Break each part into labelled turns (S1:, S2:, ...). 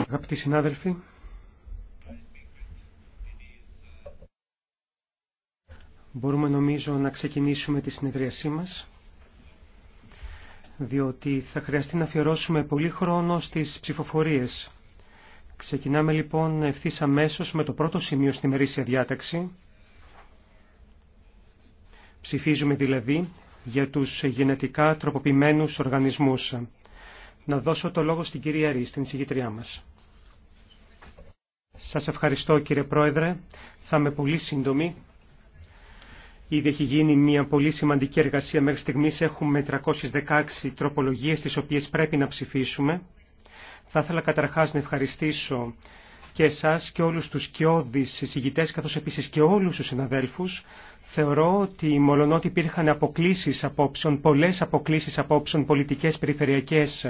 S1: Αγαπητοί συνάδελφοι, μπορούμε νομίζω να ξεκινήσουμε τη συνεδρίασή μας, διότι θα χρειαστεί να αφιερώσουμε πολύ χρόνο στις ψηφοφορίες. Ξεκινάμε λοιπόν ευθύ αμέσω με το πρώτο σημείο στη μερίσια διάταξη. Ψηφίζουμε δηλαδή για τους γενετικά τροποποιημένους οργανισμούς να δώσω το λόγο στην κυρία Ρή, στην συγγητριά μας. Σας ευχαριστώ κύριε Πρόεδρε. Θα είμαι πολύ σύντομη. Ήδη έχει γίνει μια πολύ σημαντική εργασία. Μέχρι στιγμής έχουμε 316 τροπολογίες τις οποίες πρέπει να ψηφίσουμε. Θα ήθελα καταρχάς να ευχαριστήσω και εσάς και όλους τους κοιόδης συζητητές καθώς επίσης και όλους τους συναδέλφους θεωρώ ότι μολονότι υπήρχαν αποκλήσεις απόψεων, πολλές αποκλήσεις απόψεων πολιτικές, περιφερειακές,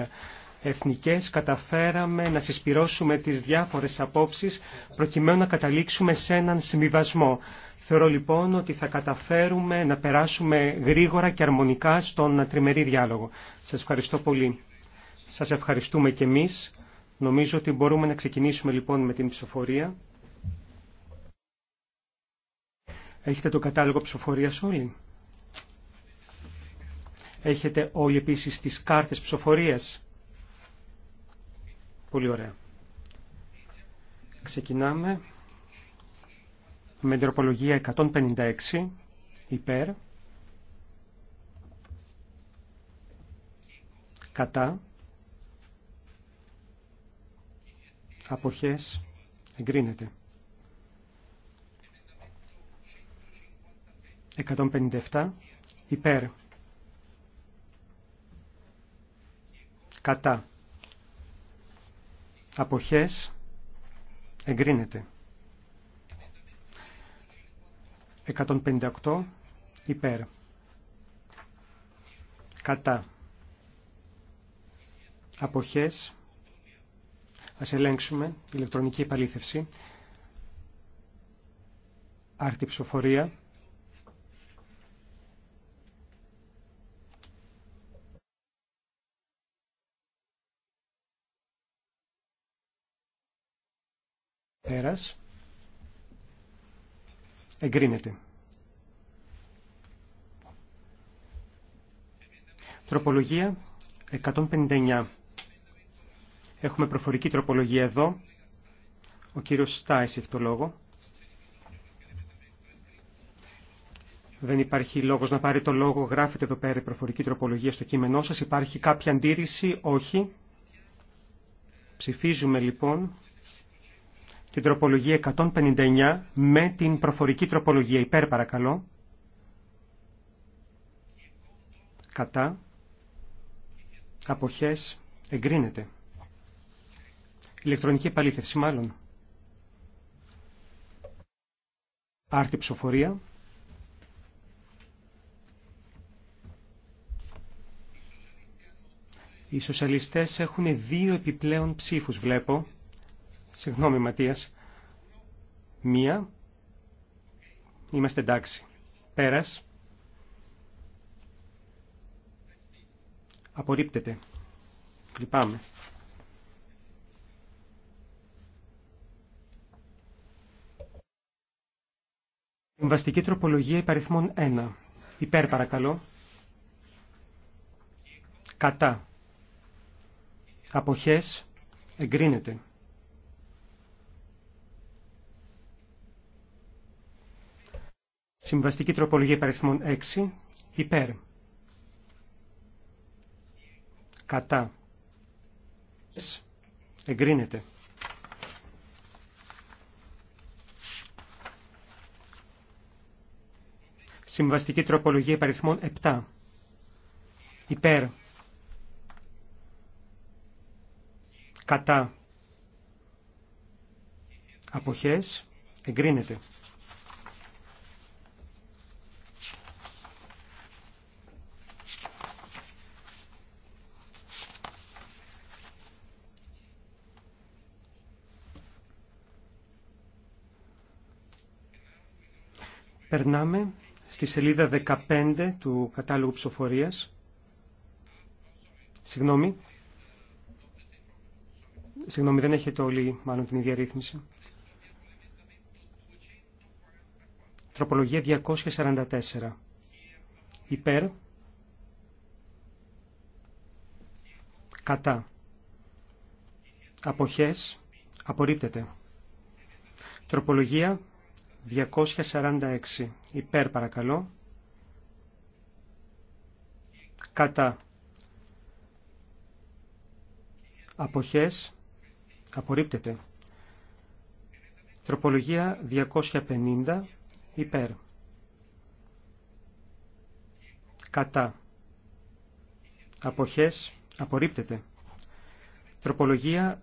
S1: εθνικές καταφέραμε να συσπυρώσουμε τις διάφορες απόψεις προκειμένου να καταλήξουμε σε έναν συμβιβασμό. Θεωρώ λοιπόν ότι θα καταφέρουμε να περάσουμε γρήγορα και αρμονικά στον τριμερή διάλογο. Σας ευχαριστώ πολύ. Σας ευχαριστούμε και εμείς. Νομίζω ότι μπορούμε να ξεκινήσουμε λοιπόν με την ψηφοφορία. Έχετε το κατάλογο ψηφοφορίας όλοι. Έχετε όλοι επίσης τις κάρτες ψηφοφορίας. Πολύ ωραία. Ξεκινάμε με την τροπολογία 156 υπέρ κατά αποχές εγκρίνεται. 157 υπέρ κατά αποχές εγκρίνεται. 158 υπέρ κατά αποχές Ας ελέγξουμε ηλεκτρονική επαλήθευση. Άρτη ψηφοφορία. Πέρας. Εγκρίνεται. Τροπολογία 159. Έχουμε προφορική τροπολογία εδώ. Ο κύριος Στάις έχει το λόγο. Δεν υπάρχει λόγος να πάρει το λόγο. Γράφετε εδώ πέρα προφορική τροπολογία στο κείμενό σας. Υπάρχει κάποια αντίρρηση. Όχι. Ψηφίζουμε λοιπόν την τροπολογία 159 με την προφορική τροπολογία. Υπέρ παρακαλώ. Κατά. Αποχές. Εγκρίνεται. Ηλεκτρονική επαλήθευση μάλλον. Άρτη ψηφοφορία. Οι σοσιαλιστές έχουν δύο επιπλέον ψήφους, βλέπω. Συγγνώμη, Ματίας. Μία. Είμαστε εντάξει. Πέρας. Απορρίπτεται. Λυπάμαι. Συμβαστική τροπολογία υπαριθμών 1. Υπέρ παρακαλώ. Κατά. Αποχές. Εγκρίνεται. Συμβαστική τροπολογία υπαριθμών 6. Υπέρ. Κατά. Εγκρίνεται. Συμβαστική τροπολογία υπαριθμών 7. Υπέρ. Κατά. Αποχές. Εγκρίνεται. Περνάμε στη σελίδα 15 του κατάλογου ψηφοφορίας. Συγγνώμη. Συγγνώμη, δεν έχετε όλοι μάλλον την ίδια ρύθμιση. Τροπολογία 244. Υπέρ. Κατά. Αποχές. Απορρίπτεται. Τροπολογία 246 υπέρ παρακαλώ. Κατά. Αποχές. Απορρίπτεται. Τροπολογία 250 υπέρ. Κατά. Αποχές. Απορρίπτεται. Τροπολογία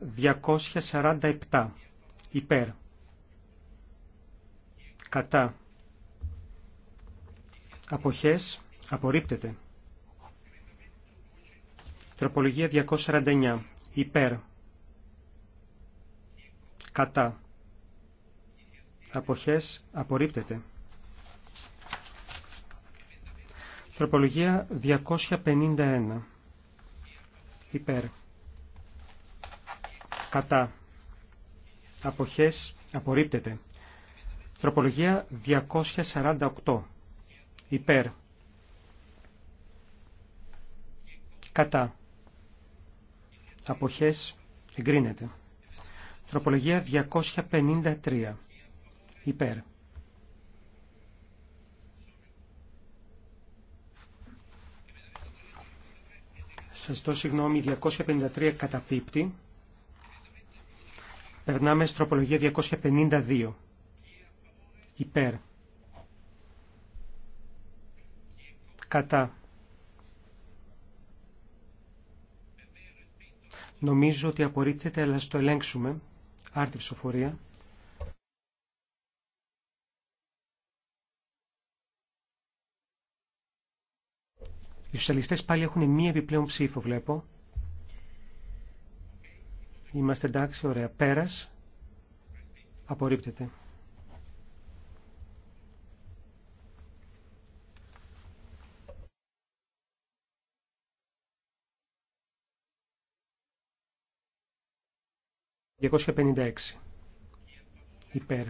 S1: 247 υπέρ κατά αποχές απορρίπτεται. Τροπολογία 249 υπέρ κατά αποχές απορρίπτεται. Τροπολογία 251 υπέρ κατά αποχές απορρίπτεται. Τροπολογία 248. Υπέρ. Κατά. Αποχές. Εγκρίνεται. Τροπολογία 253. Υπέρ. Σας δω συγγνώμη, 253 καταπίπτει. Περνάμε στροπολογία 252 υπέρ κατά Νομίζω ότι απορρίπτεται, αλλά στο ελέγξουμε. Άρτη ψηφοφορία. Οι σοσιαλιστές πάλι έχουν μία επιπλέον ψήφο, βλέπω. Είμαστε εντάξει, ωραία. Πέρας. Απορρίπτεται. 256. Υπέρ.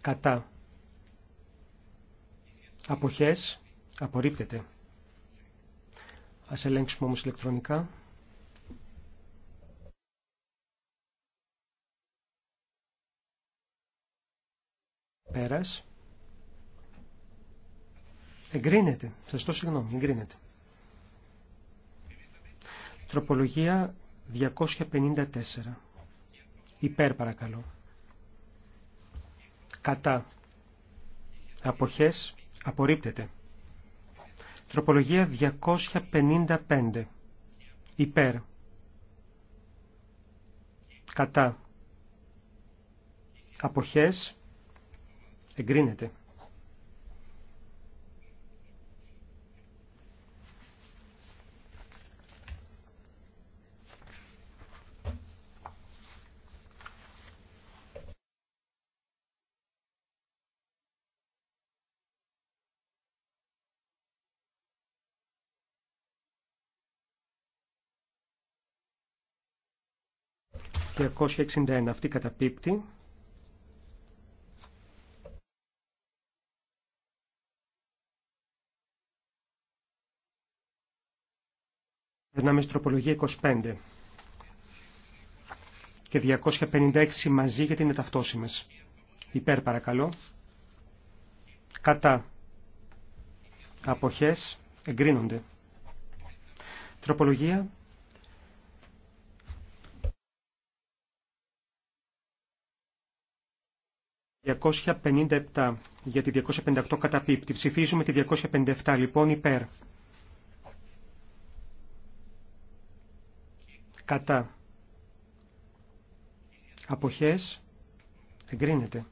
S1: Κατά. Αποχές. Απορρίπτεται. Ας ελέγξουμε όμως ηλεκτρονικά. Πέρας. Εγκρίνεται. Σας το συγγνώμη. Εγκρίνεται. Τροπολογία 254. Υπέρ παρακαλώ. Κατά. Αποχές απορρίπτεται. Τροπολογία 255. Υπέρ. Κατά. Αποχές εγκρίνεται. 261 αυτή καταπίπτει. Περνάμε στην τροπολογία 25 και 256 μαζί γιατί είναι ταυτόσιμες. Υπέρ παρακαλώ. Κατά. Αποχές εγκρίνονται. Τροπολογία 257 για τη 258 καταπίπτει. Ψηφίζουμε τη 257 λοιπόν υπέρ. Κατά. Αποχές. Εγκρίνεται.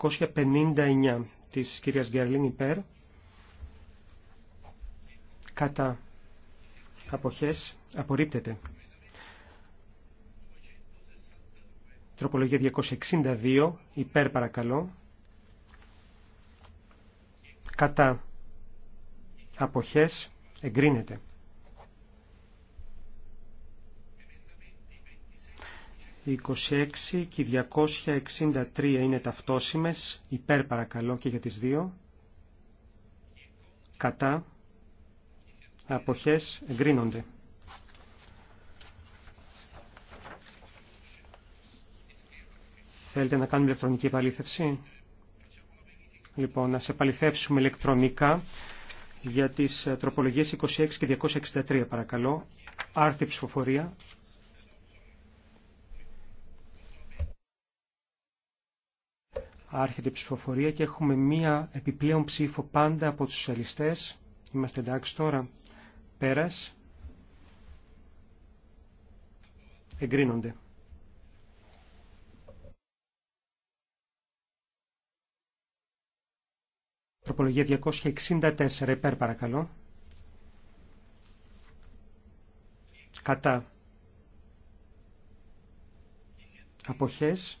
S1: ...259 της κυρίας Γκερλίν υπέρ... ...κατά αποχές απορρίπτεται. Τροπολογία 262 υπέρ παρακαλώ. Κατά αποχές εγκρίνεται. 26 και 263 είναι ταυτόσιμες, υπέρ παρακαλώ και για τις δύο, κατά αποχές εγκρίνονται. Θέλετε να κάνουμε ηλεκτρονική επαλήθευση. Λοιπόν, να σε επαληθεύσουμε ηλεκτρονικά για τις ε, τροπολογίες 26 και 263 παρακαλώ. η ψηφοφορία. Άρχεται η ψηφοφορία και έχουμε μία επιπλέον ψήφο πάντα από τους σοσιαλιστές. Είμαστε εντάξει τώρα. Πέρας. Εγκρίνονται. Τροπολογία 264 υπέρ παρακαλώ. Κατά. Αποχές.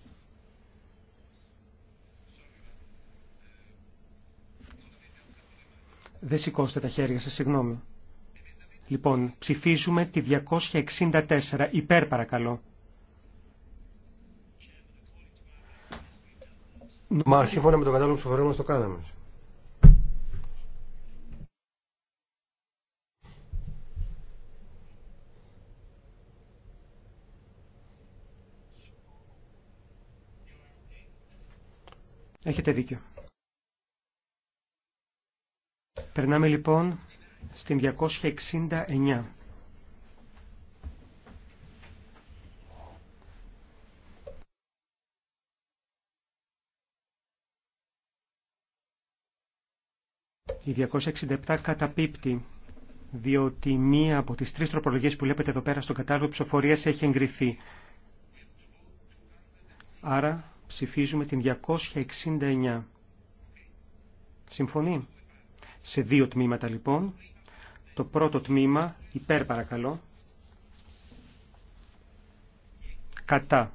S1: Δεν σηκώστε τα χέρια σας, συγγνώμη. Λοιπόν, ψηφίζουμε τη 264. Υπέρ παρακαλώ.
S2: Μα σύμφωνα με το κατάλογο ψηφοφορία μας το κάναμε.
S1: Έχετε δίκιο. Περνάμε λοιπόν στην 269. Η 267 καταπίπτει, διότι μία από τις τρεις τροπολογίες που βλέπετε εδώ πέρα στον κατάλογο ψηφοφορίας έχει εγκριθεί. Άρα ψηφίζουμε την 269. Συμφωνεί. Σε δύο τμήματα λοιπόν. Το πρώτο τμήμα, υπέρ παρακαλώ. Κατά.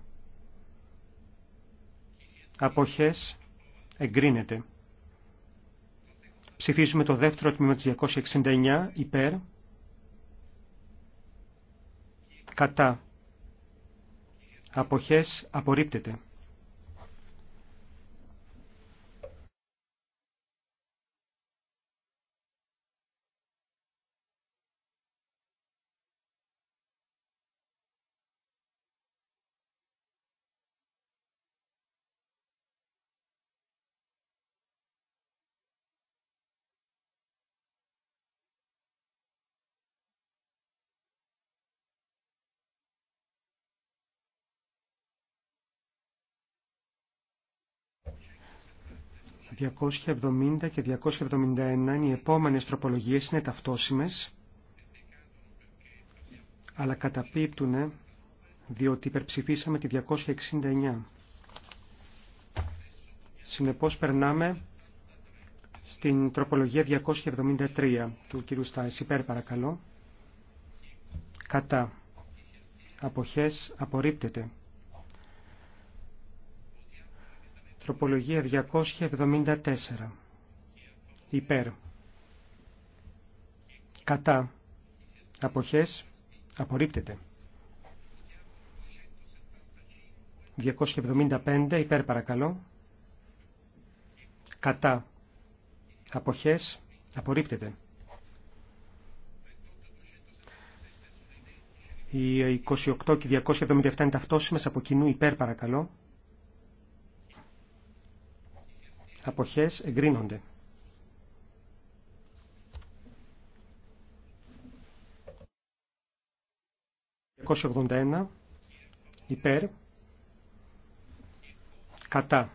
S1: Αποχές εγκρίνεται. Ψηφίζουμε το δεύτερο τμήμα της 269 υπέρ. Κατά. Αποχές απορρίπτεται. 270 και 271 οι επόμενες τροπολογίες είναι ταυτόσιμες, αλλά καταπίπτουν διότι υπερψηφίσαμε τη 269. Συνεπώς περνάμε στην τροπολογία 273 του κ. Στάις. Υπέρ παρακαλώ. Κατά. Αποχές απορρίπτεται. Τροπολογία 274. Υπέρ. Κατά. Αποχές. Απορρίπτεται. 275. Υπέρ παρακαλώ. Κατά. Αποχές. Απορρίπτεται. Οι 28 και 277 είναι ταυτόσιμες από κοινού υπέρ παρακαλώ. αποχές εγκρίνονται. ...281 υπέρ κατά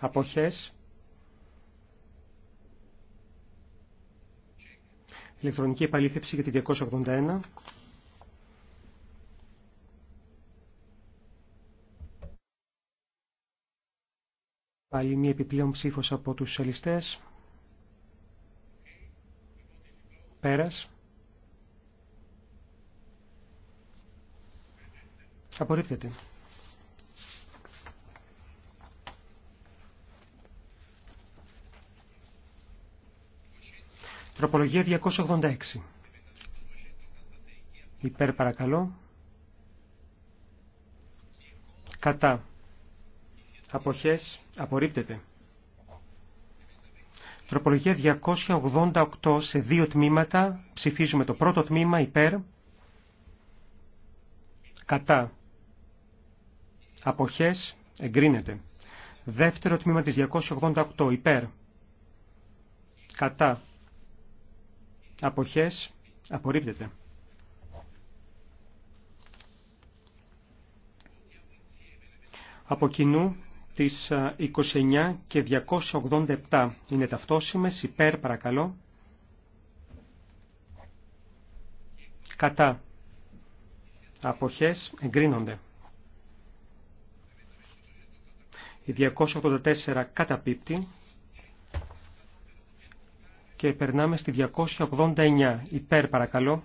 S1: αποχές ηλεκτρονική επαλήθευση για τη 281 Πάλι μία επιπλέον ψήφος από τους σελιστές. Πέρας. Απορρίπτεται. Τροπολογία 286. Υπέρ παρακαλώ. Κατά αποχές απορρίπτεται. Τροπολογία 288 σε δύο τμήματα. Ψηφίζουμε το πρώτο τμήμα υπέρ. Κατά. Αποχές εγκρίνεται. Δεύτερο τμήμα της 288 υπέρ. Κατά. Αποχές απορρίπτεται. Από κοινού τις 29 και 287. Είναι ταυτόσημες, υπέρ παρακαλώ. Κατά. Αποχές εγκρίνονται. Η 284 καταπίπτει και περνάμε στη 289. Υπέρ παρακαλώ.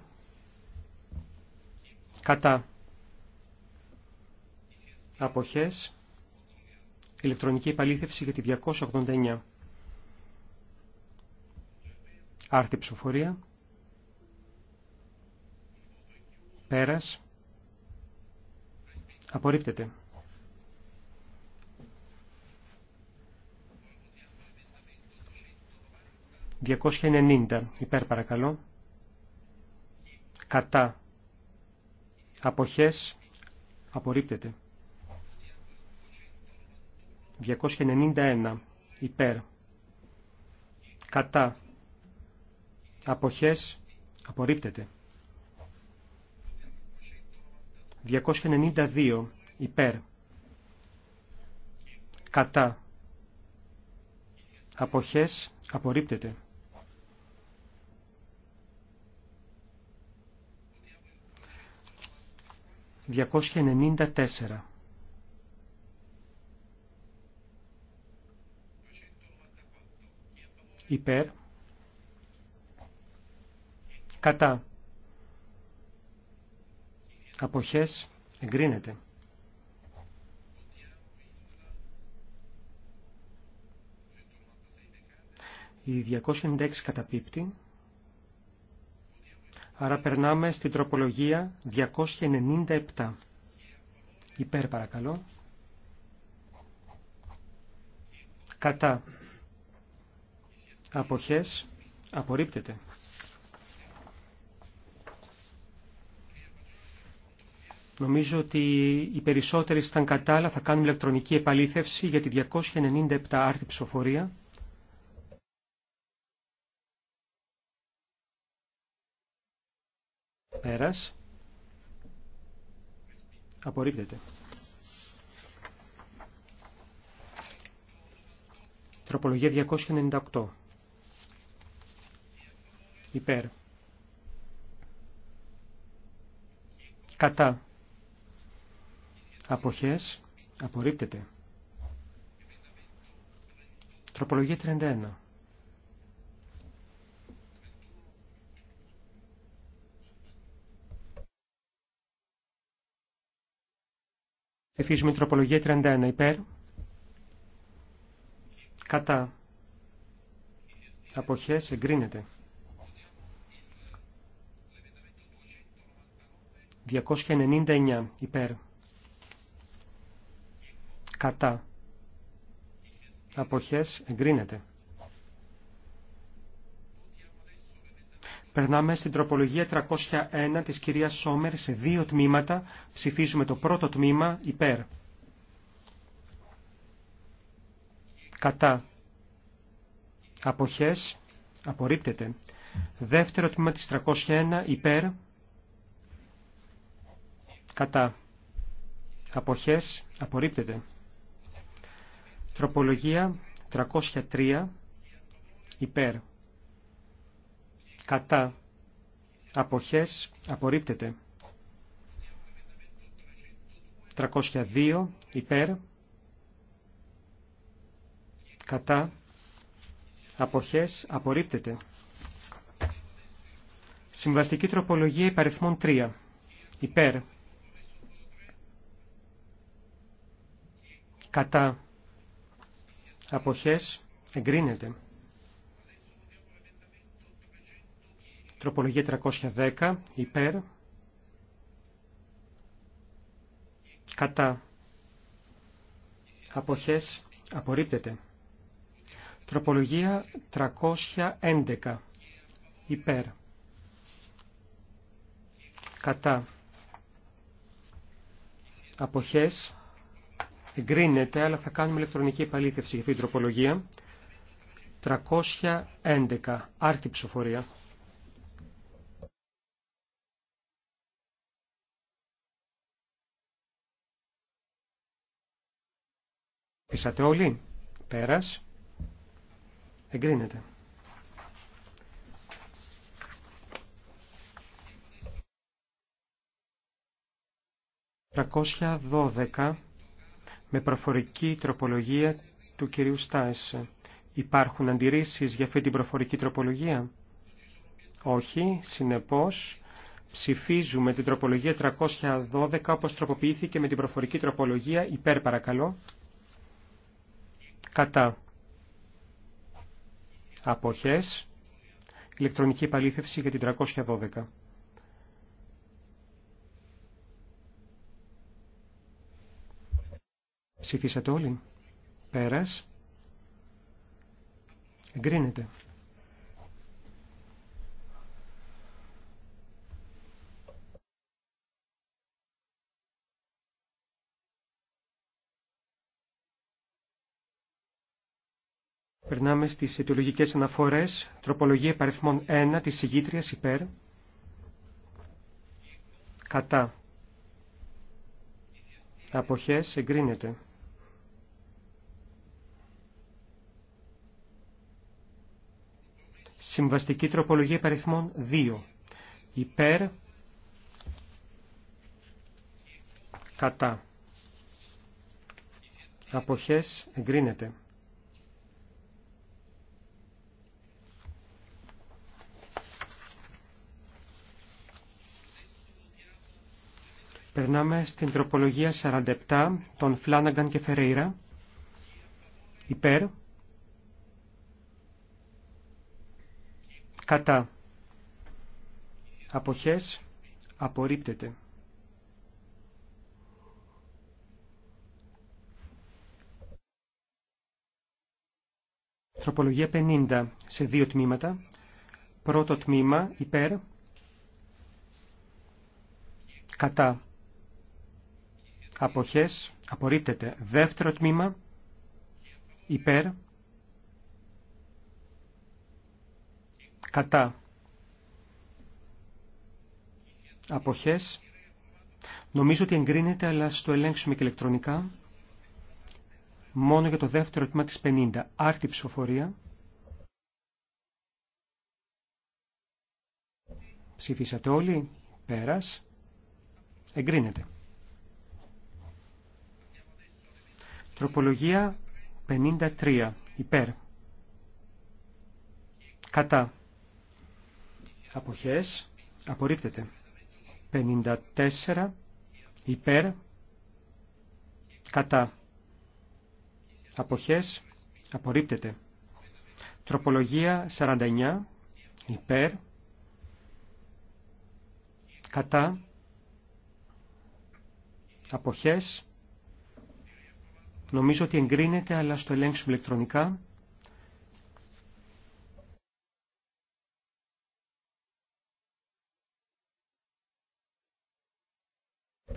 S1: Κατά. Αποχές ηλεκτρονική επαλήθευση για τη 289. Άρτη ψηφοφορία. Πέρας. Απορρίπτεται. «290. Υπέρ παρακαλώ. Κατά. Αποχές. Απορρίπτεται. 291 υπέρ κατά αποχές απορρίπτεται 292 υπέρ κατά αποχές απορρίπτεται 294 υπέρ, κατά, αποχές, εγκρίνεται. Η 296 καταπίπτει, άρα περνάμε στην τροπολογία 297. Υπέρ παρακαλώ. Κατά. Αποχές. Απορρίπτεται. Νομίζω ότι οι περισσότεροι ήταν κατάλα θα κάνουν ηλεκτρονική επαλήθευση για τη 297 άρθρη ψηφοφορία. Πέρας. Απορρίπτεται. Τροπολογία 298 υπέρ. Κατά. Αποχές απορρίπτεται. Τροπολογία 31. Εφήσουμε τροπολογία 31 υπέρ. Κατά. Αποχές εγκρίνεται. 299 υπέρ. Κατά. Αποχές εγκρίνεται. Περνάμε στην τροπολογία 301 της κυρίας Σόμερ σε δύο τμήματα. Ψηφίζουμε το πρώτο τμήμα υπέρ. Κατά. Αποχές απορρίπτεται. Δεύτερο τμήμα της 301 υπέρ κατά αποχές απορρίπτεται. Τροπολογία 303 υπέρ κατά αποχές απορρίπτεται. 302 υπέρ κατά αποχές απορρίπτεται. Συμβαστική τροπολογία υπαριθμών 3 υπέρ κατά αποχές εγκρίνεται. Τροπολογία 310 υπέρ κατά αποχές απορρίπτεται. Τροπολογία 311 υπέρ κατά αποχές Εγκρίνεται, αλλά θα κάνουμε ηλεκτρονική επαλήθευση για αυτή την τροπολογία. 311. Άρτη ψηφοφορία. Πήσατε όλοι. Πέρας. Εγκρίνεται. Τρακόσια δώδεκα με προφορική τροπολογία του κυρίου Στάις. Υπάρχουν αντιρρήσεις για αυτή την προφορική τροπολογία. Όχι, συνεπώς ψηφίζουμε την τροπολογία 312 όπως τροποποιήθηκε με την προφορική τροπολογία υπέρ παρακαλώ. Κατά. Αποχές. Ηλεκτρονική επαλήθευση για την 312. Ψηφίσατε όλοι. Πέρας. Εγκρίνεται. Περνάμε στις αιτιολογικές αναφορές. Τροπολογία παριθμών 1 της ηγήτριας υπέρ. Κατά. Αποχές εγκρίνεται. Συμβαστική τροπολογία υπαριθμών 2. Υπέρ. Κατά. Αποχές εγκρίνεται. Περνάμε στην τροπολογία 47 των Φλάνναγκαν και Φερέιρα. Υπέρ. Κατά. Αποχές. Απορρίπτεται. Τροπολογία 50 σε δύο τμήματα. Πρώτο τμήμα υπέρ. Κατά. Αποχές. Απορρίπτεται. Δεύτερο τμήμα υπέρ. κατά αποχές. Νομίζω ότι εγκρίνεται, αλλά στο ελέγξουμε και ηλεκτρονικά. Μόνο για το δεύτερο τμήμα της 50. Άρτη ψηφοφορία. Ψηφίσατε όλοι. Πέρας. Εγκρίνεται. Τροπολογία 53. Υπέρ. Κατά αποχές απορρίπτεται. 54 υπέρ κατά αποχές απορρίπτεται. Τροπολογία 49 υπέρ κατά αποχές νομίζω ότι εγκρίνεται αλλά στο ελέγξουμε ηλεκτρονικά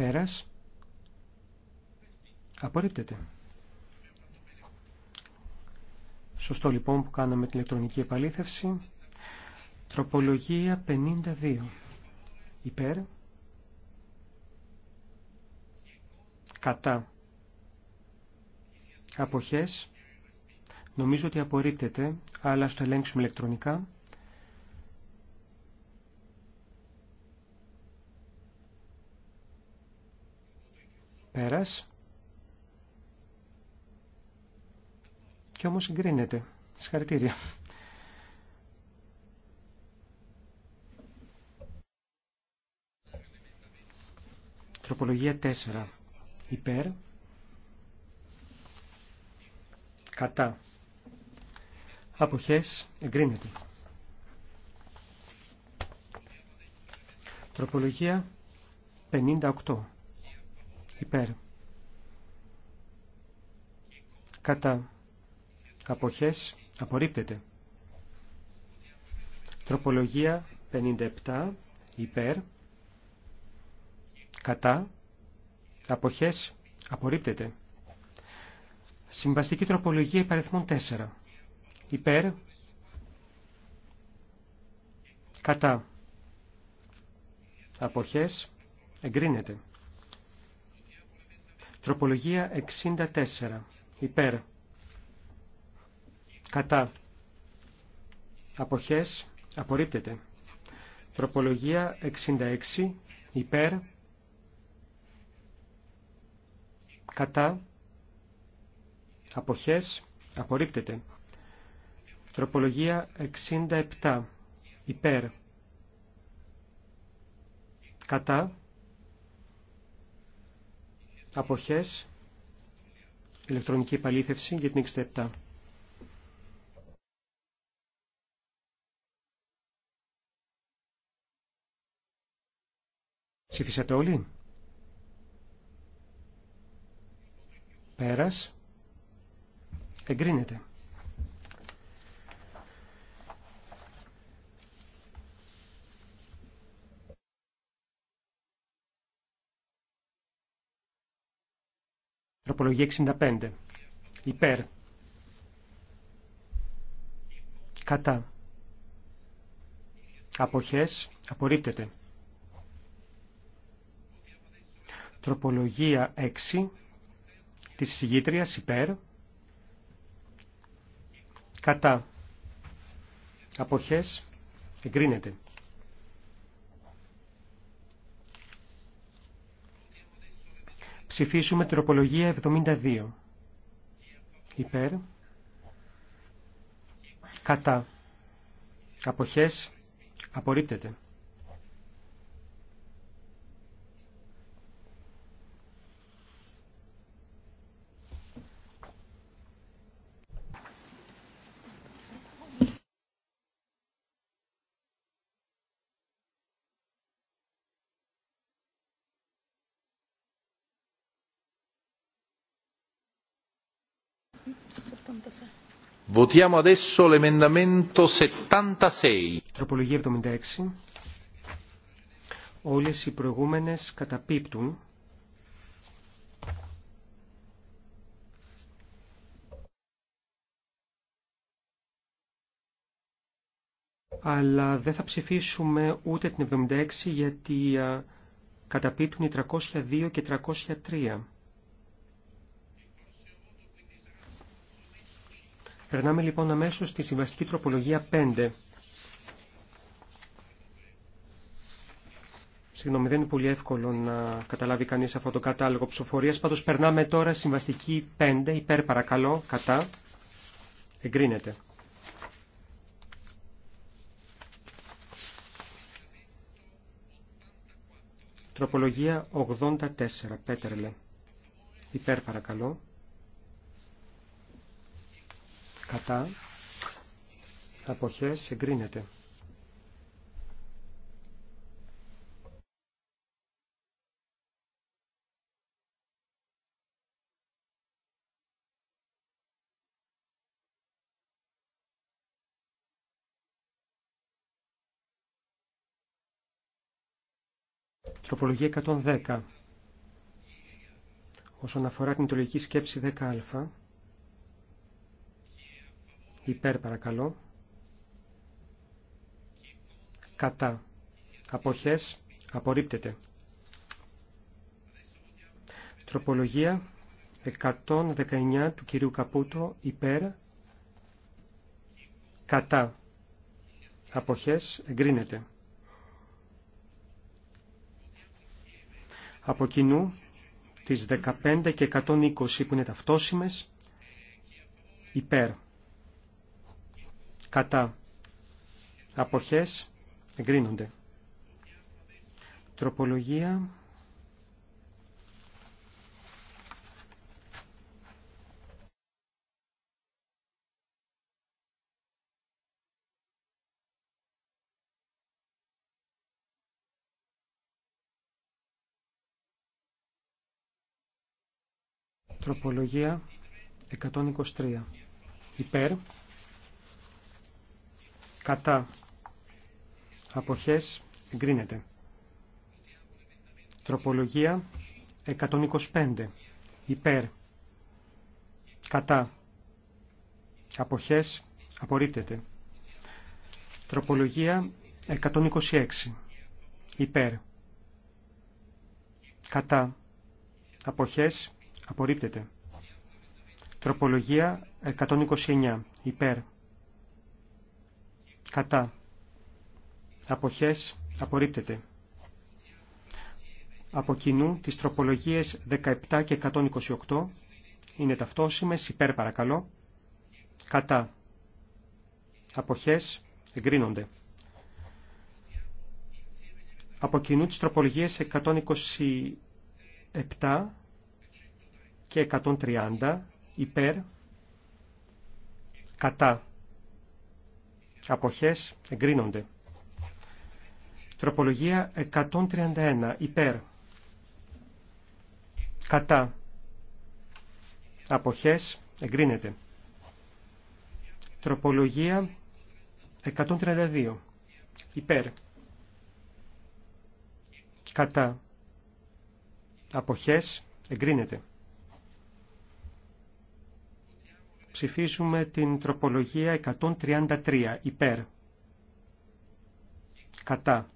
S1: Πέρας. Απορρίπτεται. Σωστό λοιπόν που κάναμε την ηλεκτρονική επαλήθευση. Τροπολογία 52. Υπέρ. Κατά. Αποχές. Νομίζω ότι απορρίπτεται, αλλά στο ελέγξουμε ηλεκτρονικά. Πέρας. Και όμως συγκρίνεται. Συγχαρητήρια. Τροπολογία 4. Υπέρ. Κατά. Αποχές. Εγκρίνεται. Τροπολογία 58 υπέρ κατά αποχές απορρίπτεται τροπολογία 57 υπέρ κατά αποχές απορρίπτεται συμβαστική τροπολογία υπαριθμών 4 υπέρ κατά αποχές εγκρίνεται Τροπολογία 64. Υπέρ. Κατά. Αποχές. Απορρίπτεται. Τροπολογία 66. Υπέρ. Κατά. Αποχές. Απορρίπτεται. Τροπολογία 67. Υπέρ. Κατά. Αποχές. Ηλεκτρονική επαλήθευση για την 67. Ψήφισατε όλοι. Πέρας. Εγκρίνεται. Τροπολογία 65. Υπέρ. Κατά. Αποχές. Απορρίπτεται. Τροπολογία 6 της συγγήτριας υπέρ. Κατά. Αποχές. Εγκρίνεται. Ψηφίσουμε τροπολογία 72. Υπέρ. Κατά. Αποχές. Απορρίπτεται.
S3: Votiamo adesso
S1: l'emendamento 76. Τροπολογία 76. Όλες οι προηγούμενες καταπίπτουν. αλλά δεν θα ψηφίσουμε ούτε την 76 γιατί καταπίπτουν οι 302 και 303. Περνάμε λοιπόν αμέσως στη συμβαστική τροπολογία 5. Συγγνώμη, δεν είναι πολύ εύκολο να καταλάβει κανείς αυτό το κατάλογο ψηφοφορίας. Πάντως περνάμε τώρα συμβαστική 5, υπέρ παρακαλώ, κατά. Εγκρίνεται. Τροπολογία 84, Πέτερλε. Υπέρ παρακαλώ κατά αποχές εγκρίνεται. Τροπολογία 110. Όσον αφορά την τολογική σκέψη 10α, Υπέρ παρακαλώ. Κατά. Αποχές. Απορρίπτεται. Τροπολογία 119 του κυρίου Καπούτο. Υπέρ. Κατά. Αποχές. Εγκρίνεται. Από κοινού τις 15 και 120 που είναι ταυτόσιμες. Υπέρ. Κατά. Αποχές. Εγκρίνονται. Τροπολογία. Τροπολογία 123. Υπέρ κατά αποχές εγκρίνεται. Τροπολογία 125 υπέρ κατά αποχές απορρίπτεται. Τροπολογία 126 υπέρ κατά αποχές απορρίπτεται. Τροπολογία 129 υπέρ κατά, αποχές, απορρίπτεται. Από κοινού τις τροπολογίες 17 και 128 είναι ταυτόσιμες, υπέρ παρακαλώ, κατά, αποχές, εγκρίνονται. Από κοινού τις τροπολογίες 127 και 130 υπέρ, κατά, αποχές εγκρίνονται. Τροπολογία 131 υπέρ κατά αποχές εγκρίνεται. Τροπολογία 132 υπέρ κατά αποχές εγκρίνεται. Ψηφίζουμε την τροπολογία 133 υπέρ. Κατά.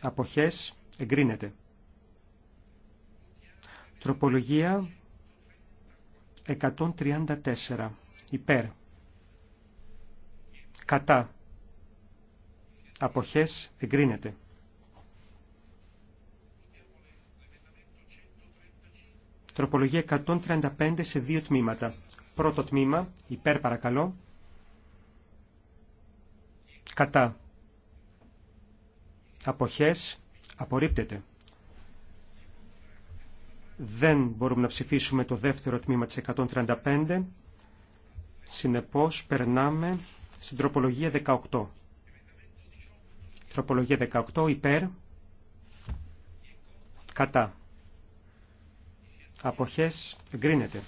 S1: Αποχές εγκρίνεται. Τροπολογία 134 υπέρ. Κατά. Αποχές εγκρίνεται. Τροπολογία 135 σε δύο τμήματα. Πρώτο τμήμα, υπέρ παρακαλώ. Κατά. Αποχές. Απορρίπτεται. Δεν μπορούμε να ψηφίσουμε το δεύτερο τμήμα της 135. Συνεπώς περνάμε στην τροπολογία 18. Τροπολογία 18 υπέρ. Κατά. Αποχές εγκρίνεται.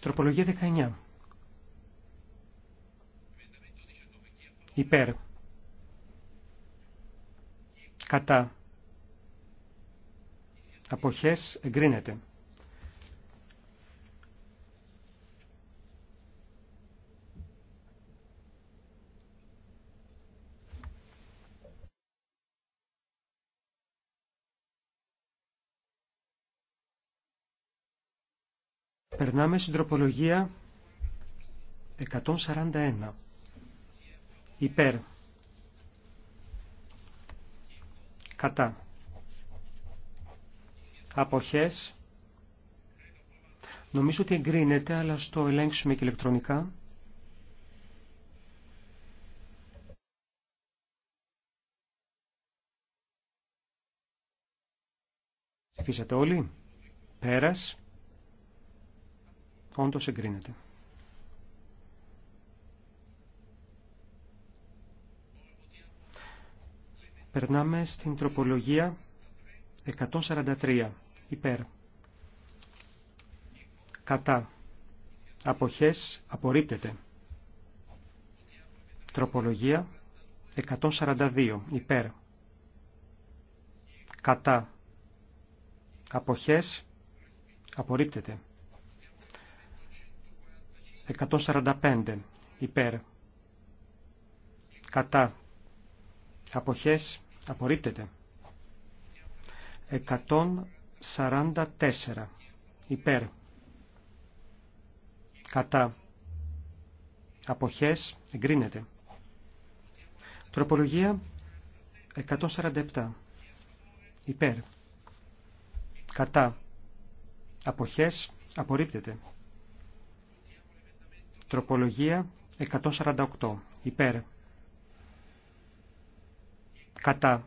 S1: Τροπολογία 19. Υπέρ. Κατά. Αποχές εγκρίνεται. Περνάμε στην τροπολογία 141. Υπέρ. Κατά. Αποχές. Νομίζω ότι εγκρίνεται, αλλά στο ελέγξουμε και ηλεκτρονικά. Ψηφίσατε όλοι. Πέρας. Όντως εγκρίνεται. Περνάμε στην τροπολογία 143. Υπέρ. Κατά. Αποχές απορρίπτεται. Τροπολογία 142. Υπέρ. Κατά. Αποχές απορρίπτεται. 145 υπέρ κατά αποχές απορρίπτεται 144 υπέρ κατά αποχές εγκρίνεται τροπολογία 147 υπέρ κατά αποχές απορρίπτεται Τροπολογία 148. Υπέρ. Κατά.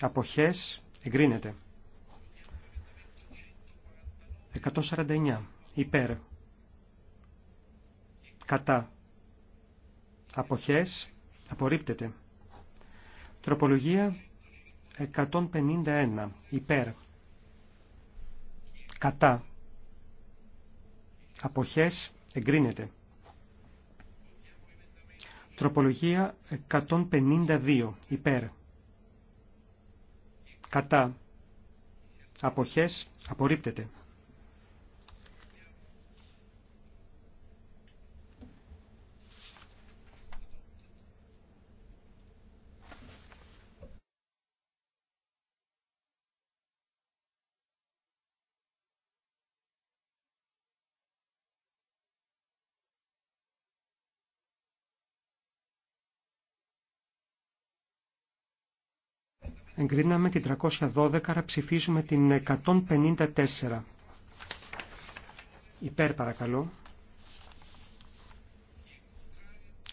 S1: Αποχές. Εγκρίνεται. 149. Υπέρ. Κατά. Αποχές. Απορρίπτεται. Τροπολογία 151. Υπέρ. Κατά αποχές εγκρίνεται. Τροπολογία 152 υπέρ. Κατά. Αποχές απορρίπτεται. εγκρίναμε την 312, άρα ψηφίζουμε την 154. Υπέρ παρακαλώ.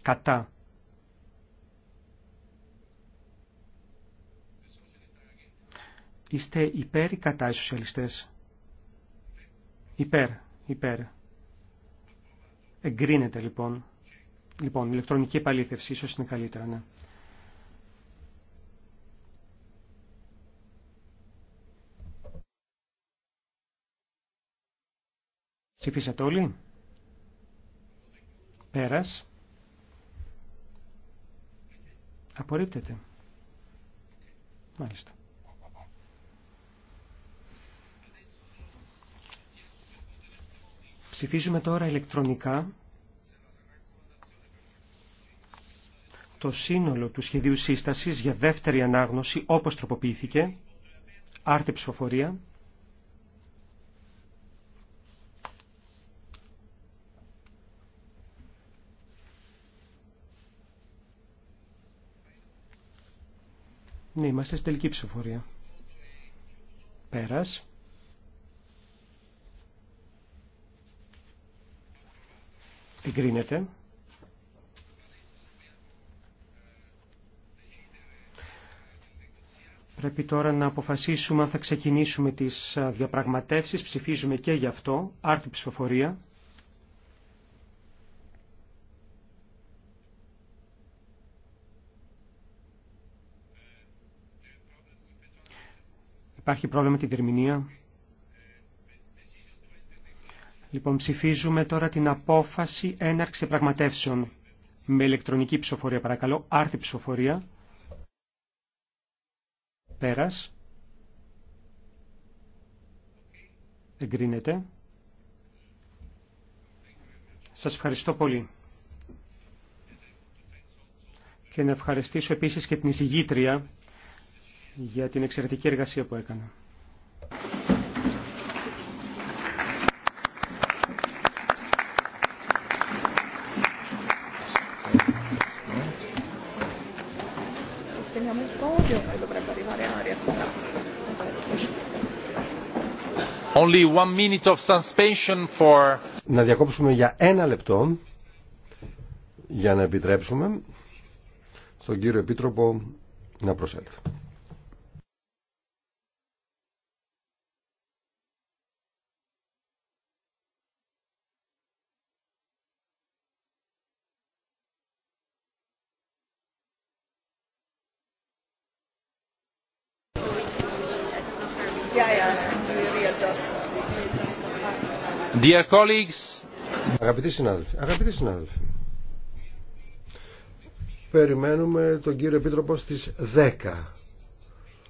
S1: Κατά. Είστε υπέρ ή κατά οι σοσιαλιστές. Υπέρ, υπέρ. Εγκρίνεται λοιπόν. Λοιπόν, ηλεκτρονική επαλήθευση ίσως είναι καλύτερα, ναι. Ψηφίσατε όλοι. Πέρας. Απορρίπτεται. Μάλιστα. Ψηφίζουμε τώρα ηλεκτρονικά το σύνολο του σχεδίου σύστασης για δεύτερη ανάγνωση όπως τροποποιήθηκε, άρτη ψηφοφορία. Ναι, είμαστε στην τελική ψηφοφορία. Πέρας. Εγκρίνεται. Πρέπει τώρα να αποφασίσουμε αν θα ξεκινήσουμε τις διαπραγματεύσεις. Ψηφίζουμε και γι' αυτό. Άρτη ψηφοφορία. Υπάρχει πρόβλημα με τη διερμηνία. Λοιπόν, ψηφίζουμε τώρα την απόφαση έναρξη πραγματεύσεων. Με ηλεκτρονική ψηφοφορία, παρακαλώ. Άρτη ψηφοφορία. Πέρας. Εγκρίνεται. Σας ευχαριστώ πολύ. Και να ευχαριστήσω επίσης και την εισηγήτρια για την εξαιρετική εργασία που έκανα.
S2: Only one minute of suspension for... Να διακόψουμε για ένα λεπτό για να επιτρέψουμε στον κύριο Επίτροπο να προσέλθει. Αγαπητοί συνάδελφοι, αγαπητοί συνάδελφοι, περιμένουμε τον κύριο Επίτροπο στις 10.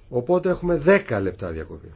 S2: Οπότε έχουμε 10 λεπτά διακοπή.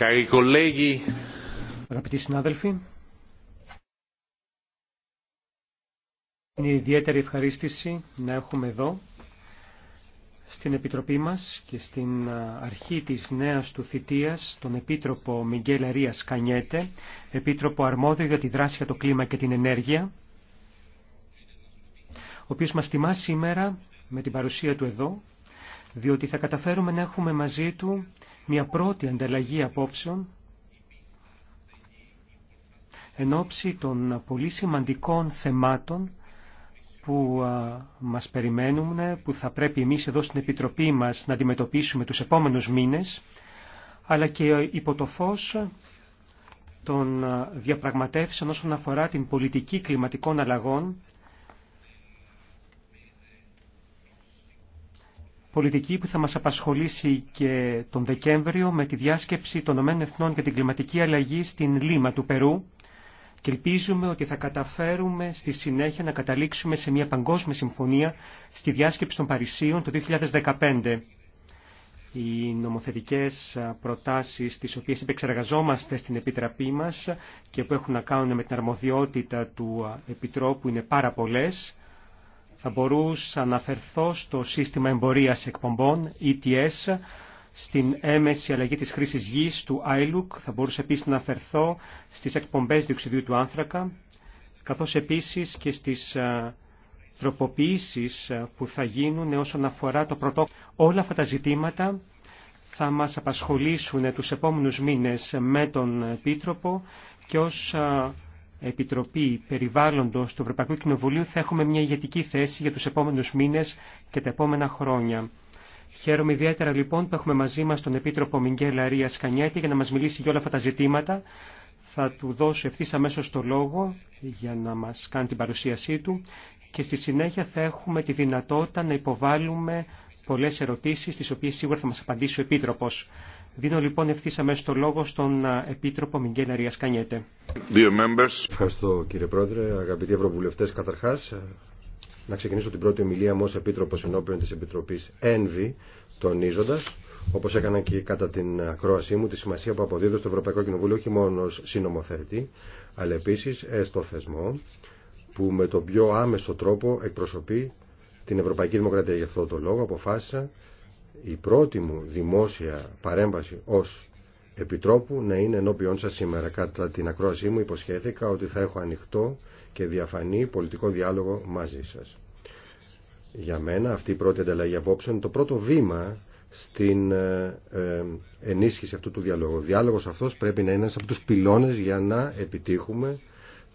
S2: Cari colleghi.
S1: Αγαπητοί συνάδελφοι, είναι ιδιαίτερη ευχαρίστηση να έχουμε εδώ στην Επιτροπή μας και στην αρχή της νέας του θητείας τον Επίτροπο Μιγγέλα Αρίας Κανιέτε, Επίτροπο Αρμόδιο για τη δράση για το κλίμα και την ενέργεια, ο οποίος μας τιμά σήμερα με την παρουσία του εδώ διότι θα καταφέρουμε να έχουμε μαζί του μια πρώτη ανταλλαγή απόψεων εν ώψη των πολύ σημαντικών θεμάτων που μας περιμένουν, που θα πρέπει εμείς εδώ στην Επιτροπή μας να αντιμετωπίσουμε τους επόμενους μήνες, αλλά και υπό το φως των διαπραγματεύσεων όσον αφορά την πολιτική κλιματικών αλλαγών πολιτική που θα μας απασχολήσει και τον Δεκέμβριο με τη διάσκεψη των ΟΕΕ για την κλιματική αλλαγή στην Λίμα του Περού και ελπίζουμε ότι θα καταφέρουμε στη συνέχεια να καταλήξουμε σε μια παγκόσμια συμφωνία στη διάσκεψη των Παρισίων το 2015. Οι νομοθετικές προτάσεις τις οποίες επεξεργαζόμαστε στην Επιτραπή μας και που έχουν να κάνουν με την αρμοδιότητα του Επιτρόπου είναι πάρα πολλές θα μπορούσα να αναφερθώ στο σύστημα εμπορίας εκπομπών, ETS, στην έμεση αλλαγή της χρήσης γης του ILUC. Θα μπορούσα επίσης να αναφερθώ στις εκπομπές διοξιδίου του άνθρακα, καθώς επίσης και στις ε, τροποποιήσεις ε, που θα γίνουν όσον αφορά το πρωτόκολλο. Όλα αυτά τα ζητήματα θα μας απασχολήσουν τους επόμενους μήνες με τον Επίτροπο και ως ε, Επιτροπή Περιβάλλοντος του Ευρωπαϊκού Κοινοβουλίου θα έχουμε μια ηγετική θέση για τους επόμενους μήνες και τα επόμενα χρόνια. Χαίρομαι ιδιαίτερα λοιπόν που έχουμε μαζί μας τον Επίτροπο Μιγκέλα Αρία Σκανιέτη για να μας μιλήσει για όλα αυτά τα ζητήματα. Θα του δώσω ευθύ αμέσω το λόγο για να μας κάνει την παρουσίασή του και στη συνέχεια θα έχουμε τη δυνατότητα να υποβάλουμε πολλές ερωτήσεις τις οποίες σίγουρα θα μας απαντήσει ο Επίτροπος. Δίνω λοιπόν ευθύ αμέσω το λόγο στον Επίτροπο Μιγγέλα Ρία Κανιέτε.
S2: Ευχαριστώ κύριε Πρόεδρε, αγαπητοί Ευρωβουλευτέ. Καταρχά, να ξεκινήσω την πρώτη ομιλία μου ω Επίτροπο ενώπιον τη Επιτροπή ΕΝΒΗ, τονίζοντα, όπω έκανα και κατά την ακρόασή μου, τη σημασία που αποδίδω στο Ευρωπαϊκό Κοινοβούλιο όχι μόνο ως συνομοθέτη, αλλά επίση ε, στο θεσμό που με τον πιο άμεσο τρόπο εκπροσωπεί την Ευρωπαϊκή Δημοκρατία. Γι' αυτό το λόγο αποφάσισα η πρώτη μου δημόσια παρέμβαση ως Επιτρόπου να είναι ενώπιον σας σήμερα. Κατά την ακρόασή μου υποσχέθηκα ότι θα έχω ανοιχτό και διαφανή πολιτικό διάλογο μαζί σας. Για μένα αυτή η πρώτη ανταλλαγή απόψεων είναι το πρώτο βήμα στην ε, ε, ενίσχυση αυτού του διαλόγου. Ο διάλογος αυτός πρέπει να είναι ένας από τους πυλώνες για να επιτύχουμε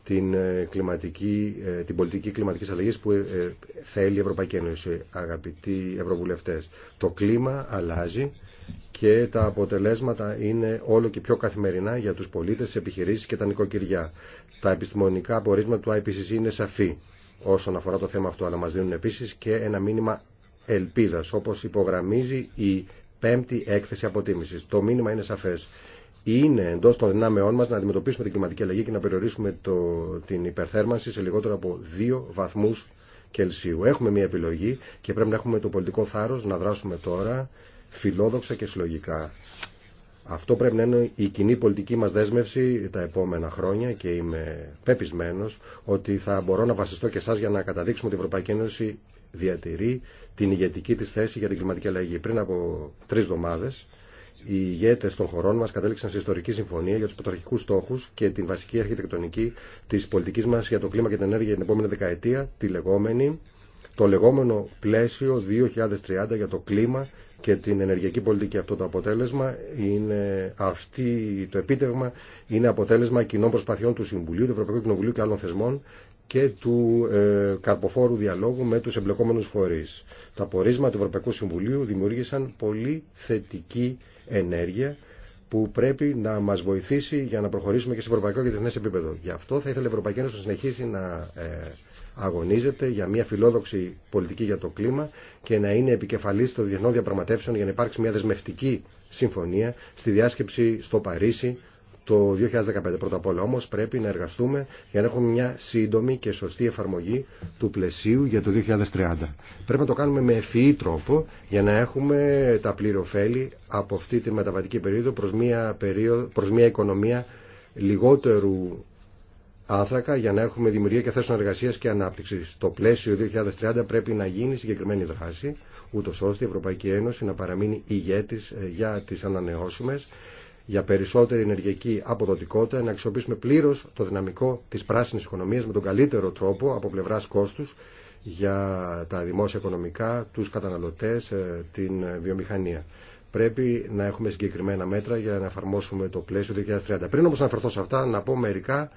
S2: την, ε, κλιματική, ε, την πολιτική κλιματικής αλλαγής που ε, θέλει η Ευρωπαϊκή Ένωση. Αγαπητοί Ευρωβουλευτές, το κλίμα αλλάζει και τα αποτελέσματα είναι όλο και πιο καθημερινά για τους πολίτες, τις επιχειρήσεις και τα νοικοκυριά. Τα επιστημονικά απορίσματα του IPCC είναι σαφή όσον αφορά το θέμα αυτό, αλλά μας δίνουν επίσης και ένα μήνυμα ελπίδας, όπως υπογραμμίζει η πέμπτη έκθεση αποτίμησης. Το μήνυμα είναι σαφές είναι εντό των δυνάμεών μα να αντιμετωπίσουμε την κλιματική αλλαγή και να περιορίσουμε το, την υπερθέρμανση σε λιγότερο από 2 βαθμού Κελσίου. Έχουμε μια επιλογή και πρέπει να έχουμε το πολιτικό θάρρο να δράσουμε τώρα φιλόδοξα και συλλογικά. Αυτό πρέπει να είναι η κοινή πολιτική μα δέσμευση τα επόμενα χρόνια και είμαι πεπισμένο ότι θα μπορώ να βασιστώ και εσά για να καταδείξουμε ότι η Ευρωπαϊκή Ένωση διατηρεί την ηγετική τη θέση για την κλιματική αλλαγή. Πριν από τρει εβδομάδε οι ηγέτε των χωρών μας κατέληξαν σε ιστορική συμφωνία για τους πρωταρχικού στόχους και την βασική αρχιτεκτονική της πολιτικής μας για το κλίμα και την ενέργεια για την επόμενη δεκαετία, τη λεγόμενη, το λεγόμενο πλαίσιο 2030 για το κλίμα και την ενεργειακή πολιτική. Αυτό το αποτέλεσμα είναι αυτή, το επίτευγμα είναι αποτέλεσμα κοινών προσπαθειών του Συμβουλίου, του Ευρωπαϊκού Κοινοβουλίου και άλλων θεσμών και του ε, καρποφόρου διαλόγου με τους εμπλεκόμενους φορείς. Τα πορίσματα του Ευρωπαϊκού Συμβουλίου δημιούργησαν πολύ θετική ενέργεια που πρέπει να μας βοηθήσει για να προχωρήσουμε και σε ευρωπαϊκό και διεθνές επίπεδο. Γι' αυτό θα ήθελε η Ευρωπαϊκή Ένωση να συνεχίσει να ε, αγωνίζεται για μια φιλόδοξη πολιτική για το κλίμα και να είναι επικεφαλής των διεθνών διαπραγματεύσεων για να υπάρξει μια δεσμευτική συμφωνία στη διάσκεψη στο Παρίσι το 2015. Πρώτα απ' όλα όμω πρέπει να εργαστούμε για να έχουμε μια σύντομη και σωστή εφαρμογή του πλαισίου για το 2030. Πρέπει να το κάνουμε με ευφυή τρόπο για να έχουμε τα πληροφέλη από αυτή τη μεταβατική περίοδο προς μια, περίοδο, οικονομία λιγότερου άνθρακα για να έχουμε δημιουργία και θέσεων εργασία και ανάπτυξη. Το πλαίσιο 2030 πρέπει να γίνει συγκεκριμένη δράση, ούτω ώστε η Ευρωπαϊκή Ένωση να παραμείνει ηγέτη ε, για τι ανανεώσιμες για περισσότερη ενεργειακή αποδοτικότητα, να αξιοποιήσουμε πλήρω το δυναμικό τη πράσινη οικονομία με τον καλύτερο τρόπο από πλευρά κόστου για τα δημόσια οικονομικά, του καταναλωτέ, ε, την βιομηχανία. Πρέπει να έχουμε συγκεκριμένα μέτρα για να εφαρμόσουμε το πλαίσιο 2030. Πριν όμω αναφερθώ σε αυτά, να πω μερικά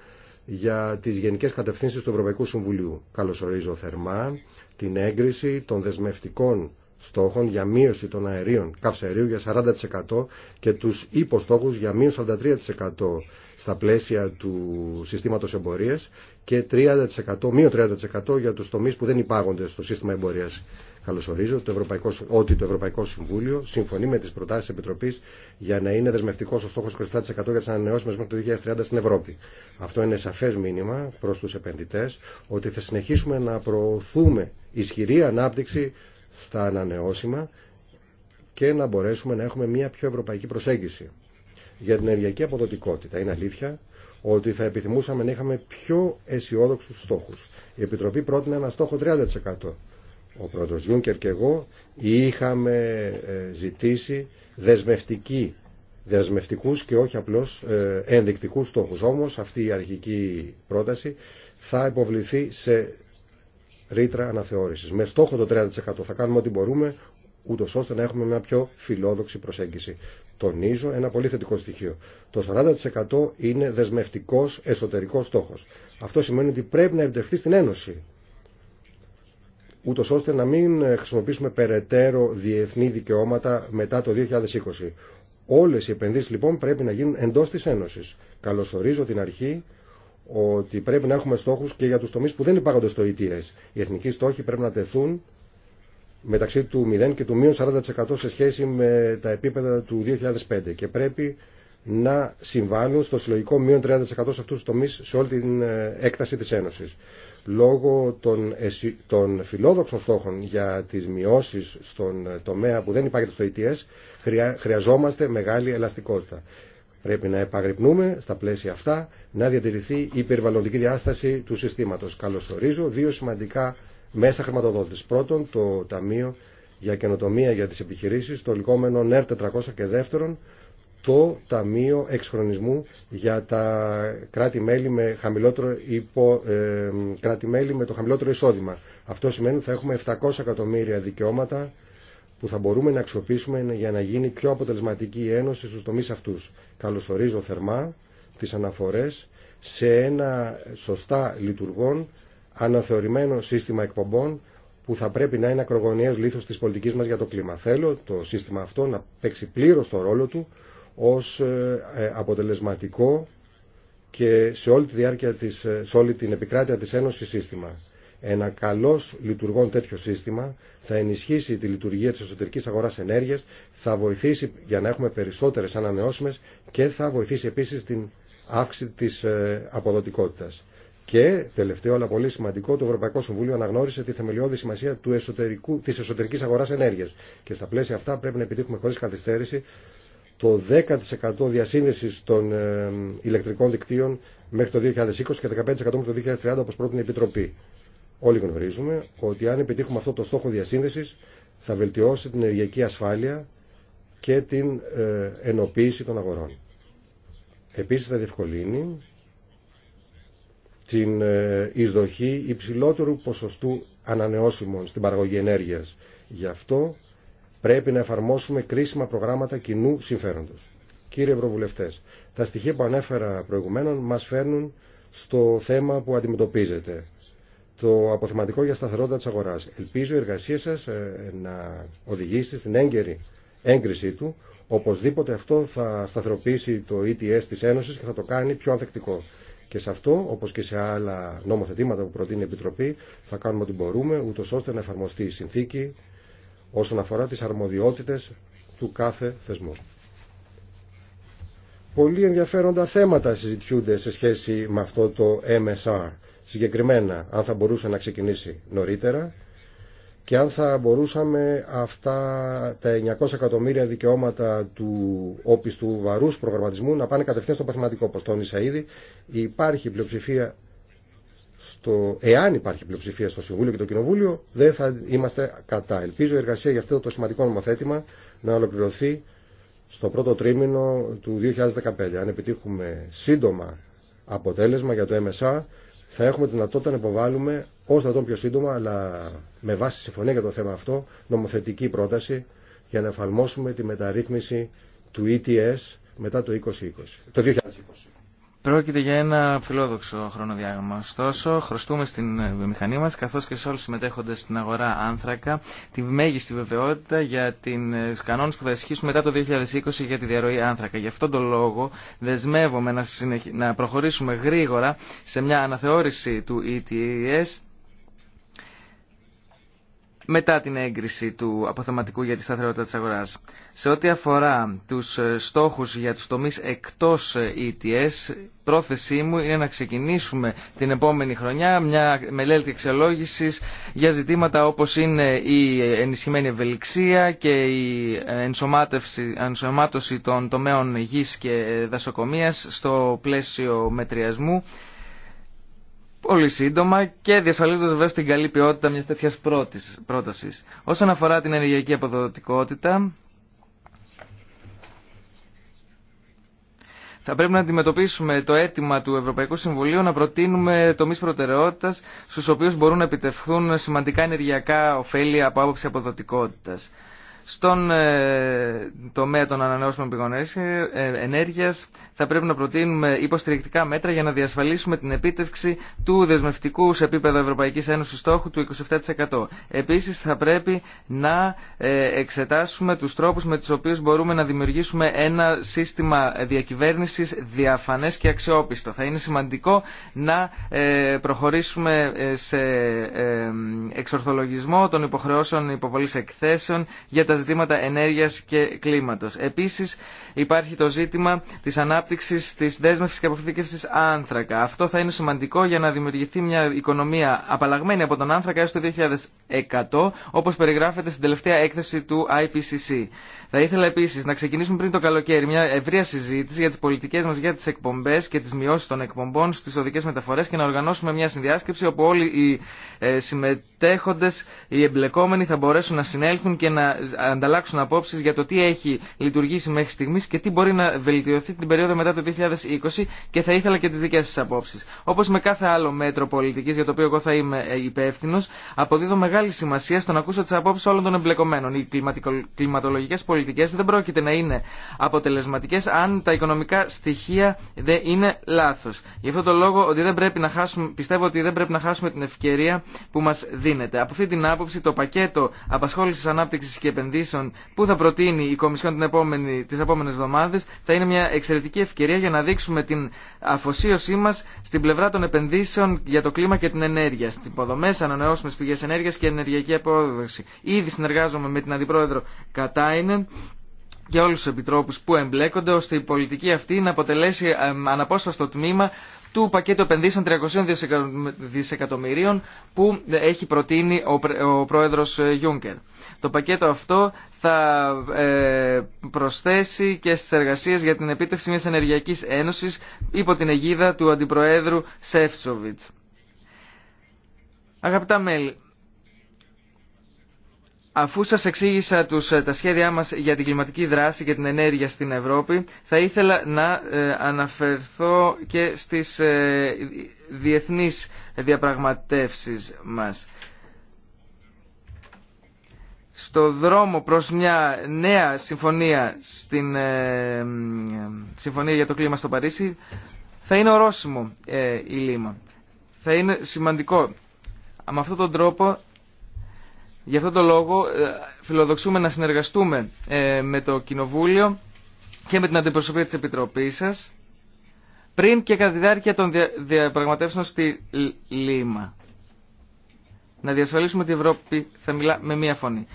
S2: για τι γενικέ κατευθύνσει του Ευρωπαϊκού Συμβουλίου. Καλωσορίζω θερμά την έγκριση των δεσμευτικών στόχων για μείωση των αερίων καυσαερίου για 40% και τους υποστόχους για μείωση 43% στα πλαίσια του συστήματος εμπορίας και 30%, 30% για τους τομείς που δεν υπάγονται στο σύστημα εμπορίας. Καλωσορίζω το Ευρωπαϊκό, ότι το Ευρωπαϊκό Συμβούλιο συμφωνεί με τις προτάσεις της Επιτροπής για να είναι δεσμευτικός ο στόχος 27% για τις ανανεώσιμες μέχρι το 2030 στην Ευρώπη. Αυτό είναι σαφές μήνυμα προς τους επενδυτές ότι θα συνεχίσουμε να προωθούμε ισχυρή ανάπτυξη στα ανανεώσιμα και να μπορέσουμε να έχουμε μια πιο ευρωπαϊκή προσέγγιση για την ενεργειακή αποδοτικότητα. Είναι αλήθεια ότι θα επιθυμούσαμε να είχαμε πιο αισιόδοξου στόχου. Η Επιτροπή πρότεινε ένα στόχο 30%. Ο πρόεδρος Γιούνκερ και εγώ είχαμε ε, ζητήσει δεσμευτική, δεσμευτικούς και όχι απλώς ε, ενδεικτικούς στόχους. Όμως αυτή η αρχική πρόταση θα υποβληθεί σε ρήτρα αναθεώρησης. Με στόχο το 30% θα κάνουμε ό,τι μπορούμε, ούτω ώστε να έχουμε μια πιο φιλόδοξη προσέγγιση. Τονίζω ένα πολύ θετικό στοιχείο. Το 40% είναι δεσμευτικός εσωτερικός στόχος. Αυτό σημαίνει ότι πρέπει να επιτευχθεί στην Ένωση ούτω ώστε να μην χρησιμοποιήσουμε περαιτέρω διεθνή δικαιώματα μετά το 2020. Όλε οι επενδύσει λοιπόν πρέπει να γίνουν εντό τη Ένωση. Καλωσορίζω την αρχή ότι πρέπει να έχουμε στόχους και για τους τομείς που δεν υπάρχονται στο ETS. Οι εθνικοί στόχοι πρέπει να τεθούν μεταξύ του 0 και του μείον 40% σε σχέση με τα επίπεδα του 2005 και πρέπει να συμβάλλουν στο συλλογικό μείον 30% σε αυτούς τους τομείς σε όλη την ε, έκταση της Ένωσης. Λόγω των, των φιλόδοξων στόχων για τις μειώσεις στον ε, τομέα που δεν υπάρχει στο ETS χρειαζόμαστε μεγάλη ελαστικότητα. Πρέπει να επαγρυπνούμε στα πλαίσια αυτά να διατηρηθεί η περιβαλλοντική διάσταση του συστήματος. Καλωσορίζω δύο σημαντικά μέσα χρηματοδότηση. Πρώτον, το Ταμείο για Καινοτομία για τις Επιχειρήσεις, το λυκόμενο ΝΕΡ 400 και δεύτερον, το Ταμείο Εξχρονισμού για τα κρατη με, ε, κράτη -μέλη με το χαμηλότερο εισόδημα. Αυτό σημαίνει ότι θα έχουμε 700 εκατομμύρια δικαιώματα που θα μπορούμε να αξιοποιήσουμε για να γίνει πιο αποτελεσματική η Ένωση στους τομείς αυτούς. Καλωσορίζω θερμά τις αναφορές σε ένα σωστά λειτουργών αναθεωρημένο σύστημα εκπομπών που θα πρέπει να είναι ακρογωνιαίος λίθος της πολιτικής μας για το κλίμα. Θέλω το σύστημα αυτό να παίξει πλήρως το ρόλο του ως ε, ε, αποτελεσματικό και σε όλη, τη διάρκεια της, ε, σε όλη την επικράτεια της Ένωσης σύστημα. Ένα καλό λειτουργών τέτοιο σύστημα θα ενισχύσει τη λειτουργία τη εσωτερική αγορά ενέργεια, θα βοηθήσει για να έχουμε περισσότερε ανανεώσιμε και θα βοηθήσει επίση την αύξηση τη ε, αποδοτικότητα. Και τελευταίο αλλά πολύ σημαντικό, το Ευρωπαϊκό Συμβούλιο αναγνώρισε τη θεμελιώδη σημασία του εσωτερικού, της εσωτερικής αγοράς ενέργειας. Και στα πλαίσια αυτά πρέπει να επιτύχουμε χωρίς καθυστέρηση το 10% διασύνδεσης των ε, ηλεκτρικών δικτύων μέχρι το 2020 και 15% μέχρι το 2030 όπως πρότεινε η Επιτροπή. Όλοι γνωρίζουμε ότι αν επιτύχουμε αυτό το στόχο διασύνδεσης θα βελτιώσει την ενεργειακή ασφάλεια και την ε, ενοποίηση των αγορών. Επίσης θα διευκολύνει την ε, εισδοχή υψηλότερου ποσοστού ανανεώσιμων στην παραγωγή ενέργειας. Γι' αυτό πρέπει να εφαρμόσουμε κρίσιμα προγράμματα κοινού συμφέροντος. Κύριε ευρωβουλευτέ, τα στοιχεία που ανέφερα προηγουμένω μας φέρνουν στο θέμα που αντιμετωπίζετε το αποθεματικό για σταθερότητα της αγοράς. Ελπίζω η εργασία σας ε, να οδηγήσει στην έγκαιρη έγκρισή του. Οπωσδήποτε αυτό θα σταθεροποιήσει το ETS της Ένωσης και θα το κάνει πιο ανθεκτικό. Και σε αυτό, όπως και σε άλλα νομοθετήματα που προτείνει η Επιτροπή, θα κάνουμε ό,τι μπορούμε, ούτω ώστε να εφαρμοστεί η συνθήκη όσον αφορά τις αρμοδιότητες του κάθε θεσμού. Πολύ ενδιαφέροντα θέματα συζητιούνται σε σχέση με αυτό το MSR συγκεκριμένα αν θα μπορούσε να ξεκινήσει νωρίτερα και αν θα μπορούσαμε αυτά τα 900 εκατομμύρια δικαιώματα του όπιστου βαρούς προγραμματισμού να πάνε κατευθείαν στο παθηματικό. Όπως τόνισα ήδη, υπάρχει πλειοψηφία στο, εάν υπάρχει πλειοψηφία στο Συμβούλιο και το Κοινοβούλιο, δεν θα είμαστε κατά. Ελπίζω η εργασία για αυτό το σημαντικό νομοθέτημα να ολοκληρωθεί στο πρώτο τρίμηνο του 2015. Αν επιτύχουμε σύντομα αποτέλεσμα για το MSA, θα έχουμε δυνατότητα να υποβάλουμε όσο να τον πιο σύντομα, αλλά με βάση συμφωνία για το θέμα αυτό, νομοθετική πρόταση για να εφαρμόσουμε τη μεταρρύθμιση του ETS μετά το 2020. Το 2020.
S3: Πρόκειται για ένα φιλόδοξο χρονοδιάγραμμα. Ωστόσο, χρωστούμε στην βιομηχανή μας, καθώς και σε όλους συμμετέχοντε στην αγορά άνθρακα, τη μέγιστη βεβαιότητα για ε, του κανόνε που θα ισχύσουν μετά το 2020 για τη διαρροή άνθρακα. Γι' αυτόν τον λόγο δεσμεύομαι να, να προχωρήσουμε γρήγορα σε μια αναθεώρηση του ETS μετά την έγκριση του αποθεματικού για τη σταθερότητα της αγοράς. Σε ό,τι αφορά τους ε, στόχους για τους τομείς εκτός ε, ETS, πρόθεσή μου είναι να ξεκινήσουμε την επόμενη χρονιά μια μελέτη εξελόγηση για ζητήματα όπως είναι η ενισχυμένη ευελιξία και η ενσωμάτωση των τομέων γης και ε, δασοκομείας στο πλαίσιο μετριασμού πολύ σύντομα και διασφαλίζοντας βέβαια την καλή ποιότητα μιας τέτοιας πρότασης. Όσον αφορά την ενεργειακή αποδοτικότητα, θα πρέπει να αντιμετωπίσουμε το αίτημα του Ευρωπαϊκού Συμβουλίου να προτείνουμε τομεί προτεραιότητας στους οποίους μπορούν να επιτευχθούν σημαντικά ενεργειακά ωφέλη από άποψη αποδοτικότητα. Στον ε, τομέα των ανανεώσιμων πηγών ε, ε, ενέργειας θα πρέπει να προτείνουμε υποστηρικτικά μέτρα για να διασφαλίσουμε την επίτευξη του δεσμευτικού σε επίπεδο Ευρωπαϊκής Ένωσης στόχου του 27%. Επίσης θα πρέπει να εξετάσουμε τους τρόπους με τους οποίους μπορούμε να δημιουργήσουμε ένα σύστημα διακυβέρνησης διαφανές και αξιόπιστο. Θα είναι σημαντικό να προχωρήσουμε σε εξορθολογισμό των υποχρεώσεων εκθέσεων για ζητήματα ενέργειας και κλίματος. Επίσης υπάρχει το ζήτημα της ανάπτυξης της δέσμευσης και αποθήκευσης άνθρακα. Αυτό θα είναι σημαντικό για να δημιουργηθεί μια οικονομία απαλλαγμένη από τον άνθρακα έως το 2100, όπως περιγράφεται στην τελευταία έκθεση του IPCC. Θα ήθελα επίσης να ξεκινήσουμε πριν το καλοκαίρι μια ευρεία συζήτηση για τις πολιτικές μας για τις εκπομπές και τις μειώσεις των εκπομπών στις οδικές μεταφορές και να οργανώσουμε μια συνδιάσκεψη όπου όλοι οι ε, συμμετέχοντες, οι εμπλεκόμενοι θα μπορέσουν να συνέλθουν και να ε, ανταλλάξουν απόψει για το τι έχει λειτουργήσει μέχρι στιγμή και τι μπορεί να βελτιωθεί την περίοδο μετά το 2020 και θα ήθελα και τι δικέ σα απόψει. Όπω με κάθε άλλο μέτρο πολιτική για το οποίο εγώ θα είμαι ε, υπεύθυνο, αποδίδω μεγάλη σημασία στο να ακούσω τις απόψεις όλων των εμπλεκομένων. Οι κλιματολογικέ πολιτικέ δεν πρόκειται να είναι αποτελεσματικέ αν τα οικονομικά στοιχεία δεν είναι λάθο. Γι' αυτό το λόγο ότι δεν πρέπει να χάσουμε, πιστεύω ότι δεν πρέπει να χάσουμε την ευκαιρία που μα δίνεται. Από αυτή την άποψη το πακέτο απασχόληση ανάπτυξη και επενδύσεων που θα προτείνει η Κομισιόν την επόμενη, τις επόμενες εβδομάδες θα είναι μια εξαιρετική ευκαιρία για να δείξουμε την αφοσίωσή μας στην πλευρά των επενδύσεων για το κλίμα και την ενέργεια, στις υποδομές, ανανεώσιμες πηγές ενέργειας και ενεργειακή απόδοση. Ήδη συνεργάζομαι με την Αντιπρόεδρο Κατάινεν και όλους τους επιτρόπους που εμπλέκονται ώστε η πολιτική αυτή να αποτελέσει ε, αναπόσπαστο τμήμα του πακέτου επενδύσεων 300 δισεκατομμυρίων που έχει προτείνει ο πρόεδρος ε, Γιούγκερ. Το πακέτο αυτό θα ε, προσθέσει και στις εργασίες για την επίτευξη μιας ενεργειακής ένωσης υπό την αιγίδα του Αντιπροέδρου Σεφτσοβιτς. Αγαπητά μέλη, Αφού σας εξήγησα τους, ε, τα σχέδιά μας για την κλιματική δράση και την ενέργεια στην Ευρώπη, θα ήθελα να ε, αναφερθώ και στις ε, διεθνείς διαπραγματεύσεις μας στο δρόμο προς μια νέα συμφωνία στην ε, Συμφωνία για το Κλίμα στο Παρίσι θα είναι ορόσημο ε, η Λίμα. Θα είναι σημαντικό. Με αυτόν τον τρόπο, για αυτόν τον λόγο, ε, φιλοδοξούμε να συνεργαστούμε με το Κοινοβούλιο και με την αντιπροσωπεία της Επιτροπής σας πριν και κατά τη διάρκεια των διαπραγματεύσεων στη Λίμα. Να διασφαλίσουμε ότι η Ευρώπη θα μιλά με μία φωνή.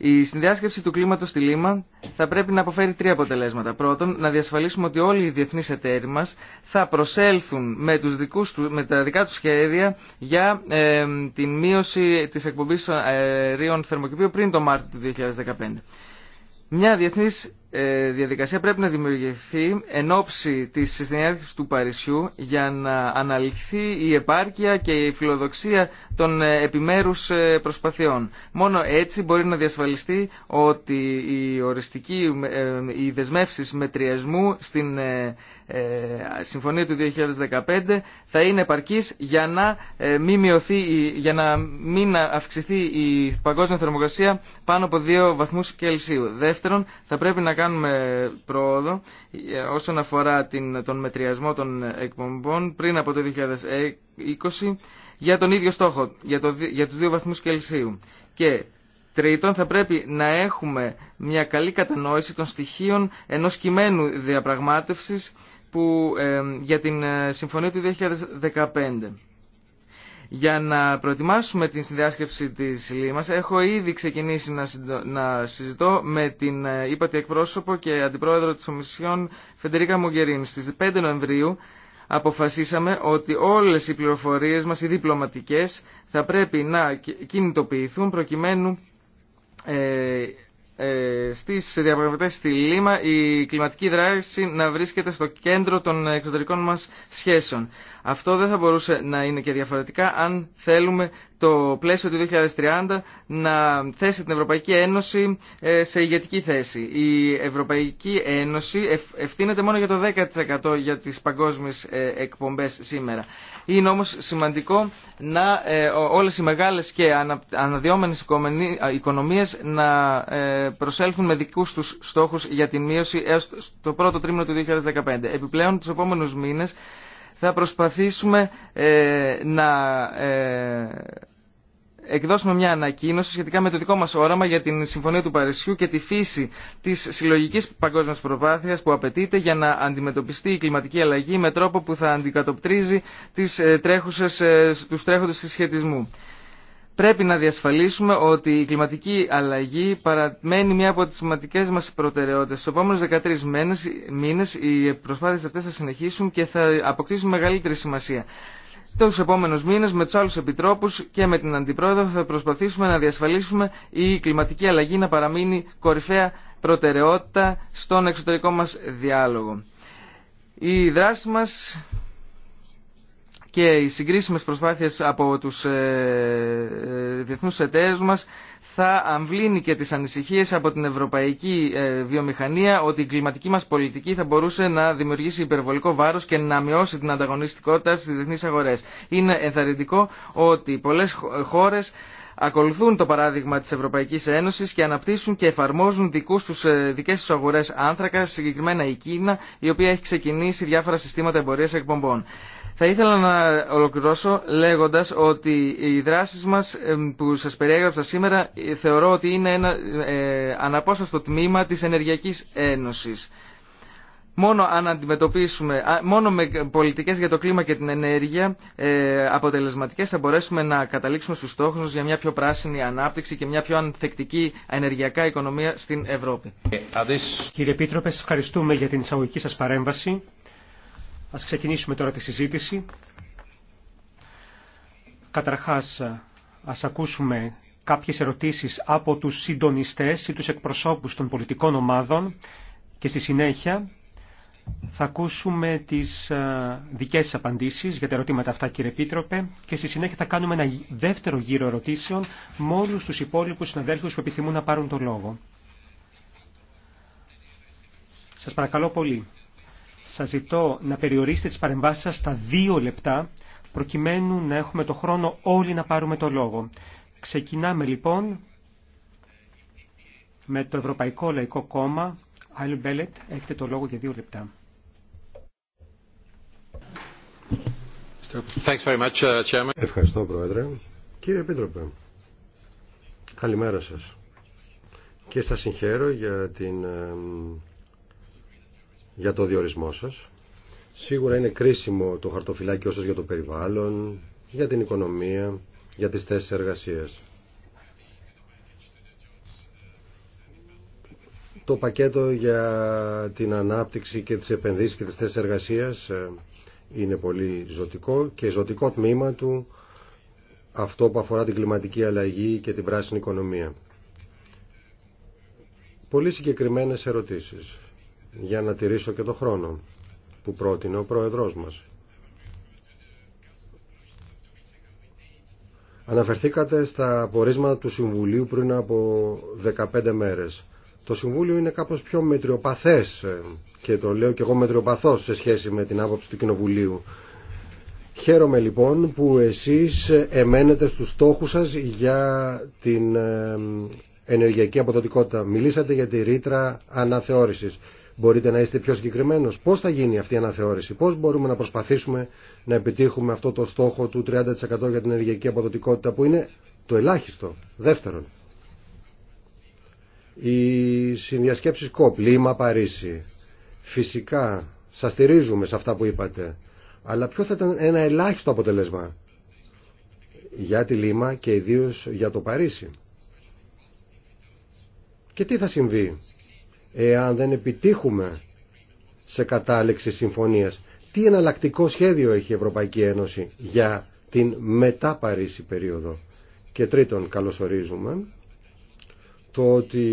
S3: Η συνδιάσκεψη του κλίματο στη Λίμα θα πρέπει να αποφέρει τρία αποτελέσματα. Πρώτον, να διασφαλίσουμε ότι όλοι οι διεθνεί εταίροι μα θα προσέλθουν με, τους δικούς τους με τα δικά του σχέδια για ε, την μείωση τη εκπομπή αερίων θερμοκηπίου πριν το Μάρτιο του 2015. Μια διεθνής ε, διαδικασία πρέπει να δημιουργηθεί εν ώψη της συνέντευξης του Παρισιού για να αναλυθεί η επάρκεια και η φιλοδοξία των ε, επιμέρους ε, προσπαθειών. Μόνο έτσι μπορεί να διασφαλιστεί ότι η οριστική, οι δεσμεύσει μετριασμού στην Συμφωνία του 2015 θα είναι επαρκής για να μην, μειωθεί, για να μην αυξηθεί η παγκόσμια θερμοκρασία πάνω από 2 βαθμούς Κελσίου. Δεύτερον, θα πρέπει να κάνουμε πρόοδο ε, όσον αφορά την, τον μετριασμό των εκπομπών πριν από το 2020 για τον ίδιο στόχο, για, το, για τους δύο βαθμούς Κελσίου. Και τρίτον θα πρέπει να έχουμε μια καλή κατανόηση των στοιχείων ενός κειμένου διαπραγμάτευσης που, ε, για την ε, Συμφωνία του 2015. Για να προετοιμάσουμε την συνδιάσκεψη της Λίμας, έχω ήδη ξεκινήσει να, να συζητώ με την ε, ύπατη εκπρόσωπο και αντιπρόεδρο της Ομισιόν Φεντερίκα Μογκερίνη. Στις 5 Νοεμβρίου αποφασίσαμε ότι όλες οι πληροφορίες μας, οι διπλωματικές, θα πρέπει να κινητοποιηθούν προκειμένου... Ε, ε, στις διαπραγματεύσεις στη Λίμα η κλιματική δράση να βρίσκεται στο κέντρο των εξωτερικών μας σχέσεων. Αυτό δεν θα μπορούσε να είναι και διαφορετικά αν θέλουμε το πλαίσιο του 2030 να θέσει την Ευρωπαϊκή Ένωση ε, σε ηγετική θέση. Η Ευρωπαϊκή Ένωση ευθύνεται μόνο για το 10% για τις παγκόσμιες ε, εκπομπές σήμερα. Είναι όμως σημαντικό να ε, όλες οι μεγάλες και αναδυόμενες οικονομίες να προσέλθουν με δικούς τους στόχους για την μείωση έως το πρώτο τρίμηνο του 2015. Επιπλέον, τους επόμενους μήνες θα προσπαθήσουμε ε, να ε, εκδώσουμε μια ανακοίνωση σχετικά με το δικό μας όραμα για την Συμφωνία του Παρισιού και τη φύση της συλλογικής παγκόσμιας προπάθειας που απαιτείται για να αντιμετωπιστεί η κλιματική αλλαγή με τρόπο που θα αντικατοπτρίζει τις ε, τρέχουσες, τους τρέχοντες συσχετισμού πρέπει να διασφαλίσουμε ότι η κλιματική αλλαγή παραμένει μία από τις σημαντικέ μας προτεραιότητες. Στου επόμενου 13 μήνες οι προσπάθειε αυτές θα συνεχίσουν και θα αποκτήσουν μεγαλύτερη σημασία. Τους επόμενους μήνες με του άλλου επιτρόπους και με την Αντιπρόεδρο θα προσπαθήσουμε να διασφαλίσουμε η κλιματική αλλαγή να παραμείνει κορυφαία προτεραιότητα στον εξωτερικό μα διάλογο. Η δράση μας και οι συγκρίσιμες προσπάθειες από τους ε, ε, διεθνούς εταίρους μας θα αμβλύνει και τις ανησυχίες από την ευρωπαϊκή ε, βιομηχανία ότι η κλιματική μας πολιτική θα μπορούσε να δημιουργήσει υπερβολικό βάρος και να μειώσει την ανταγωνιστικότητα στις διεθνείς αγορές. Είναι ενθαρρυντικό ότι πολλές χώρες ακολουθούν το παράδειγμα της Ευρωπαϊκής Ένωσης και αναπτύσσουν και εφαρμόζουν δικούς τους, δικές τους αγορές άνθρακα, συγκεκριμένα η Κίνα, η οποία έχει ξεκινήσει διάφορα συστήματα εμπορίας εκπομπών. Θα ήθελα να ολοκληρώσω λέγοντας ότι οι δράσεις μας ε, που σας περιέγραψα σήμερα ε, θεωρώ ότι είναι ένα ε, αναπόσπαστο τμήμα της Ενεργειακής Ένωσης. Μόνο αν αντιμετωπίσουμε, μόνο με πολιτικές για το κλίμα και την ενέργεια ε, αποτελεσματικές θα μπορέσουμε να καταλήξουμε στους στόχους μας για μια πιο πράσινη ανάπτυξη και μια πιο ανθεκτική ενεργειακά οικονομία στην Ευρώπη.
S1: Κύριε Πίτροπε, ευχαριστούμε για την εισαγωγική σας παρέμβαση. Ας ξεκινήσουμε τώρα τη συζήτηση. Καταρχάς, ας ακούσουμε κάποιες ερωτήσεις από τους συντονιστές ή τους εκπροσώπους των πολιτικών ομάδων και στη συνέχεια θα ακούσουμε τις δικές σας απαντήσεις για τα ερωτήματα αυτά κύριε Επίτροπε και στη συνέχεια θα κάνουμε ένα δεύτερο γύρο ερωτήσεων με όλους τους υπόλοιπους συναδέλφους που επιθυμούν να πάρουν το λόγο. Σας παρακαλώ πολύ. Σας ζητώ να περιορίσετε τις παρεμβάσεις σας στα δύο λεπτά, προκειμένου να έχουμε το χρόνο όλοι να πάρουμε το λόγο. Ξεκινάμε λοιπόν με το Ευρωπαϊκό Λαϊκό Κόμμα. Άλλη Μπέλετ, έχετε το λόγο για δύο λεπτά.
S2: Uh, Ευχαριστώ, Πρόεδρε. Κύριε Επίτροπε, καλημέρα σας. Και σας συγχαίρω για την ε, για το διορισμό σας. Σίγουρα είναι κρίσιμο το χαρτοφυλάκιό σας για το περιβάλλον, για την οικονομία, για τις θέσεις εργασίας. Το πακέτο για την ανάπτυξη και τις επενδύσεις και τις θέσεις εργασίας ε, είναι πολύ ζωτικό και ζωτικό τμήμα του αυτό που αφορά την κλιματική αλλαγή και την πράσινη οικονομία. Πολύ συγκεκριμένες ερωτήσεις για να τηρήσω και το χρόνο που πρότεινε ο Πρόεδρός μας. Αναφερθήκατε στα απορίσματα του Συμβουλίου πριν από 15 μέρες. Το Συμβούλιο είναι κάπως πιο μετριοπαθές ε, και το λέω και εγώ μετριοπαθώς σε σχέση με την άποψη του Κοινοβουλίου. Χαίρομαι λοιπόν που εσείς εμένετε στους στόχους σας για την ε, ενεργειακή αποδοτικότητα. Μιλήσατε για τη ρήτρα αναθεώρησης Μπορείτε να είστε πιο συγκεκριμένο, Πώς θα γίνει αυτή η αναθεώρηση. Πώς μπορούμε να προσπαθήσουμε να επιτύχουμε αυτό το στόχο του 30% για την ενεργειακή αποδοτικότητα που είναι το ελάχιστο. Δεύτερον, οι συνδιασκέψει ΚΟΠ, Λίμα, Παρίσι. Φυσικά, σας στηρίζουμε σε αυτά που είπατε. Αλλά ποιο θα ήταν ένα ελάχιστο αποτελέσμα για τη Λίμα και ιδίω για το Παρίσι. Και τι θα συμβεί εάν δεν επιτύχουμε σε κατάληξη συμφωνίας. Τι εναλλακτικό σχέδιο έχει η Ευρωπαϊκή Ένωση για την μετά Παρίσι περίοδο. Και τρίτον, καλωσορίζουμε το ότι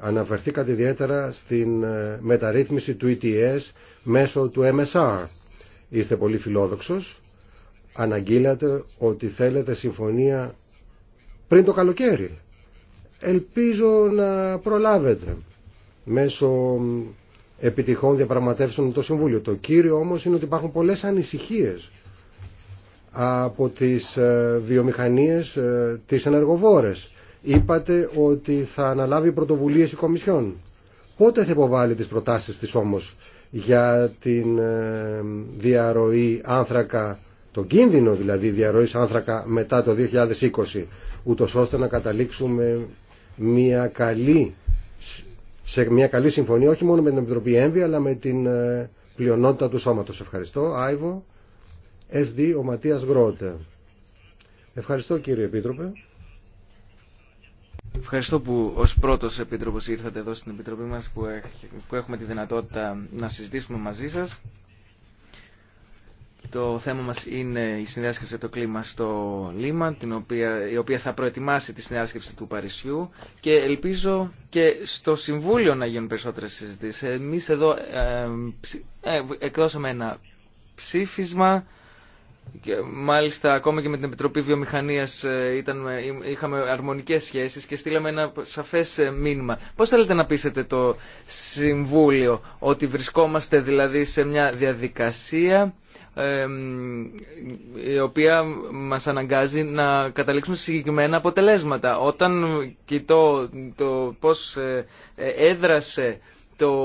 S2: αναφερθήκατε ιδιαίτερα στην ε, μεταρρύθμιση του ETS μέσω του MSR. Είστε πολύ φιλόδοξος. Αναγγείλατε ότι θέλετε συμφωνία πριν το καλοκαίρι. Ελπίζω να προλάβετε μέσω επιτυχών διαπραγματεύσεων με το Συμβούλιο. Το κύριο όμως είναι ότι υπάρχουν πολλές ανησυχίες από τις ε, βιομηχανίες ε, τις ενεργοβόρες. Είπατε ότι θα αναλάβει πρωτοβουλίες η Κομισιόν. Πότε θα υποβάλει τις προτάσεις της όμως για την ε, διαρροή άνθρακα, τον κίνδυνο δηλαδή διαρροής άνθρακα μετά το 2020, ούτως ώστε να καταλήξουμε μια καλή σε μια καλή συμφωνία όχι μόνο με την Επιτροπή έμβια, αλλά με την ε, πλειονότητα του σώματος. Ευχαριστώ. Άιβο, SD, ο Ματίας Ευχαριστώ κύριε Επίτροπε.
S3: Ευχαριστώ που ως πρώτος Επίτροπος ήρθατε εδώ στην Επιτροπή μας που έχουμε τη δυνατότητα να συζητήσουμε μαζί σας. Το θέμα μας είναι η συνδιάσκεψη το κλίμα στο Λίμα, την οποία, η οποία θα προετοιμάσει τη συνδιάσκεψη του Παρισιού και ελπίζω και στο Συμβούλιο να γίνουν περισσότερες συζητήσεις. Εμείς εδώ ε, ε, ε εκδώσαμε ένα ψήφισμα και μάλιστα ακόμα και με την Επιτροπή Βιομηχανίας ε, ε, είχαμε αρμονικές σχέσεις και στείλαμε ένα σαφές ε, μήνυμα. Πώς θέλετε να πείσετε το Συμβούλιο ότι βρισκόμαστε δηλαδή σε μια διαδικασία η οποία μας αναγκάζει να καταλήξουμε συγκεκριμένα αποτελέσματα. Όταν κοιτώ το πώς έδρασε το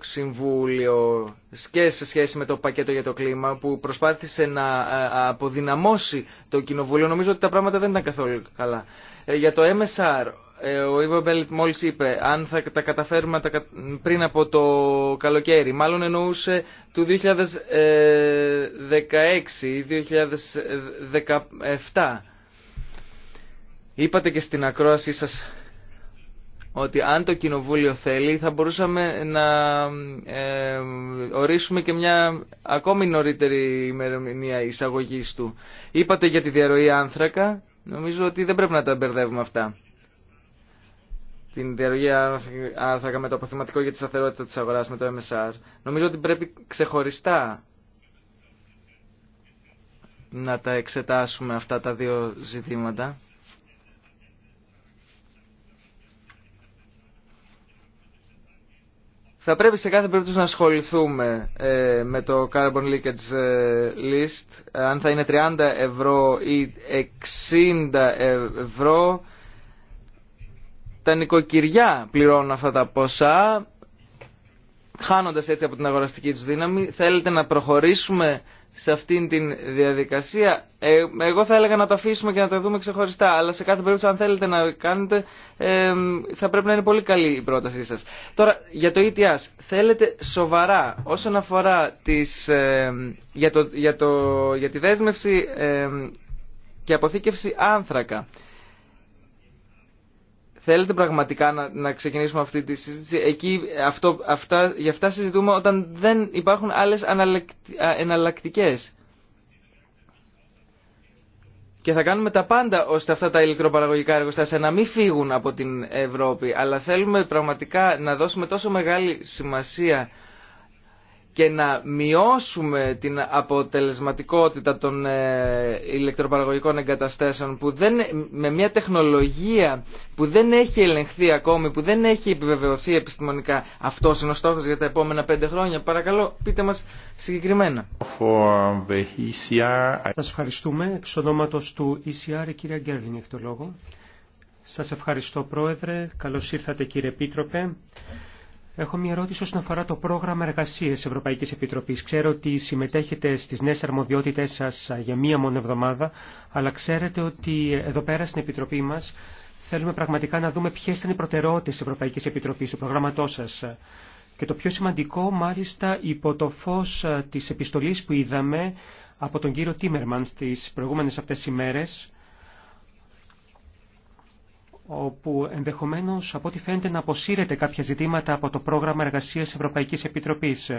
S3: Συμβούλιο και σε σχέση με το πακέτο για το κλίμα που προσπάθησε να ε, αποδυναμώσει το Κοινοβούλιο. Νομίζω ότι τα πράγματα δεν ήταν καθόλου καλά. Ε, για το MSR, ε, ο Ιβο Μπέλτ μόλις είπε αν θα τα καταφέρουμε πριν από το καλοκαίρι. Μάλλον εννοούσε του 2016-2017. ή Είπατε και στην ακρόαση σας ότι αν το Κοινοβούλιο θέλει θα μπορούσαμε να ε, ορίσουμε και μια ακόμη νωρίτερη ημερομηνία εισαγωγή του. Είπατε για τη διαρροή άνθρακα, νομίζω ότι δεν πρέπει να τα μπερδεύουμε αυτά. Την διαρροή άνθρακα με το αποθεματικό για τη σταθερότητα της αγοράς με το MSR. Νομίζω ότι πρέπει ξεχωριστά να τα εξετάσουμε αυτά τα δύο ζητήματα. Θα πρέπει σε κάθε περίπτωση να ασχοληθούμε ε, με το Carbon Leakage ε, List, αν θα είναι 30 ευρώ ή 60 ευρώ. Τα νοικοκυριά πληρώνουν αυτά τα ποσά, χάνοντας έτσι από την αγοραστική τους δύναμη. Θέλετε να προχωρήσουμε σε αυτήν την διαδικασία. Ε, εγώ θα έλεγα να τα αφήσουμε και να τα δούμε ξεχωριστά, αλλά σε κάθε περίπτωση αν θέλετε να κάνετε ε, θα πρέπει να είναι πολύ καλή η πρότασή σας. Τώρα για το ETS, θέλετε σοβαρά όσον αφορά τις, ε, για, το, για, το, για τη δέσμευση και αποθήκευση άνθρακα. Θέλετε πραγματικά να, να ξεκινήσουμε αυτή τη συζήτηση. Εκεί αυτό, αυτά, γι' αυτά συζητούμε όταν δεν υπάρχουν άλλες εναλλακτικέ. Και θα κάνουμε τα πάντα ώστε αυτά τα ηλεκτροπαραγωγικά εργοστάσια να μην φύγουν από την Ευρώπη. Αλλά θέλουμε πραγματικά να δώσουμε τόσο μεγάλη σημασία και να μειώσουμε την αποτελεσματικότητα των ε, ηλεκτροπαραγωγικών εγκαταστάσεων που δεν, με μια τεχνολογία που δεν έχει ελεγχθεί ακόμη, που δεν έχει επιβεβαιωθεί επιστημονικά. Αυτό είναι ο στόχος για τα επόμενα πέντε χρόνια. Παρακαλώ πείτε μας συγκεκριμένα.
S1: E Σας ευχαριστούμε. Εξ ονόματο του ECR η κυρία Γκέρλινγκ έχει το λόγο. Σας ευχαριστώ Πρόεδρε. Καλώς ήρθατε κύριε Επίτροπε. Έχω μια ερώτηση όσον αφορά το πρόγραμμα εργασίας Ευρωπαϊκής Επιτροπής. Ξέρω ότι συμμετέχετε στις νέες αρμοδιότητές σας για μία μόνη εβδομάδα, αλλά ξέρετε ότι εδώ πέρα στην Επιτροπή μας θέλουμε πραγματικά να δούμε ποιες ήταν οι προτεραιότητες της Ευρωπαϊκής Επιτροπής του προγράμματός σας. Και το πιο σημαντικό, μάλιστα, υπό το φως ε, της επιστολής που είδαμε από τον κύριο Τίμερμαν στις προηγούμενες αυτές ημέρες, όπου ενδεχομένως από ό,τι φαίνεται να αποσύρεται κάποια ζητήματα από το πρόγραμμα εργασίας Ευρωπαϊκής Επιτροπής.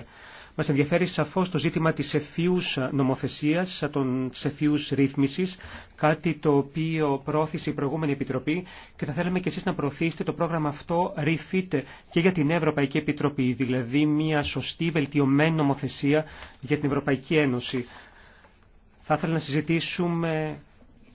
S1: Μας ενδιαφέρει σαφώς το ζήτημα της ευφύους νομοθεσίας, των ευφύους ρύθμισης, κάτι το οποίο προώθησε η προηγούμενη Επιτροπή και θα θέλαμε και εσείς να προωθήσετε το πρόγραμμα αυτό ReFit και για την Ευρωπαϊκή Επιτροπή, δηλαδή μια σωστή βελτιωμένη νομοθεσία για την Ευρωπαϊκή Ένωση. Θα ήθελα να συζητήσουμε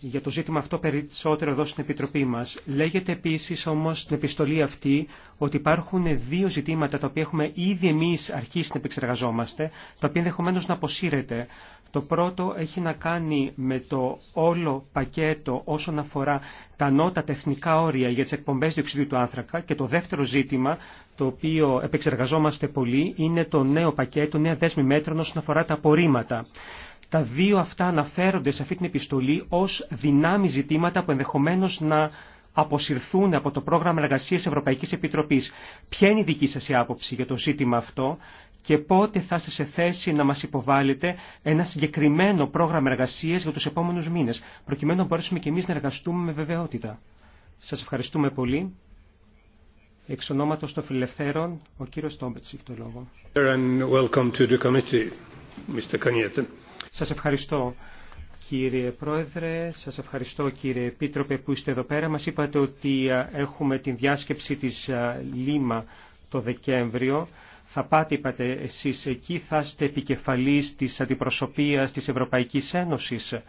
S1: για το ζήτημα αυτό περισσότερο εδώ στην Επιτροπή μας. Λέγεται επίσης όμως στην επιστολή αυτή ότι υπάρχουν δύο ζητήματα τα οποία έχουμε ήδη εμείς αρχίσει να επεξεργαζόμαστε, τα οποία ενδεχομένω να αποσύρεται. Το πρώτο έχει να κάνει με το όλο πακέτο όσον αφορά τα ανώτατα τεχνικά όρια για τις εκπομπές διοξιδίου του άνθρακα και το δεύτερο ζήτημα το οποίο επεξεργαζόμαστε πολύ είναι το νέο πακέτο, νέα δέσμη μέτρων όσον αφορά τα απορρίμματα. Τα δύο αυτά αναφέρονται σε αυτή την επιστολή ως δυνάμει ζητήματα που ενδεχομένως να αποσυρθούν από το πρόγραμμα εργασίας Ευρωπαϊκής Επιτροπής. Ποια είναι η δική σας η άποψη για το ζήτημα αυτό και πότε θα είστε σε θέση να μας υποβάλλετε ένα συγκεκριμένο πρόγραμμα εργασίας για τους επόμενους μήνες, προκειμένου να μπορέσουμε και εμείς να εργαστούμε με βεβαιότητα. Σας ευχαριστούμε πολύ. Εξ ονόματος των Φιλελευθέρων, ο κύριος Τόμπετς έχει το λόγο. Σας ευχαριστώ. Κύριε Πρόεδρε, σας ευχαριστώ κύριε Επίτροπε που είστε εδώ πέρα. Μας είπατε ότι έχουμε την διάσκεψη της Λίμα το Δεκέμβριο. Θα πάτε, είπατε εσείς εκεί, θα είστε επικεφαλής της αντιπροσωπείας της Ευρωπαϊκής Ένωσης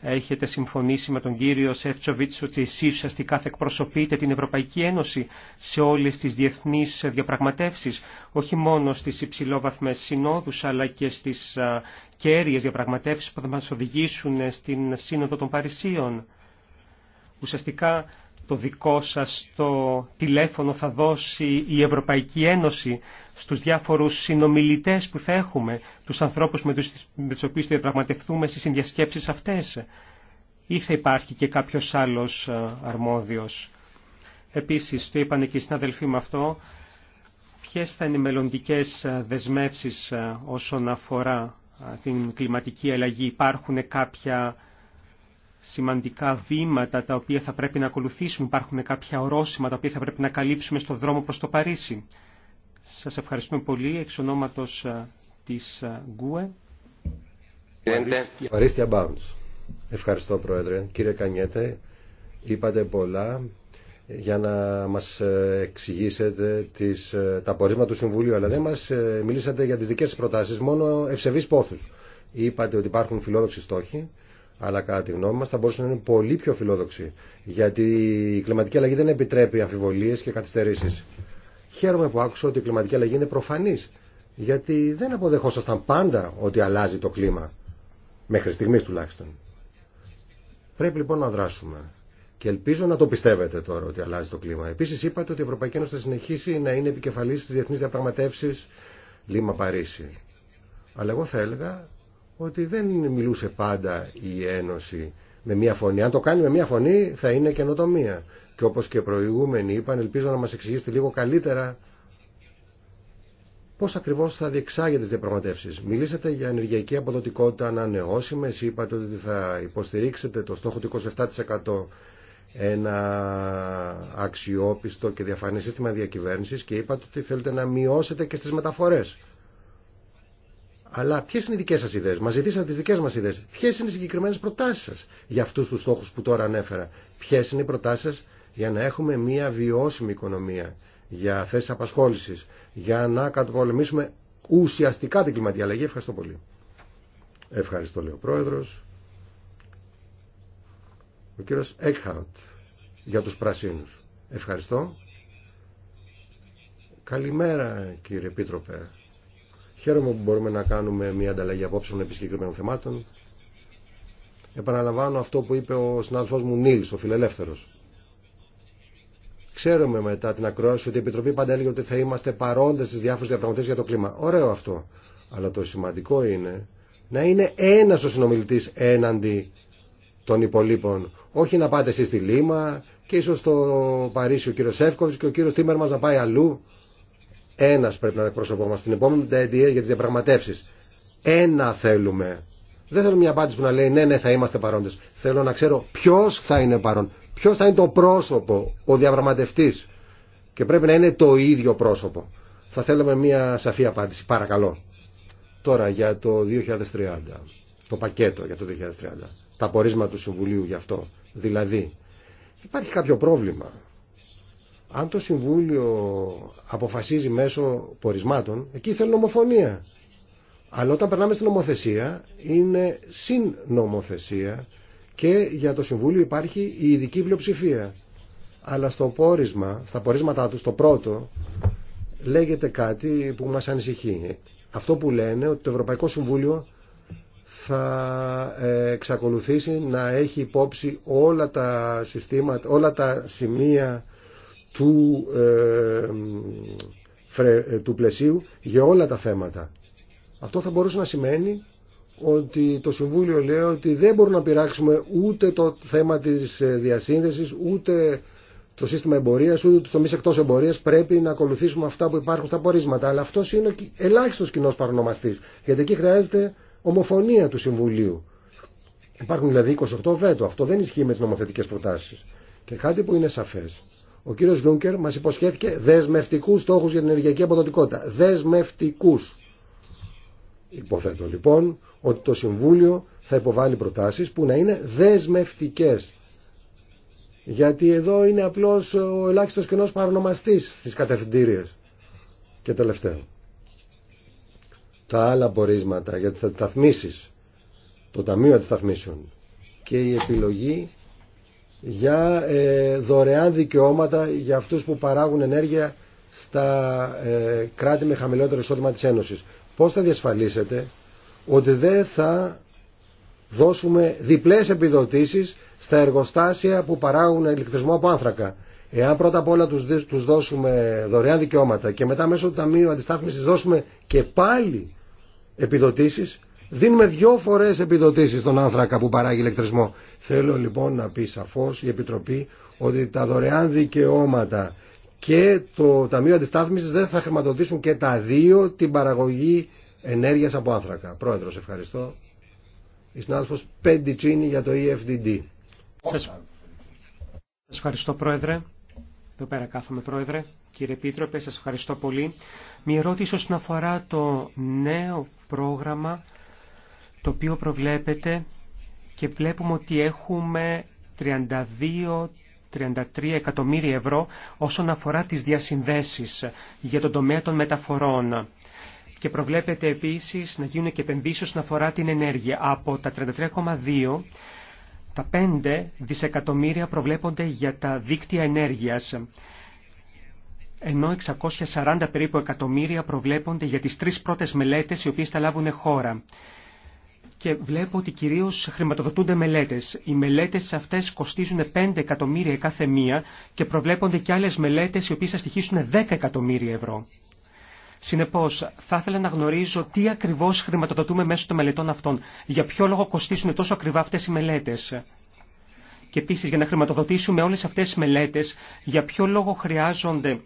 S1: έχετε συμφωνήσει με τον κύριο Σεφτσοβίτς ότι εσείς ουσιαστικά θα εκπροσωπείτε την Ευρωπαϊκή Ένωση σε όλες τις διεθνείς διαπραγματεύσεις, όχι μόνο στις υψηλόβαθμες συνόδους αλλά και στις κέρυες διαπραγματεύσεις που θα μας οδηγήσουν στην Σύνοδο των Παρισίων. Ουσιαστικά το δικό σας το τηλέφωνο θα δώσει η Ευρωπαϊκή Ένωση στους διάφορους συνομιλητές που θα έχουμε, τους ανθρώπους με τους, με τους οποίους διαπραγματευτούμε στις συνδιασκέψεις αυτές ή θα υπάρχει και κάποιος άλλος ε, αρμόδιος. Επίσης, το είπαν και οι συναδελφοί μου αυτό, ποιες θα είναι οι μελλοντικές ε, δεσμεύσεις ε, όσον αφορά την κλιματική αλλαγή. Υπάρχουν κάποια σημαντικά βήματα τα οποία θα πρέπει να ακολουθήσουμε, υπάρχουν κάποια ορόσημα τα οποία θα πρέπει να καλύψουμε στο δρόμο προς το Παρίσι. Σας ευχαριστούμε πολύ εξ ονόματος της Γκουε.
S2: Παρίστια Ευχαριστώ Πρόεδρε. Κύριε Κανιέτε, είπατε πολλά για να μας ε, εξηγήσετε τις, ε, τα πορίσματα του Συμβουλίου, αλλά δεν μας ε, μιλήσατε για τις δικές σας προτάσεις, μόνο ευσεβείς πόθους. Είπατε ότι υπάρχουν φιλόδοξοι στόχοι, αλλά κατά τη γνώμη μας θα μπορούσε να είναι πολύ πιο φιλόδοξη, γιατί η κλιματική αλλαγή δεν επιτρέπει αμφιβολίες και καθυστερήσεις. Χαίρομαι που άκουσα ότι η κλιματική αλλαγή είναι προφανής, γιατί δεν αποδεχόσασταν πάντα ότι αλλάζει το κλίμα, μέχρι στιγμής τουλάχιστον. Πρέπει λοιπόν να δράσουμε. Και ελπίζω να το πιστεύετε τώρα ότι αλλάζει το κλίμα. Επίση, είπατε ότι η Ευρωπαϊκή Ένωση θα συνεχίσει να είναι επικεφαλή στις διεθνή διαπραγματευσει διαπραγματεύσει Λίμα-Παρίσι. Αλλά εγώ θα έλεγα ότι δεν μιλούσε πάντα η Ένωση με μία φωνή. Αν το κάνει με μία φωνή θα είναι καινοτομία. Και όπως και προηγούμενοι είπαν, ελπίζω να μας εξηγήσετε λίγο καλύτερα πώς ακριβώς θα διεξάγετε τις διαπραγματεύσεις. Μιλήσατε για ενεργειακή αποδοτικότητα ανανεώσιμες, είπατε ότι θα υποστηρίξετε το στόχο του 27% ένα αξιόπιστο και διαφανές σύστημα διακυβέρνησης και είπατε ότι θέλετε να μειώσετε και στις μεταφορές. Αλλά ποιε είναι οι δικέ σα ιδέε, μα ζητήσατε τι δικέ μα ιδέε. Ποιε είναι οι συγκεκριμένε προτάσει σα για αυτού του στόχου που τώρα ανέφερα. Ποιε είναι οι προτάσει σα για να έχουμε μια βιώσιμη οικονομία, για θέσει απασχόληση, για να καταπολεμήσουμε ουσιαστικά την κλιματική αλλαγή. Ευχαριστώ πολύ. Ευχαριστώ, λέει ο πρόεδρο. Ο κύριο Έκχαουτ για του πρασίνου. Ευχαριστώ. Καλημέρα, κύριε Επίτροπε. Χαίρομαι που μπορούμε να κάνουμε μια ανταλλαγή απόψεων επί συγκεκριμένων θεμάτων. Επαναλαμβάνω αυτό που είπε ο συνάδελφός μου Νίλ, ο φιλελεύθερος. Ξέρουμε μετά την ακρόαση ότι η Επιτροπή πάντα έλεγε ότι θα είμαστε παρόντε στι διάφορε διαπραγματεύσει για το κλίμα. Ωραίο αυτό. Αλλά το σημαντικό είναι να είναι ένα ο συνομιλητή έναντι των υπολείπων. Όχι να πάτε εσεί στη Λίμα και ίσω στο Παρίσι ο κύριο Σεύκοβι και ο κύριο μας να πάει αλλού. Ένα πρέπει να είναι πρόσωπο μα. Την επόμενη πενταετία για τι διαπραγματεύσει. Ένα θέλουμε. Δεν θέλω μια απάντηση που να λέει ναι, ναι, θα είμαστε παρόντε. Θέλω να ξέρω ποιο θα είναι παρόν. Ποιο θα είναι το πρόσωπο, ο διαπραγματευτή. Και πρέπει να είναι το ίδιο πρόσωπο. Θα θέλαμε μια σαφή απάντηση. Παρακαλώ. Τώρα για το 2030. Το πακέτο για το 2030. Τα πορίσματα του Συμβουλίου γι' αυτό. Δηλαδή, υπάρχει κάποιο πρόβλημα αν το Συμβούλιο αποφασίζει μέσω πορισμάτων, εκεί θέλει νομοφωνία. Αλλά όταν περνάμε στην νομοθεσία, είναι συνομοθεσία και για το Συμβούλιο υπάρχει η ειδική πλειοψηφία. Αλλά στο πόρισμα, στα πορίσματά του, το πρώτο, λέγεται κάτι που μας ανησυχεί. Αυτό που λένε ότι το Ευρωπαϊκό Συμβούλιο θα ε, εξακολουθήσει να έχει υπόψη όλα τα συστήματα, όλα τα σημεία του, ε, ε, του πλαισίου για όλα τα θέματα. Αυτό θα μπορούσε να σημαίνει ότι το Συμβούλιο λέει ότι δεν μπορούμε να πειράξουμε ούτε το θέμα της ε, διασύνδεσης, ούτε το σύστημα εμπορίας, ούτε το μη εκτός εμπορίας. Πρέπει να ακολουθήσουμε αυτά που υπάρχουν στα πορίσματα. Αλλά αυτό είναι ο ελάχιστος κοινό παρονομαστής, γιατί εκεί χρειάζεται ομοφωνία του Συμβουλίου. Υπάρχουν δηλαδή 28 βέτο. Αυτό δεν ισχύει με τις νομοθετικές προτάσεις. Και κάτι που είναι σαφές ο κύριος Γιούνκερ μας υποσχέθηκε δεσμευτικούς στόχους για την ενεργειακή αποδοτικότητα. Δεσμευτικούς. Υποθέτω λοιπόν ότι το Συμβούλιο θα υποβάλει προτάσεις που να είναι δεσμευτικές. Γιατί εδώ είναι απλώς ο ελάχιστος κοινός παρονομαστής στις κατευθυντήριες. Και τελευταίο. Τα άλλα πορίσματα για τις αντισταθμίσεις, το Ταμείο Αντισταθμίσεων και η επιλογή για ε, δωρεάν δικαιώματα για αυτούς που παράγουν ενέργεια στα ε, κράτη με χαμηλότερο εισόδημα της Ένωσης. Πώς θα διασφαλίσετε ότι δεν θα δώσουμε διπλές επιδοτήσεις στα εργοστάσια που παράγουν ηλεκτρισμό από άνθρακα. Εάν πρώτα απ' όλα τους δώσουμε δωρεάν δικαιώματα και μετά μέσω του Ταμείου Αντιστάθμισης δώσουμε και πάλι επιδοτήσεις, Δίνουμε δυο φορέ επιδοτήσει στον άνθρακα που παράγει ηλεκτρισμό. Θέλω λοιπόν να πει σαφώ η Επιτροπή ότι τα δωρεάν δικαιώματα και το Ταμείο Αντιστάθμισης δεν θα χρηματοδοτήσουν και τα δύο την παραγωγή ενέργεια από άνθρακα. Πρόεδρο ευχαριστώ.
S1: Η συνάδελφο Πεντιτσίνη για το EFDD. Σας ευχαριστώ Πρόεδρε. Εδώ πέρα κάθομαι Πρόεδρε. Κύριε Επίτροπε, σα ευχαριστώ πολύ. Μια ερώτηση όσον αφορά το νέο πρόγραμμα το οποίο προβλέπεται και βλέπουμε ότι έχουμε 32 33 εκατομμύρια ευρώ όσον αφορά τις διασυνδέσεις για τον τομέα των μεταφορών. Και προβλέπεται επίσης να γίνουν και επενδύσεις όσον αφορά την ενέργεια. Από τα 33,2 τα 5 δισεκατομμύρια προβλέπονται για τα δίκτυα ενέργειας ενώ 640 περίπου εκατομμύρια προβλέπονται για τις τρεις πρώτες μελέτες οι οποίες θα λάβουν χώρα και βλέπω ότι κυρίως χρηματοδοτούνται μελέτες. Οι μελέτες αυτές κοστίζουν 5 εκατομμύρια κάθε μία και προβλέπονται και άλλες μελέτες οι οποίες θα στοιχήσουν 10 εκατομμύρια ευρώ. Συνεπώς, θα ήθελα να γνωρίζω τι ακριβώς χρηματοδοτούμε μέσω των μελετών αυτών. Για ποιο λόγο κοστίζουν τόσο ακριβά αυτές οι μελέτες. Και επίσης, για να χρηματοδοτήσουμε όλες αυτές τις μελέτες, για ποιο λόγο χρειάζονται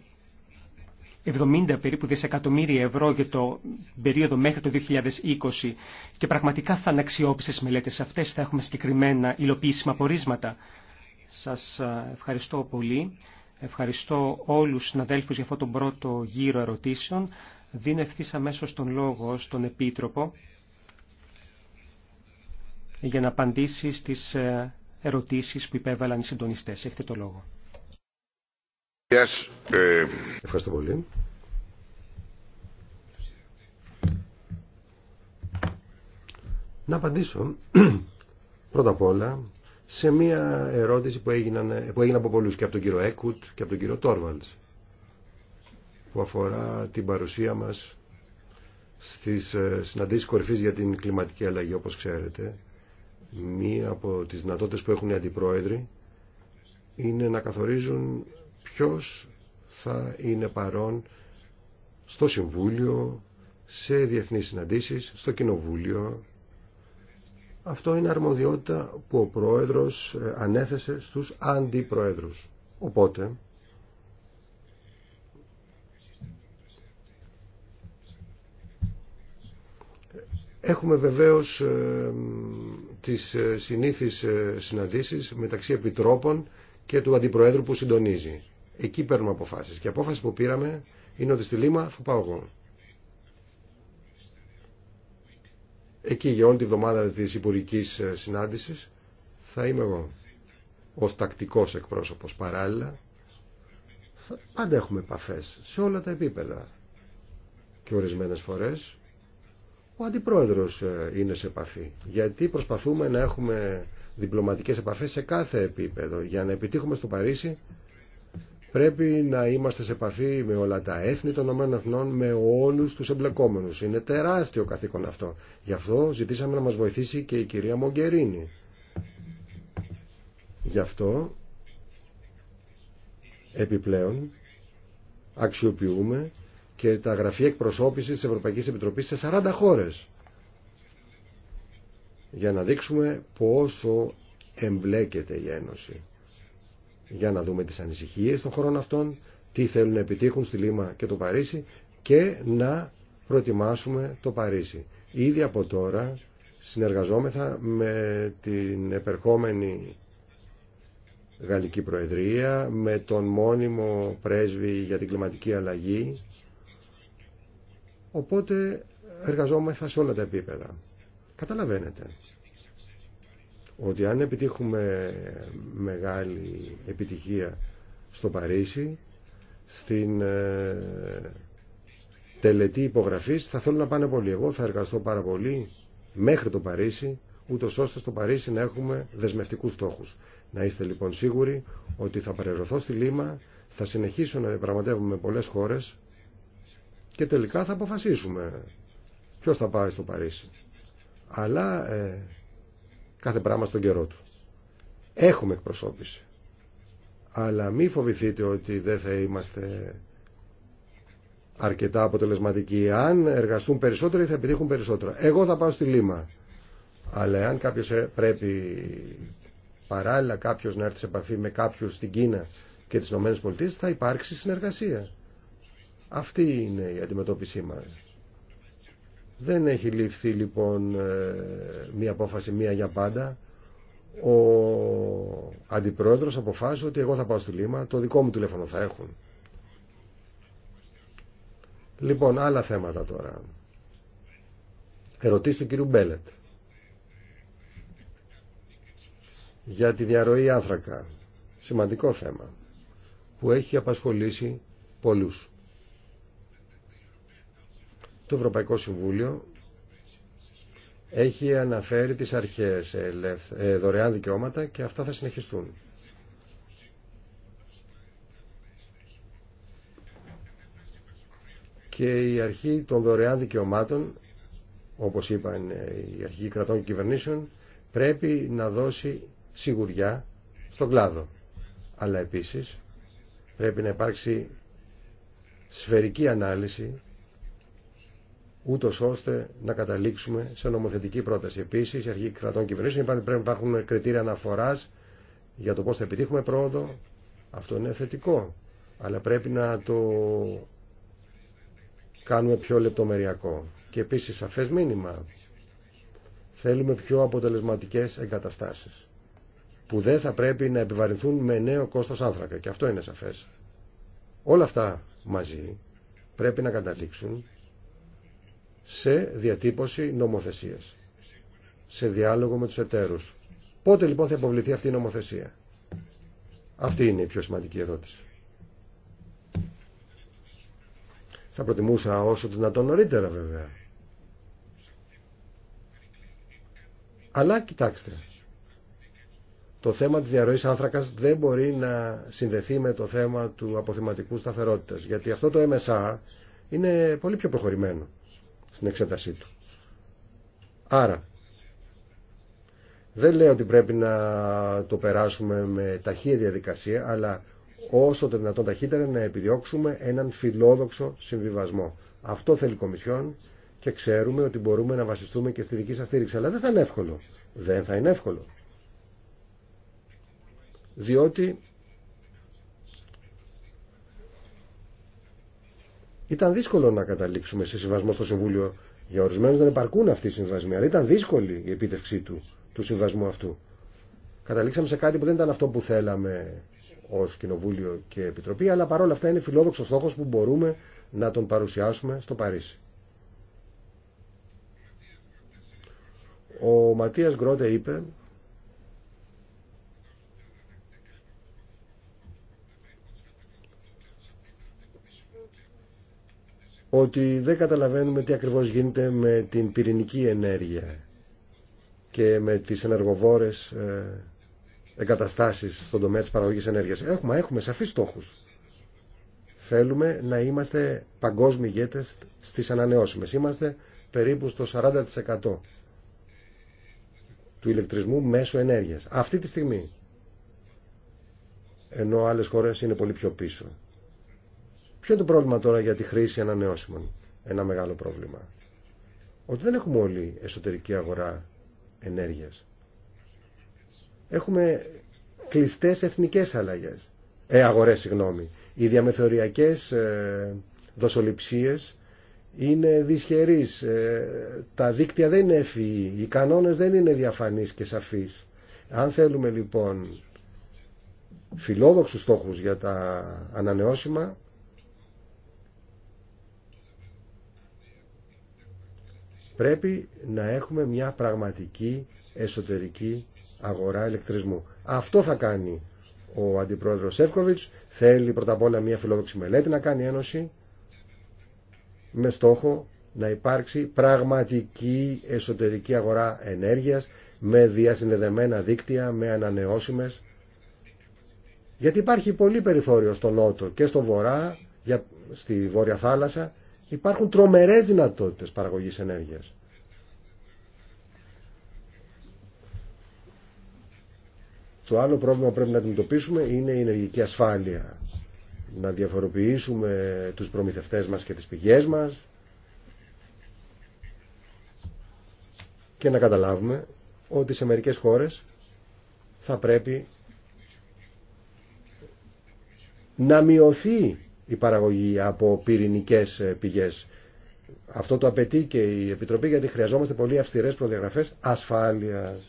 S1: 70 περίπου δισεκατομμύρια ευρώ για το περίοδο μέχρι το 2020 και πραγματικά θα είναι αξιόπιστες μελέτες αυτές, θα έχουμε συγκεκριμένα υλοποιήσιμα πορίσματα. Σας ε, ευχαριστώ πολύ. Ευχαριστώ όλους τους συναδέλφους για αυτόν τον πρώτο γύρο ερωτήσεων. Δίνω ευθύ αμέσω τον λόγο στον Επίτροπο για να απαντήσει στις ε, ερωτήσεις που υπέβαλαν οι συντονιστές. Έχετε το λόγο.
S2: Ε, Ευχαριστώ πολύ. Να απαντήσω πρώτα απ' όλα σε μία ερώτηση που, έγιναν, που έγινε από πολλούς και από τον κύριο Έκουτ και από τον κύριο Τόρβαλτς που αφορά την παρουσία μας στις ε, συναντήσεις κορυφής για την κλιματική αλλαγή όπως ξέρετε μία από τις δυνατότητε που έχουν οι αντιπρόεδροι είναι να καθορίζουν ποιος θα είναι παρόν στο Συμβούλιο, σε διεθνείς συναντήσεις, στο Κοινοβούλιο. Αυτό είναι αρμοδιότητα που ο Πρόεδρος ε, ανέθεσε στους αντιπροέδρους. Οπότε, Έχουμε βεβαίως ε, τις ε, συνήθεις ε, συναντήσεις μεταξύ επιτρόπων και του αντιπροέδρου που συντονίζει. Εκεί παίρνουμε αποφάσεις. Και η απόφαση που πήραμε είναι ότι στη Λίμα θα πάω εγώ. Εκεί για όλη τη βδομάδα της υπουργική ε, συνάντησης θα είμαι εγώ. Ως τακτικός εκπρόσωπος παράλληλα πάντα έχουμε επαφές σε όλα τα επίπεδα. Και ορισμένες φορές ο αντιπρόεδρος ε, είναι σε επαφή. Γιατί προσπαθούμε να έχουμε διπλωματικές επαφές σε κάθε επίπεδο για να επιτύχουμε στο Παρίσι Πρέπει να είμαστε σε επαφή με όλα τα έθνη των ΗΠΑ, με όλου του εμπλεκόμενου. Είναι τεράστιο καθήκον αυτό. Γι' αυτό ζητήσαμε να μα βοηθήσει και η κυρία Μογκερίνη. Γι' αυτό επιπλέον αξιοποιούμε και τα γραφεία εκπροσώπησης της Ευρωπαϊκής Επιτροπής σε 40 χώρες για να δείξουμε πόσο εμπλέκεται η Ένωση για να δούμε τις ανησυχίες των χωρών αυτών, τι θέλουν να επιτύχουν στη Λίμα και το Παρίσι και να προετοιμάσουμε το Παρίσι. Ήδη από τώρα συνεργαζόμεθα με την επερχόμενη Γαλλική Προεδρία, με τον μόνιμο πρέσβη για την κλιματική αλλαγή. Οπότε εργαζόμεθα σε όλα τα επίπεδα. Καταλαβαίνετε ότι αν επιτύχουμε μεγάλη επιτυχία στο Παρίσι, στην ε, τελετή υπογραφής θα θέλουν να πάνε πολύ. Εγώ θα εργαστώ πάρα πολύ μέχρι το Παρίσι, ούτω ώστε στο Παρίσι να έχουμε δεσμευτικούς στόχους. Να είστε λοιπόν σίγουροι ότι θα παρευρωθώ στη Λίμα, θα συνεχίσω να διαπραγματεύομαι με πολλές χώρες και τελικά θα αποφασίσουμε ποιος θα πάει στο Παρίσι. Αλλά ε, κάθε πράγμα στον καιρό του. Έχουμε εκπροσώπηση. Αλλά μη φοβηθείτε ότι δεν θα είμαστε αρκετά αποτελεσματικοί. Αν εργαστούν περισσότεροι θα επιτύχουν περισσότερο. Εγώ θα πάω στη Λίμα. Αλλά αν κάποιος ε, πρέπει παράλληλα κάποιος να έρθει σε επαφή με κάποιους στην Κίνα και τις ΗΠΑ θα υπάρξει συνεργασία. Αυτή είναι η αντιμετώπιση μας. Δεν έχει ληφθεί λοιπόν ε, μία απόφαση μία για πάντα. Ο αντιπρόεδρος αποφάσισε ότι εγώ θα πάω στη Λίμα, το δικό μου τηλέφωνο θα έχουν. Λοιπόν, άλλα θέματα τώρα. Ερωτήσει του κυρίου Μπέλετ. Για τη διαρροή άνθρακα. Σημαντικό θέμα που έχει απασχολήσει πολλούς. Το Ευρωπαϊκό Συμβούλιο έχει αναφέρει τις αρχές ε, δωρεάν δικαιώματα και αυτά θα συνεχιστούν. Και η αρχή των δωρεάν δικαιωμάτων, όπως είπαν η ε, αρχή κρατών και κυβερνήσεων, πρέπει να δώσει σιγουριά στον κλάδο. Αλλά επίσης πρέπει να υπάρξει σφαιρική ανάλυση ούτω ώστε να καταλήξουμε σε νομοθετική πρόταση. Επίση, οι αρχή κρατών κυβερνήσεων πρέπει να υπάρχουν κριτήρια αναφορά για το πώ θα επιτύχουμε πρόοδο. Αυτό είναι θετικό. Αλλά πρέπει να το κάνουμε πιο λεπτομεριακό. Και επίση, σαφέ μήνυμα. Θέλουμε πιο αποτελεσματικέ εγκαταστάσει που δεν θα πρέπει να επιβαρυνθούν με νέο κόστο άνθρακα. Και αυτό είναι σαφέ. Όλα αυτά μαζί πρέπει να καταλήξουν σε διατύπωση νομοθεσίας, σε διάλογο με τους εταίρους. Πότε λοιπόν θα υποβληθεί αυτή η νομοθεσία. Αυτή είναι η πιο σημαντική ερώτηση. Θα προτιμούσα όσο δυνατόν νωρίτερα βέβαια. Αλλά κοιτάξτε, το θέμα της διαρροής άνθρακας δεν μπορεί να συνδεθεί με το θέμα του αποθυματικού σταθερότητας, γιατί αυτό το MSR είναι πολύ πιο προχωρημένο στην εξέτασή του. Άρα, δεν λέω ότι πρέπει να το περάσουμε με ταχεία διαδικασία, αλλά όσο το δυνατόν ταχύτερα να επιδιώξουμε έναν φιλόδοξο συμβιβασμό. Αυτό θέλει η Κομισιόν και ξέρουμε ότι μπορούμε να βασιστούμε και στη δική σας στήριξη. Αλλά δεν θα είναι εύκολο. Δεν θα είναι εύκολο. Διότι Ήταν δύσκολο να καταλήξουμε σε συμβασμό στο Συμβούλιο. Για ορισμένου δεν επαρκούν αυτοί οι συμβασμοί, αλλά ήταν δύσκολη η επίτευξή του, του συμβασμού αυτού. Καταλήξαμε σε κάτι που δεν ήταν αυτό που θέλαμε ω Κοινοβούλιο και Επιτροπή, αλλά παρόλα αυτά είναι φιλόδοξο στόχο που μπορούμε να τον παρουσιάσουμε στο Παρίσι. Ο Ματίας Γκρότε είπε ότι δεν καταλαβαίνουμε τι ακριβώς γίνεται με την πυρηνική ενέργεια και με τις ενεργοβόρες ε, εγκαταστάσεις στον τομέα της παραγωγής ενέργειας. Έχουμε, έχουμε σαφείς στόχους. Θέλουμε να είμαστε παγκόσμιοι ηγέτες στις ανανεώσιμες. Είμαστε περίπου στο 40% του ηλεκτρισμού μέσω ενέργειας. Αυτή τη στιγμή. Ενώ άλλες χώρες είναι πολύ πιο πίσω. Ποιο είναι το πρόβλημα τώρα για τη χρήση ανανεώσιμων. Ένα μεγάλο πρόβλημα. Ότι δεν έχουμε όλη εσωτερική αγορά ενέργειας. Έχουμε κλειστές εθνικές αλλαγές. Ε, αγορές, συγγνώμη. Οι διαμεθοριακές ε, δοσοληψίες είναι δυσχερείς. Ε, τα δίκτυα δεν είναι ευφυή. Οι κανόνες δεν είναι διαφανείς και σαφείς. Αν θέλουμε λοιπόν φιλόδοξους στόχους για τα ανανεώσιμα, Πρέπει να έχουμε μια πραγματική εσωτερική αγορά ηλεκτρισμού. Αυτό θα κάνει ο αντιπρόεδρος Σεύκοβιτς. Θέλει πρώτα απ' όλα μια φιλόδοξη μελέτη να κάνει ένωση με στόχο να υπάρξει πραγματική εσωτερική αγορά ενέργειας με διασυνδεδεμένα δίκτυα, με ανανεώσιμες. Γιατί υπάρχει πολύ περιθώριο στο νότο και στο βορρά, στη Βόρεια Θάλασσα Υπάρχουν τρομερές δυνατότητες παραγωγής ενέργειας. Το άλλο πρόβλημα που πρέπει να αντιμετωπίσουμε είναι η ενεργική ασφάλεια. Να διαφοροποιήσουμε τους προμηθευτές μας και τις πηγές μας και να καταλάβουμε ότι σε μερικές χώρες θα πρέπει να μειωθεί η παραγωγή από πυρηνικές ε, πηγές. Αυτό το απαιτεί και η Επιτροπή γιατί χρειαζόμαστε πολύ αυστηρές προδιαγραφές ασφάλειας.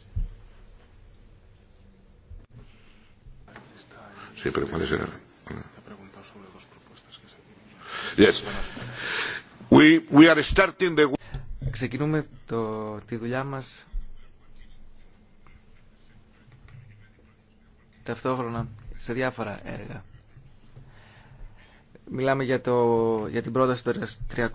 S3: Ξεκινούμε το, τη δουλειά μας ταυτόχρονα σε διάφορα έργα. Μιλάμε για, το, για την πρόταση των 300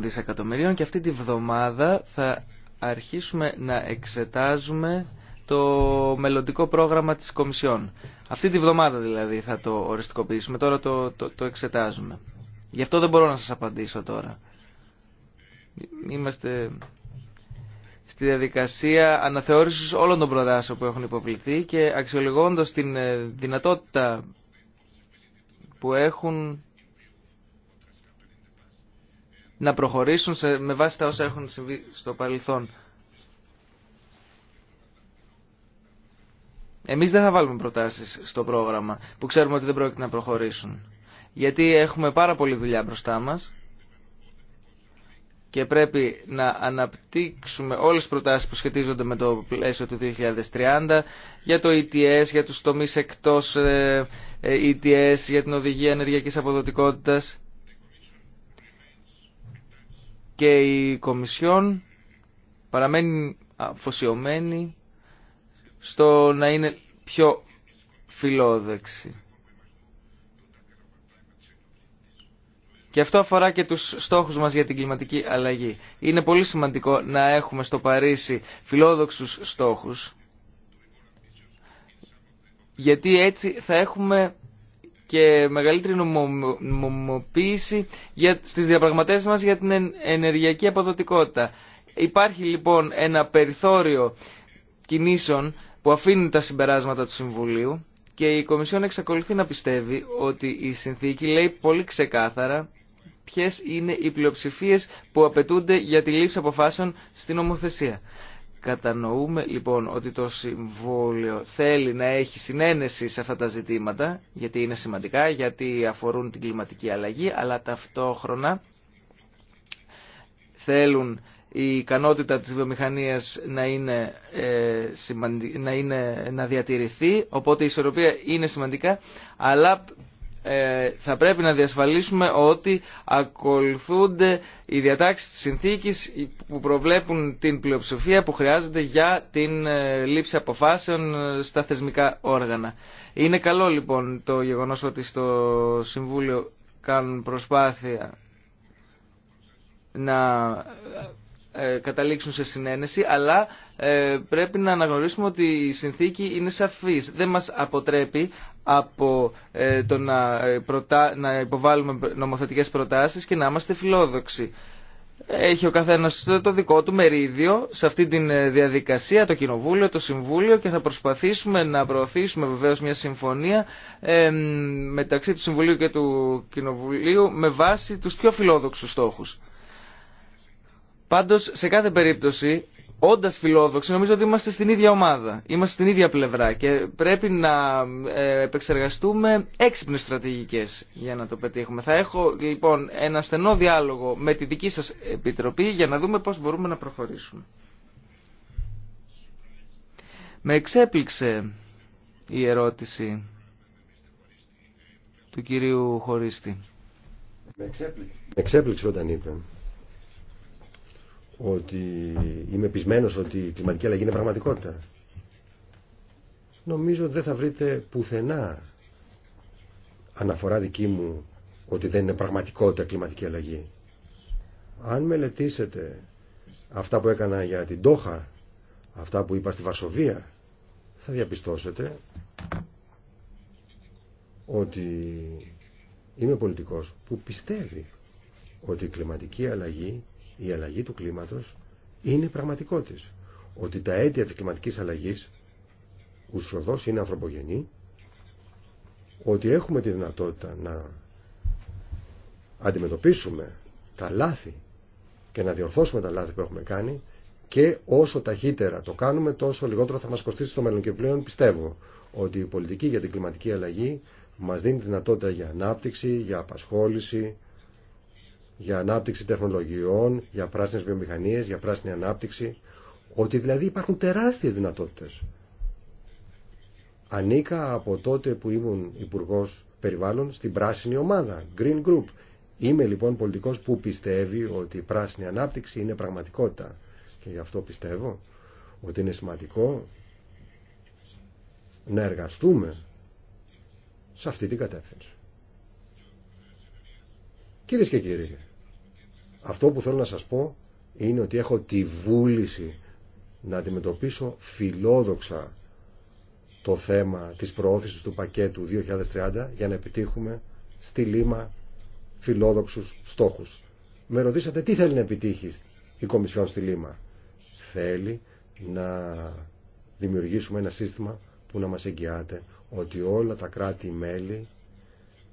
S3: δισεκατομμυρίων και αυτή τη βδομάδα θα αρχίσουμε να εξετάζουμε το μελλοντικό πρόγραμμα της Κομισιόν. Αυτή τη βδομάδα δηλαδή θα το οριστικοποιήσουμε, τώρα το, το, το εξετάζουμε. Γι' αυτό δεν μπορώ να σας απαντήσω τώρα. Είμαστε στη διαδικασία αναθεώρησης όλων των προτάσεων που έχουν υποβληθεί και αξιολογώντας την ε, δυνατότητα που έχουν να προχωρήσουν σε, με βάση τα όσα έχουν συμβεί στο παρελθόν. Εμείς δεν θα βάλουμε προτάσεις στο πρόγραμμα που ξέρουμε ότι δεν πρόκειται να προχωρήσουν. Γιατί έχουμε πάρα πολλή δουλειά μπροστά μας και πρέπει να αναπτύξουμε όλες τις προτάσεις που σχετίζονται με το πλαίσιο του 2030 για το ETS, για τους τομείς εκτός ε, ε, ETS, για την οδηγία ενεργειακής αποδοτικότητας και η Κομισιόν παραμένει αφοσιωμένη στο να είναι πιο φιλόδεξη. Και αυτό αφορά και τους στόχους μας για την κλιματική αλλαγή. Είναι πολύ σημαντικό να έχουμε στο Παρίσι φιλόδοξους στόχους, γιατί έτσι θα έχουμε και μεγαλύτερη νομοποίηση για, στις διαπραγματεύσεις μας για την ενεργειακή αποδοτικότητα. Υπάρχει λοιπόν ένα περιθώριο κινήσεων που αφήνει τα συμπεράσματα του Συμβουλίου και η Κομισιόν εξακολουθεί να πιστεύει ότι η συνθήκη λέει πολύ ξεκάθαρα ποιες είναι οι πλειοψηφίε που απαιτούνται για τη λήψη αποφάσεων στην νομοθεσία. Κατανοούμε λοιπόν ότι το Συμβούλιο θέλει να έχει συνένεση σε αυτά τα ζητήματα, γιατί είναι σημαντικά, γιατί αφορούν την κλιματική αλλαγή, αλλά ταυτόχρονα θέλουν η ικανότητα της βιομηχανίας να, είναι, ε, να, είναι, να διατηρηθεί, οπότε η ισορροπία είναι σημαντικά, αλλά ε, θα πρέπει να διασφαλίσουμε ότι ακολουθούνται οι διατάξεις της συνθήκης που προβλέπουν την πλειοψηφία που χρειάζεται για την ε, λήψη αποφάσεων ε, στα θεσμικά όργανα. Είναι καλό λοιπόν το γεγονός ότι στο Συμβούλιο κάνουν προσπάθεια να ε, καταλήξουν σε συνένεση, αλλά ε, πρέπει να αναγνωρίσουμε ότι η συνθήκη είναι σαφής. Δεν μας αποτρέπει από ε, το να υποβάλουμε νομοθετικές προτάσεις και να είμαστε φιλόδοξοι. Έχει ο καθένας το δικό του μερίδιο σε αυτή τη διαδικασία, το Κοινοβούλιο, το Συμβούλιο και θα προσπαθήσουμε να προωθήσουμε βεβαίως μια συμφωνία μεταξύ του Συμβουλίου και του Κοινοβουλίου με βάση τους πιο φιλόδοξους στόχους. Πάντω σε κάθε περίπτωση, όντα φιλόδοξοι, νομίζω ότι είμαστε στην ίδια ομάδα, είμαστε στην ίδια πλευρά και πρέπει να ε, επεξεργαστούμε έξυπνε στρατηγικές για να το πετύχουμε. Θα έχω λοιπόν ένα στενό διάλογο με τη δική σας επιτροπή για να δούμε πώς μπορούμε να προχωρήσουμε. Με εξέπληξε η ερώτηση του κυρίου Χωρίστη.
S2: Με με εξέπληξε όταν είπε ότι είμαι πεισμένο ότι η κλιματική αλλαγή είναι πραγματικότητα. Νομίζω ότι δεν θα βρείτε πουθενά αναφορά δική μου ότι δεν είναι πραγματικότητα κλιματική αλλαγή. Αν μελετήσετε αυτά που έκανα για την Τόχα, αυτά που είπα στη Βαρσοβία, θα διαπιστώσετε ότι είμαι πολιτικός που πιστεύει ότι η κλιματική αλλαγή η αλλαγή του κλίματος είναι πραγματικότης. Ότι τα αίτια της κλιματικής αλλαγής ουσοδός είναι ανθρωπογενή, ότι έχουμε τη δυνατότητα να αντιμετωπίσουμε τα λάθη και να διορθώσουμε τα λάθη που έχουμε κάνει και όσο ταχύτερα το κάνουμε τόσο λιγότερο θα μας κοστίσει στο μέλλον και πλέον πιστεύω ότι η πολιτική για την κλιματική αλλαγή μας δίνει δυνατότητα για ανάπτυξη, για απασχόληση, για ανάπτυξη τεχνολογιών, για πράσινες βιομηχανίες, για πράσινη ανάπτυξη, ότι δηλαδή υπάρχουν τεράστιες δυνατότητες. Ανήκα από τότε που ήμουν υπουργό Περιβάλλον στην πράσινη ομάδα, Green Group. Είμαι λοιπόν πολιτικός που πιστεύει ότι η πράσινη ανάπτυξη είναι πραγματικότητα και γι' αυτό πιστεύω ότι είναι σημαντικό να εργαστούμε σε αυτή την κατεύθυνση. Κυρίε και κύριοι, αυτό που θέλω να σας πω είναι ότι έχω τη βούληση να αντιμετωπίσω φιλόδοξα το θέμα της προώθησης του πακέτου 2030 για να επιτύχουμε στη Λίμα φιλόδοξους στόχους. Με ρωτήσατε τι θέλει να επιτύχει η Κομισιόν στη Λίμα. Θέλει να δημιουργήσουμε ένα σύστημα που να μας εγγυάται ότι όλα τα κράτη-μέλη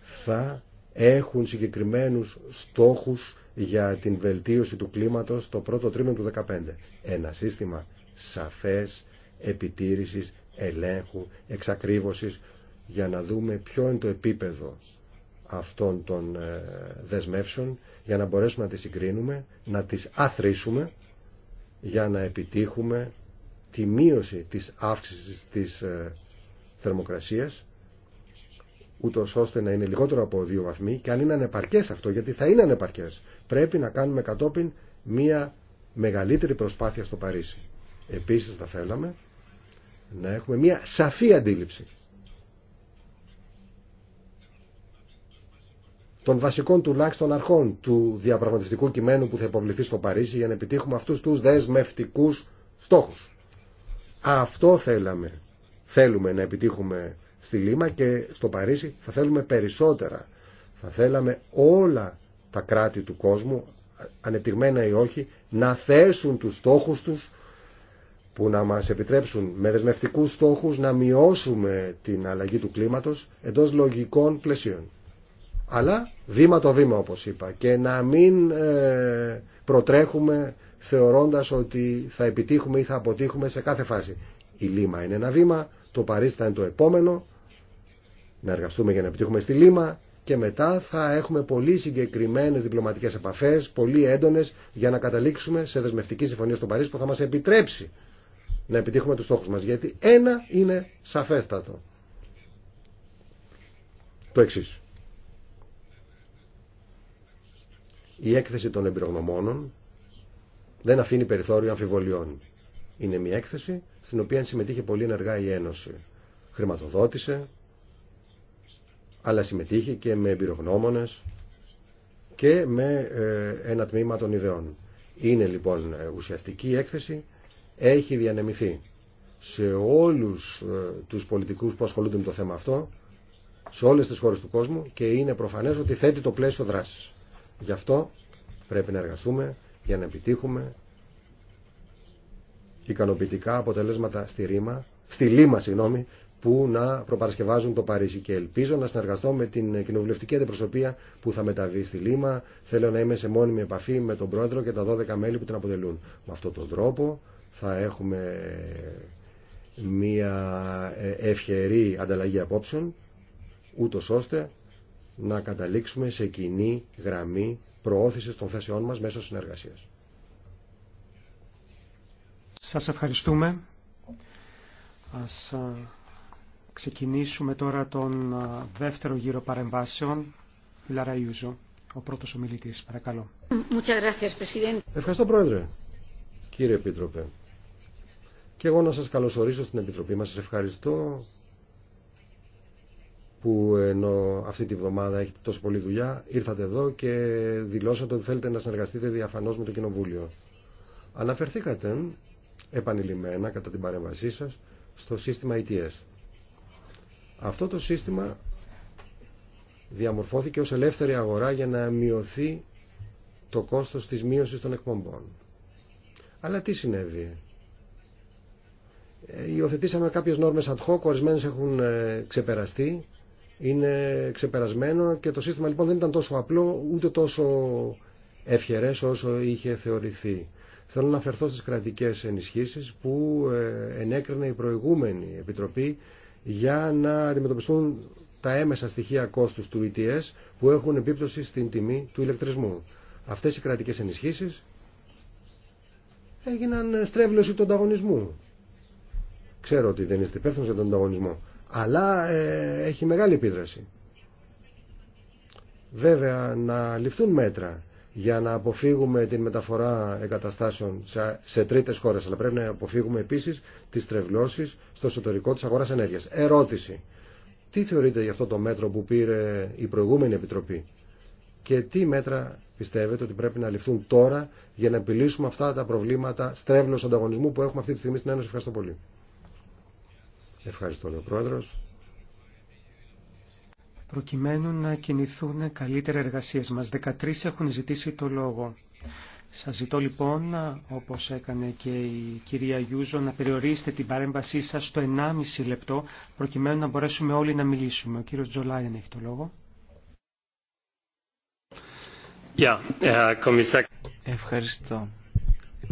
S2: θα έχουν συγκεκριμένους στόχους για την βελτίωση του κλίματος το πρώτο τρίμηνο του 2015. Ένα σύστημα σαφές επιτήρησης, ελέγχου, εξακρίβωσης για να δούμε ποιο είναι το επίπεδο αυτών των ε, δεσμεύσεων για να μπορέσουμε να τις συγκρίνουμε, να τις αθρήσουμε για να επιτύχουμε τη μείωση της αύξησης της ε, θερμοκρασίας ούτω ώστε να είναι λιγότερο από δύο βαθμοί και αν είναι ανεπαρκές αυτό, γιατί θα είναι ανεπαρκές, πρέπει να κάνουμε κατόπιν μία μεγαλύτερη προσπάθεια στο Παρίσι. Επίσης θα θέλαμε να έχουμε μία σαφή αντίληψη των βασικών τουλάχιστον αρχών του διαπραγματευτικού κειμένου που θα υποβληθεί στο Παρίσι για να επιτύχουμε αυτούς τους δεσμευτικούς στόχους. Αυτό θέλαμε. Θέλουμε να επιτύχουμε στη Λίμα και στο Παρίσι θα θέλουμε περισσότερα. Θα θέλαμε όλα τα κράτη του κόσμου, ανεπτυγμένα ή όχι, να θέσουν τους στόχους τους που να μας επιτρέψουν με δεσμευτικούς στόχους να μειώσουμε την αλλαγή του κλίματος εντός λογικών πλαισίων. Αλλά βήμα το βήμα όπως είπα και να μην ε, προτρέχουμε θεωρώντας ότι θα επιτύχουμε ή θα αποτύχουμε σε κάθε φάση. Η Λίμα είναι ένα βήμα, το Παρίσι θα είναι το επόμενο να εργαστούμε για να επιτύχουμε στη Λίμα και μετά θα έχουμε πολύ συγκεκριμένες διπλωματικές επαφές, πολύ έντονες, για να καταλήξουμε σε δεσμευτική συμφωνία στο Παρίσι που θα μας επιτρέψει να επιτύχουμε τους στόχους μας. Γιατί ένα είναι σαφέστατο. Το εξή. Η έκθεση των εμπειρογνωμόνων δεν αφήνει περιθώριο αμφιβολιών. Είναι μια έκθεση στην οποία συμμετείχε πολύ ενεργά η Ένωση. Χρηματοδότησε, αλλά συμμετείχε και με εμπειρογνώμονες και με ε, ένα τμήμα των ιδεών. Είναι λοιπόν ε, ουσιαστική έκθεση, έχει διανεμηθεί σε όλους ε, τους πολιτικούς που ασχολούνται με το θέμα αυτό, σε όλες τις χώρες του κόσμου και είναι προφανές ότι θέτει το πλαίσιο δράσης. Γι' αυτό πρέπει να εργαστούμε για να επιτύχουμε ικανοποιητικά αποτελέσματα στη, ρήμα, στη λίμα που να προπαρασκευάζουν το Παρίσι. Και ελπίζω να συνεργαστώ με την κοινοβουλευτική αντιπροσωπεία που θα μεταβεί στη Λίμα. Θέλω να είμαι σε μόνιμη επαφή με τον πρόεδρο και τα 12 μέλη που την αποτελούν. Με αυτόν τον τρόπο θα έχουμε μια ε, ευχερή ανταλλαγή απόψεων, ούτω ώστε να καταλήξουμε σε κοινή γραμμή προώθησης των θέσεών μας μέσω συνεργασίας.
S1: Σας ευχαριστούμε. Ας Ξεκινήσουμε τώρα τον δεύτερο γύρο παρεμβάσεων. Λάρα Ιούζο, ο πρώτος ομιλητής. Παρακαλώ.
S2: Ευχαριστώ, Πρόεδρε. Κύριε Επίτροπε, και εγώ να σας καλωσορίσω στην Επιτροπή μας. Σας ευχαριστώ που ενώ αυτή τη βδομάδα έχετε τόσο πολλή δουλειά, ήρθατε εδώ και δηλώσατε ότι θέλετε να συνεργαστείτε διαφανώς με το Κοινοβούλιο. Αναφερθήκατε επανειλημμένα κατά την παρέμβασή σας στο σύστημα ITS. Ε αυτό το σύστημα διαμορφώθηκε ως ελεύθερη αγορά για να μειωθεί το κόστος της μείωσης των εκπομπών. Αλλά τι συνέβη. Ε, υιοθετήσαμε κάποιες νόρμες ad hoc, ορισμένες έχουν ε, ξεπεραστεί, είναι ξεπερασμένο και το σύστημα λοιπόν δεν ήταν τόσο απλό ούτε τόσο ευχερές όσο είχε θεωρηθεί. Θέλω να αφαιρθώ στις κρατικές ενισχύσεις που ε, ενέκρινε η προηγούμενη Επιτροπή για να αντιμετωπιστούν τα έμεσα στοιχεία κόστους του ETS που έχουν επίπτωση στην τιμή του ηλεκτρισμού. Αυτές οι κρατικές ενισχύσεις έγιναν στρέβλωση του ανταγωνισμού. Ξέρω ότι δεν είστε υπεύθυνο για τον ανταγωνισμό, αλλά ε, έχει μεγάλη επίδραση. Βέβαια, να ληφθούν μέτρα για να αποφύγουμε την μεταφορά εγκαταστάσεων σε τρίτες χώρες, αλλά πρέπει να αποφύγουμε επίσης τις τρευλώσεις στο εσωτερικό της αγοράς ενέργειας. Ερώτηση. Τι θεωρείτε για αυτό το μέτρο που πήρε η προηγούμενη Επιτροπή και τι μέτρα πιστεύετε ότι πρέπει να ληφθούν τώρα για να επιλύσουμε αυτά τα προβλήματα στρέβλος ανταγωνισμού που έχουμε αυτή τη στιγμή στην Ένωση. Ευχαριστώ πολύ. Ευχαριστώ, ο Πρόεδρος
S1: προκειμένου να κινηθούν καλύτερα εργασίες μας. 13 έχουν ζητήσει το λόγο. Σας ζητώ λοιπόν, όπως έκανε και η κυρία Γιούζο, να περιορίσετε την παρέμβασή σας στο 1,5 λεπτό, προκειμένου να μπορέσουμε όλοι να μιλήσουμε. Ο κύριος Τζολάιν έχει το λόγο. Uh,
S3: Ευχαριστώ.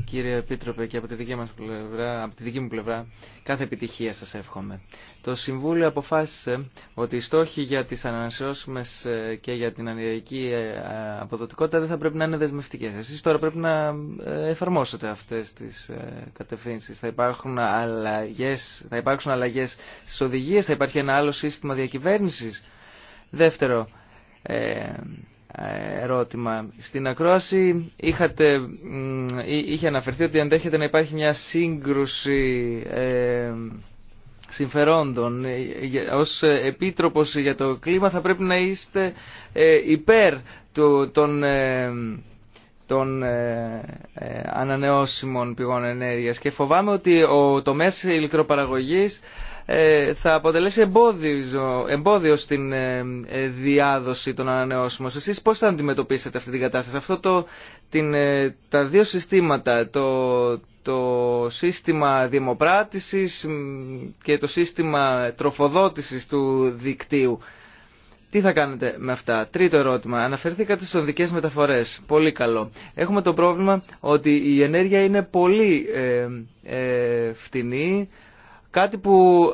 S3: Κύριε Επίτροπε και από τη δική, μας πλευρά, από τη δική μου πλευρά κάθε επιτυχία σας εύχομαι. Το Συμβούλιο αποφάσισε ότι οι στόχοι για τις ανανεώσιμες ε, και για την ανεργική ε, αποδοτικότητα δεν θα πρέπει να είναι δεσμευτικές. Εσείς τώρα πρέπει να ε, εφαρμόσετε αυτές τις κατευθύνσεις. Θα υπάρχουν αλλαγές, θα υπάρξουν αλλαγές στις οδηγίες, θα υπάρχει ένα άλλο σύστημα διακυβέρνησης. Δεύτερο, ε, ερώτημα. Στην ακρόαση είχατε, είχε αναφερθεί ότι αντέχεται να υπάρχει μια σύγκρουση ε, συμφερόντων. Ε, ως Επίτροπος για το κλίμα θα πρέπει να είστε ε, υπέρ του, των, ε, των ανανεώσιμων πηγών ενέργειας και φοβάμαι ότι ο μέσο ηλεκτροπαραγωγής ε, θα αποτελέσει εμπόδιο, εμπόδιο στην ε, ε, διάδοση των ανανεώσιμων. Εσείς πώς θα αντιμετωπίσετε αυτή την κατάσταση. Αυτό το, την, τα δύο συστήματα, το, το σύστημα δημοπράτησης και το σύστημα τροφοδότησης του δικτύου. Τι θα κάνετε με αυτά. Τρίτο ερώτημα. Αναφερθήκατε στις οδικές μεταφορές. Πολύ καλό. Έχουμε το πρόβλημα ότι η ενέργεια είναι πολύ φτηνή, Κάτι που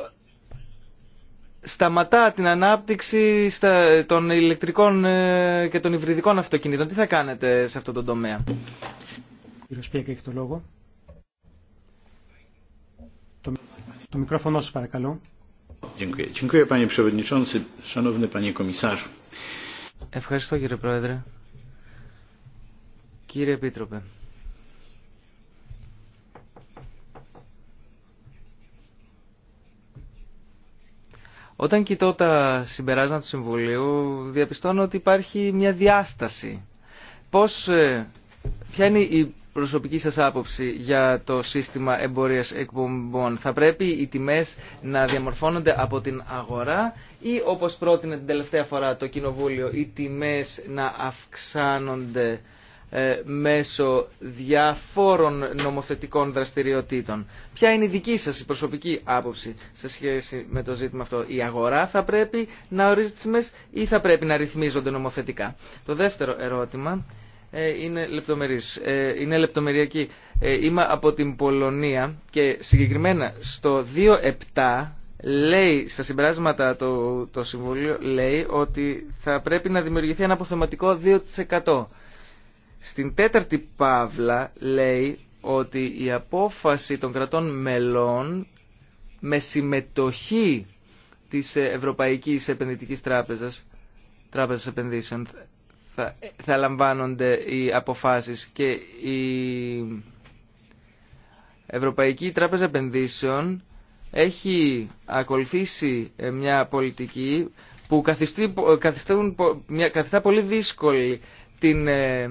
S3: σταματά την ανάπτυξη στα, των ηλεκτρικών ε, και των υβριδικών αυτοκινήτων. Τι θα κάνετε σε αυτό το τομέα. Κύριο Σπίακα έχει το λόγο.
S1: Το, το μικρόφωνο σας παρακαλώ.
S3: Ευχαριστώ κύριε Πρόεδρε. Κύριε Επίτροπε. Όταν κοιτώ τα συμπεράσματα του Συμβουλίου, διαπιστώνω ότι υπάρχει μια διάσταση. Πώς, ε, ποια είναι η προσωπική σας άποψη για το σύστημα εμπορίας εκπομπών. Θα πρέπει οι τιμές να διαμορφώνονται από την αγορά ή όπως πρότεινε την τελευταία φορά το Κοινοβούλιο οι τιμές να αυξάνονται ε, μέσω διαφόρων νομοθετικών δραστηριοτήτων. Ποια είναι η δική σας η προσωπική άποψη σε σχέση με το ζήτημα αυτό. Η αγορά θα πρέπει να ορίζει τις ή θα πρέπει να ρυθμίζονται νομοθετικά. Το δεύτερο ερώτημα ε, είναι λεπτομερής, ε, είναι λεπτομεριακή. Είμαι από την Πολωνία και συγκεκριμένα στο 2.7 λέει στα συμπεράσματα το, το Συμβουλίο λέει ότι θα πρέπει να δημιουργηθεί ένα αποθεματικό 2%. Στην τέταρτη παύλα λέει ότι η απόφαση των κρατών μελών με συμμετοχή της Ευρωπαϊκής Επενδυτικής Τράπεζας, Τράπεζας Επενδύσεων, θα, θα λαμβάνονται οι αποφάσεις και η Ευρωπαϊκή Τράπεζα Επενδύσεων έχει ακολουθήσει μια πολιτική που καθιστά πολύ δύσκολη την ε,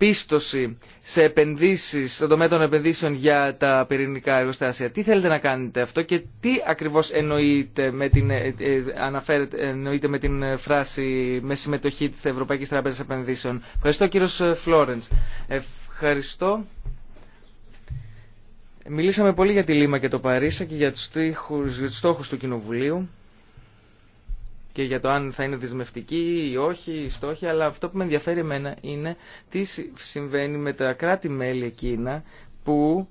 S3: πίστοση σε επενδύσεις, στον τομέα των επενδύσεων για τα πυρηνικά εργοστάσια. Τι θέλετε να κάνετε αυτό και τι ακριβώς εννοείτε με την, ε, ε, εννοείτε με την φράση με συμμετοχή της Ευρωπαϊκής Τράπεζας Επενδύσεων. Ευχαριστώ κύριος ε, Φλόρενς. Ευχαριστώ. Μιλήσαμε πολύ για τη Λίμα και το Παρίσα και για τους, στόχους, τους του Κοινοβουλίου και για το αν θα είναι δεσμευτική ή όχι η στόχη, αλλά αυτό που με ενδιαφέρει εμένα είναι τι συμβαίνει με τα κράτη-μέλη εκείνα που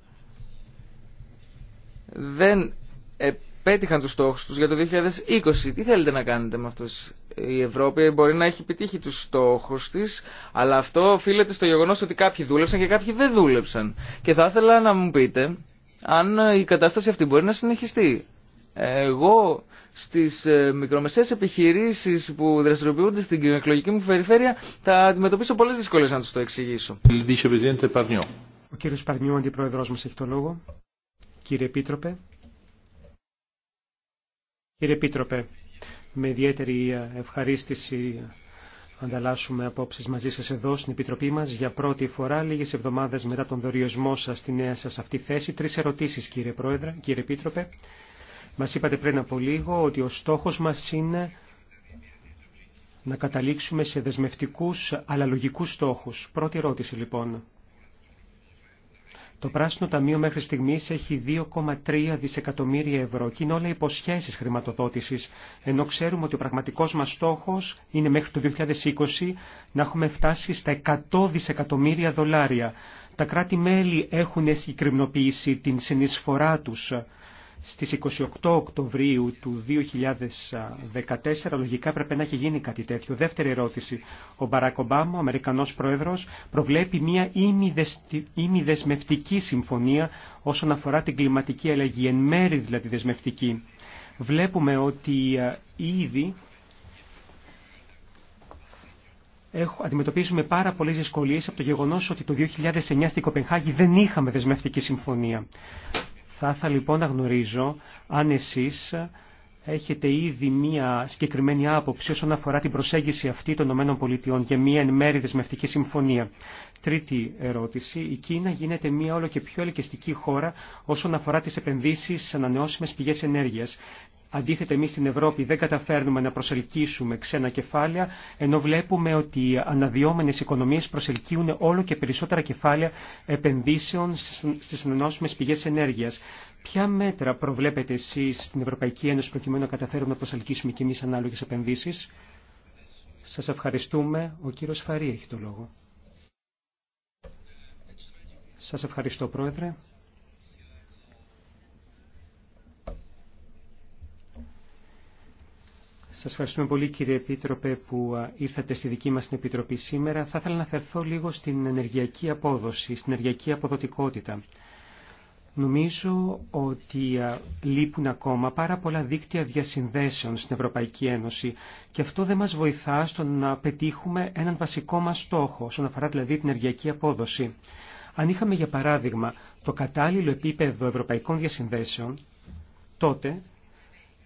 S3: δεν επέτυχαν τους στόχους τους για το 2020. Τι θέλετε να κάνετε με αυτούς. Η Ευρώπη μπορεί να έχει επιτύχει τους στόχους της, αλλά αυτό οφείλεται στο γεγονός ότι κάποιοι δούλεψαν και κάποιοι δεν δούλεψαν. Και θα ήθελα να μου πείτε αν η κατάσταση αυτή μπορεί να συνεχιστεί. Εγώ στις ε, μικρομεσαίες επιχειρήσεις που δραστηριοποιούνται στην εκλογική μου περιφέρεια θα αντιμετωπίσω πολλές δυσκολίες να τους το εξηγήσω.
S1: Ο κύριος Παρνιού, αντιπρόεδρος μας, έχει το λόγο. Κύριε Επίτροπε. Κύριε Επίτροπε, με ιδιαίτερη ευχαρίστηση ανταλλάσσουμε απόψεις μαζί σας εδώ στην Επιτροπή μας για πρώτη φορά λίγες εβδομάδες μετά τον δοριοσμό σας στη νέα σας αυτή θέση. Τρεις ερωτήσεις κύριε Πρόεδρε, κύριε Επίτροπε. Μας είπατε πριν από λίγο ότι ο στόχος μας είναι να καταλήξουμε σε δεσμευτικούς αλλά λογικούς στόχους. Πρώτη ερώτηση λοιπόν. Το Πράσινο Ταμείο μέχρι στιγμής έχει 2,3 δισεκατομμύρια ευρώ και είναι όλα υποσχέσεις χρηματοδότησης, ενώ ξέρουμε ότι ο πραγματικός μας στόχος είναι μέχρι το 2020 να έχουμε φτάσει στα 100 δισεκατομμύρια δολάρια. Τα κράτη-μέλη έχουν συγκριμνοποιήσει την συνεισφορά τους στις 28 Οκτωβρίου του 2014 λογικά πρέπει να έχει γίνει κάτι τέτοιο. Δεύτερη ερώτηση. Ο Μπαράκ Ομπάμα, ο Αμερικανός Πρόεδρος, προβλέπει μια ημιδεσμευτική συμφωνία όσον αφορά την κλιματική αλλαγή, εν μέρη δηλαδή δεσμευτική. Βλέπουμε ότι ε, ήδη αντιμετωπίζουμε πάρα πολλές δυσκολίες από το γεγονός ότι το 2009 στην Κοπενχάγη δεν είχαμε δεσμευτική συμφωνία. Θα ήθελα λοιπόν να γνωρίζω αν εσείς έχετε ήδη μία συγκεκριμένη άποψη όσον αφορά την προσέγγιση αυτή των ΗΠΑ και μία εν μέρη δεσμευτική συμφωνία. Τρίτη ερώτηση. Η Κίνα γίνεται μία όλο και πιο ελκυστική χώρα όσον αφορά τις επενδύσεις σε ανανεώσιμες πηγές ενέργειας. Αντίθετα, εμείς στην Ευρώπη δεν καταφέρνουμε να προσελκύσουμε ξένα κεφάλαια, ενώ βλέπουμε ότι οι αναδυόμενες οικονομίε προσελκύουν όλο και περισσότερα κεφάλαια επενδύσεων στις ανανεώσιμε πηγές ενέργειας. Ποια μέτρα προβλέπετε εσείς στην Ευρωπαϊκή Ένωση προκειμένου να καταφέρουμε να προσελκύσουμε κι εμεί ανάλογε επενδύσει. Σα ευχαριστούμε. Ο κύριο Φαρή έχει το λόγο. Σας ευχαριστώ, Πρόεδρε. Σας ευχαριστούμε πολύ κύριε Επίτροπε που ήρθατε στη δική μας την Επιτροπή σήμερα. Θα ήθελα να αφαιρθώ λίγο στην ενεργειακή απόδοση, στην ενεργειακή αποδοτικότητα. Νομίζω ότι λείπουν ακόμα πάρα πολλά δίκτυα διασυνδέσεων στην Ευρωπαϊκή Ένωση και αυτό δεν μας βοηθά στο να πετύχουμε έναν βασικό μας στόχο, όσον αφορά δηλαδή την ενεργειακή απόδοση. Αν είχαμε για παράδειγμα το κατάλληλο επίπεδο ευρωπαϊκών διασυνδέσεων, τότε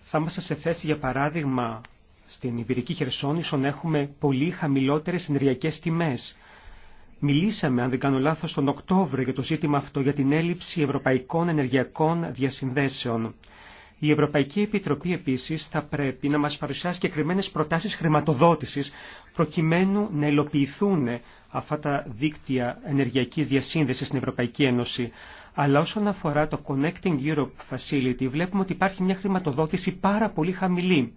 S1: θα είμαστε σε θέση, για παράδειγμα, στην Ιβηρική Χερσόνησο να έχουμε πολύ χαμηλότερες ενεργειακές τιμές. Μιλήσαμε, αν δεν κάνω λάθος, τον Οκτώβριο για το ζήτημα αυτό, για την έλλειψη ευρωπαϊκών ενεργειακών διασυνδέσεων. Η Ευρωπαϊκή Επιτροπή επίσης θα πρέπει να μας παρουσιάσει συγκεκριμένε προτάσεις χρηματοδότησης προκειμένου να υλοποιηθούν αυτά τα δίκτυα ενεργειακής διασύνδεσης στην Ευρωπαϊκή Ένωση. Αλλά όσον αφορά το Connecting Europe Facility βλέπουμε ότι υπάρχει μια χρηματοδότηση πάρα πολύ χαμηλή.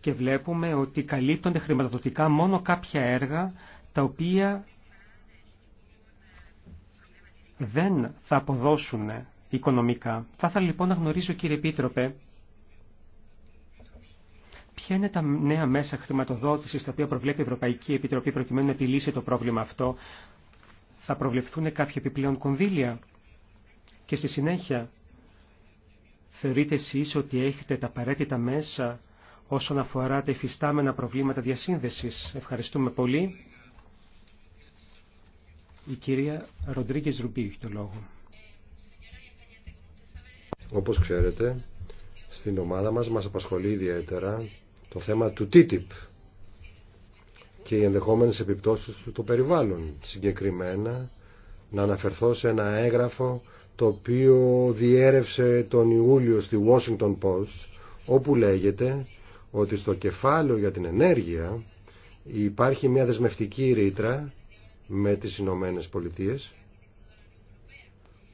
S1: Και βλέπουμε ότι καλύπτονται χρηματοδοτικά μόνο κάποια έργα τα οποία δεν θα αποδώσουν οικονομικά. Θα ήθελα λοιπόν να γνωρίζω κύριε Επίτροπε ποια είναι τα νέα μέσα χρηματοδότησης τα οποία προβλέπει η Ευρωπαϊκή Επιτροπή προκειμένου να επιλύσει το πρόβλημα αυτό θα προβλεφθούν κάποια επιπλέον κονδύλια. Και στη συνέχεια, θεωρείτε εσείς ότι έχετε τα απαραίτητα μέσα όσον αφορά τα υφιστάμενα προβλήματα διασύνδεσης. Ευχαριστούμε πολύ. Η κυρία Ροντρίγκε Ρουμπί έχει το λόγο.
S2: Όπως ξέρετε, στην ομάδα μας μας απασχολεί ιδιαίτερα το θέμα του TTIP, και οι ενδεχόμενες επιπτώσεις του το περιβάλλον. Συγκεκριμένα να αναφερθώ σε ένα έγγραφο το οποίο διέρευσε τον Ιούλιο στη Washington Post όπου λέγεται ότι στο κεφάλαιο για την ενέργεια υπάρχει μια δεσμευτική ρήτρα με τις Ηνωμένε Πολιτείε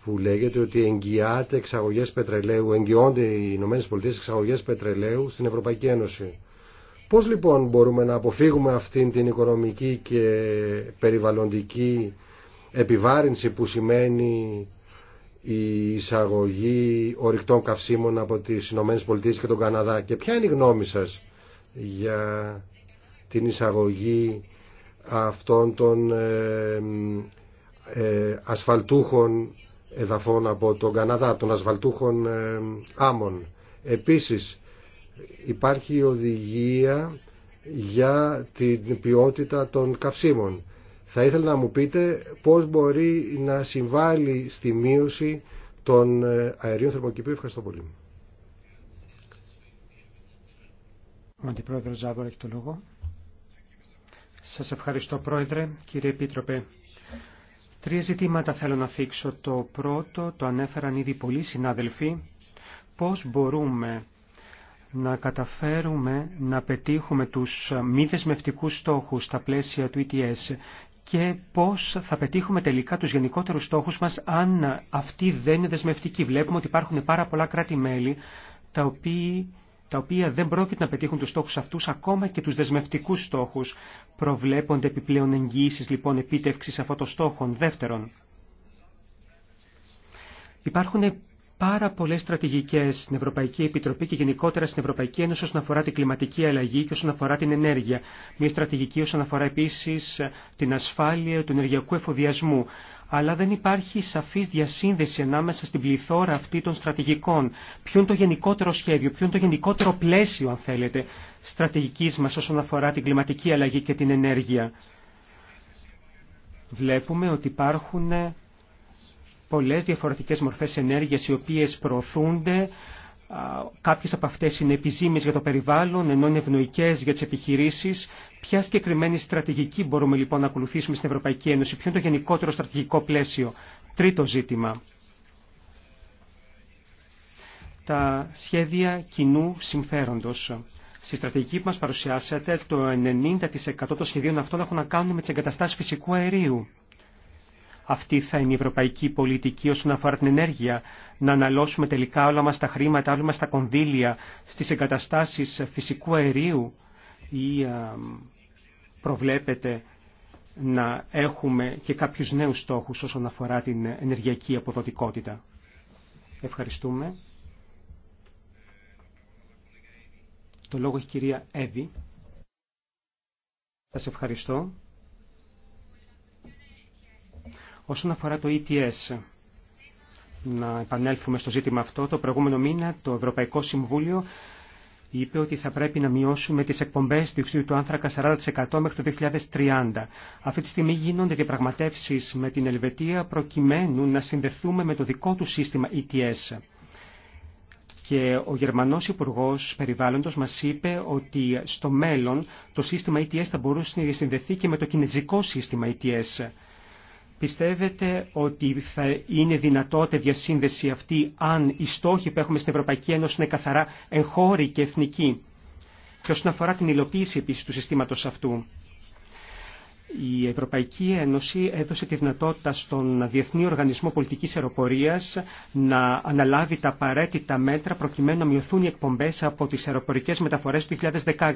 S2: που λέγεται ότι εγγυάται εξαγωγές πετρελαίου, εγγυώνται οι Ηνωμένε Πολιτείε εξαγωγές πετρελαίου στην Ευρωπαϊκή Ένωση. Πώς λοιπόν μπορούμε να αποφύγουμε αυτήν την οικονομική και περιβαλλοντική επιβάρυνση που σημαίνει η εισαγωγή ορυκτών καυσίμων από τις Ηνωμένες Πολιτείες και τον Καναδά και ποια είναι η γνώμη σας για την εισαγωγή αυτών των ε, ασφαλτούχων εδαφών από τον Καναδά, των ασφαλτούχων άμμων. Επίσης υπάρχει οδηγία για την ποιότητα των καυσίμων. Θα ήθελα να μου πείτε πώς μπορεί να συμβάλλει στη μείωση των ε, αερίων θερμοκηπίου. Ευχαριστώ πολύ.
S1: Ο Αντιπρόεδρος το λόγο. Σας ευχαριστώ Πρόεδρε, κύριε Επίτροπε. Τρία ζητήματα θέλω να θίξω. Το πρώτο το ανέφεραν ήδη πολλοί συνάδελφοι. Πώς μπορούμε να καταφέρουμε να πετύχουμε τους μη δεσμευτικού στόχους στα πλαίσια του ETS και πώς θα πετύχουμε τελικά τους γενικότερους στόχους μας αν αυτοί δεν είναι δεσμευτικοί. Βλέπουμε ότι υπάρχουν πάρα πολλά κράτη-μέλη τα οποία τα οποία δεν πρόκειται να πετύχουν τους στόχους αυτούς, ακόμα και τους δεσμευτικούς στόχους. Προβλέπονται επιπλέον εγγύησεις λοιπόν επίτευξης αυτών των στόχων. Δεύτερον, υπάρχουν πάρα πολλέ στρατηγικέ στην Ευρωπαϊκή Επιτροπή και γενικότερα στην Ευρωπαϊκή Ένωση όσον αφορά την κλιματική αλλαγή και όσον αφορά την ενέργεια. Μια στρατηγική όσον αφορά επίση την ασφάλεια του ενεργειακού εφοδιασμού. Αλλά δεν υπάρχει σαφή διασύνδεση ανάμεσα στην πληθώρα αυτή των στρατηγικών. Ποιο είναι το γενικότερο σχέδιο, ποιο είναι το γενικότερο πλαίσιο, αν θέλετε, στρατηγική μα όσον αφορά την κλιματική αλλαγή και την ενέργεια. Βλέπουμε ότι υπάρχουν πολλές διαφορετικές μορφές ενέργειας οι οποίες προωθούνται. Κάποιες από αυτές είναι επιζήμιες για το περιβάλλον, ενώ είναι ευνοϊκές για τις επιχειρήσεις. Ποια συγκεκριμένη στρατηγική μπορούμε λοιπόν να ακολουθήσουμε στην Ευρωπαϊκή Ένωση, ποιο είναι το γενικότερο στρατηγικό πλαίσιο. Τρίτο ζήτημα. Τα σχέδια κοινού συμφέροντος. Στη στρατηγική που μας παρουσιάσατε, το 90% των σχεδίων αυτών έχουν να κάνουν με τις εγκαταστάσεις φυσικού αερίου αυτή θα είναι η ευρωπαϊκή πολιτική όσον αφορά την ενέργεια, να αναλώσουμε τελικά όλα μας τα χρήματα, όλα μας τα κονδύλια στις εγκαταστάσεις φυσικού αερίου ή προβλέπετε να έχουμε και κάποιους νέους στόχους όσον αφορά την ενεργειακή αποδοτικότητα. Ευχαριστούμε. Το λόγο έχει η κυρία Εύη. Σας ευχαριστώ. Όσον αφορά το ETS, να επανέλθουμε στο ζήτημα αυτό, το προηγούμενο μήνα το Ευρωπαϊκό Συμβούλιο είπε ότι θα πρέπει να μειώσουμε τις εκπομπές διοξιδίου του άνθρακα 40% μέχρι το 2030. Αυτή τη στιγμή γίνονται διαπραγματεύσεις με την Ελβετία προκειμένου να συνδεθούμε με το δικό του σύστημα ETS. Και ο Γερμανός Υπουργός Περιβάλλοντος μας είπε ότι στο μέλλον το σύστημα ETS θα μπορούσε να συνδεθεί και με το κινέζικο σύστημα ETS. Πιστεύετε ότι θα είναι δυνατότητα διασύνδεση αυτή αν οι στόχοι που έχουμε στην Ευρωπαϊκή Ένωση είναι καθαρά εγχώροι και εθνικοί. Και όσον αφορά την υλοποίηση επίσης του συστήματος αυτού. Η Ευρωπαϊκή Ένωση έδωσε τη δυνατότητα στον Διεθνή Οργανισμό Πολιτικής Αεροπορίας να αναλάβει τα απαραίτητα μέτρα προκειμένου να μειωθούν οι εκπομπές από τις αεροπορικές μεταφορές του 2016.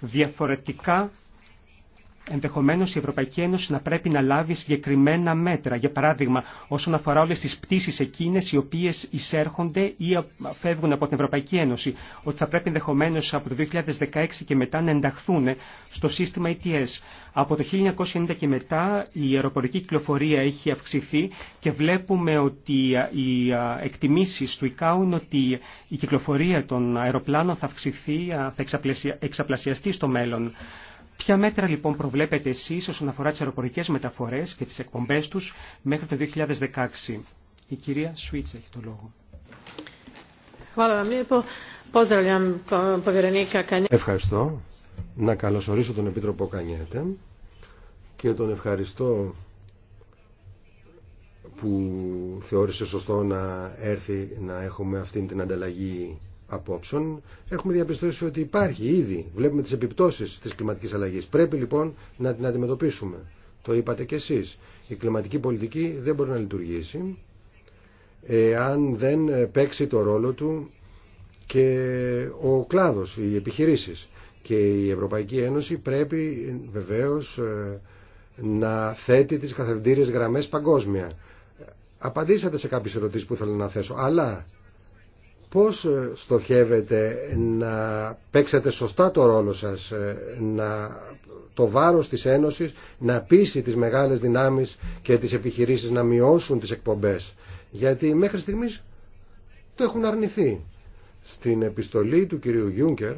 S1: Διαφορετικά ενδεχομένως η Ευρωπαϊκή Ένωση να πρέπει να λάβει συγκεκριμένα μέτρα, για παράδειγμα όσον αφορά όλες τις πτήσεις εκείνες οι οποίες εισέρχονται ή φεύγουν από την Ευρωπαϊκή Ένωση, ότι θα πρέπει ενδεχομένω από το 2016 και μετά να ενταχθούν στο σύστημα ETS. Ε από το 1990 και μετά η αεροπορική κυκλοφορία έχει αυξηθεί και βλέπουμε ότι οι εκτιμήσεις του ΙΚΑΟ είναι ότι η κυκλοφορία των αεροπλάνων θα αυξηθεί, θα εξαπλασιαστεί στο μέλλον. Ποια μέτρα λοιπόν προβλέπετε εσείς όσον αφορά τις αεροπορικές μεταφορές και τις εκπομπές τους μέχρι το 2016. Η κυρία Σουίτσα έχει το λόγο.
S2: Ευχαριστώ. Να καλωσορίσω τον Επίτροπο Κανιέτε και τον ευχαριστώ που θεώρησε σωστό να έρθει να έχουμε αυτή την ανταλλαγή απόψεων έχουμε διαπιστώσει ότι υπάρχει ήδη. Βλέπουμε τι επιπτώσεις τη κλιματική αλλαγή. Πρέπει λοιπόν να την αντιμετωπίσουμε. Το είπατε κι εσείς. Η κλιματική πολιτική δεν μπορεί να λειτουργήσει αν δεν παίξει το ρόλο του και ο κλάδος, οι επιχειρήσεις. Και η Ευρωπαϊκή Ένωση πρέπει βεβαίως ε, να θέτει τις καθεντήριε γραμμές παγκόσμια. Απαντήσατε σε κάποιες ερωτήσεις που ήθελα να θέσω, αλλά Πώς ε, στοχεύετε να παίξετε σωστά το ρόλο σας, ε, να το βάρος της Ένωσης να πείσει τις μεγάλες δυνάμεις και τις επιχειρήσεις να μειώσουν τις εκπομπές. Γιατί μέχρι στιγμής το έχουν αρνηθεί. Στην επιστολή του κυρίου Γιούγκερ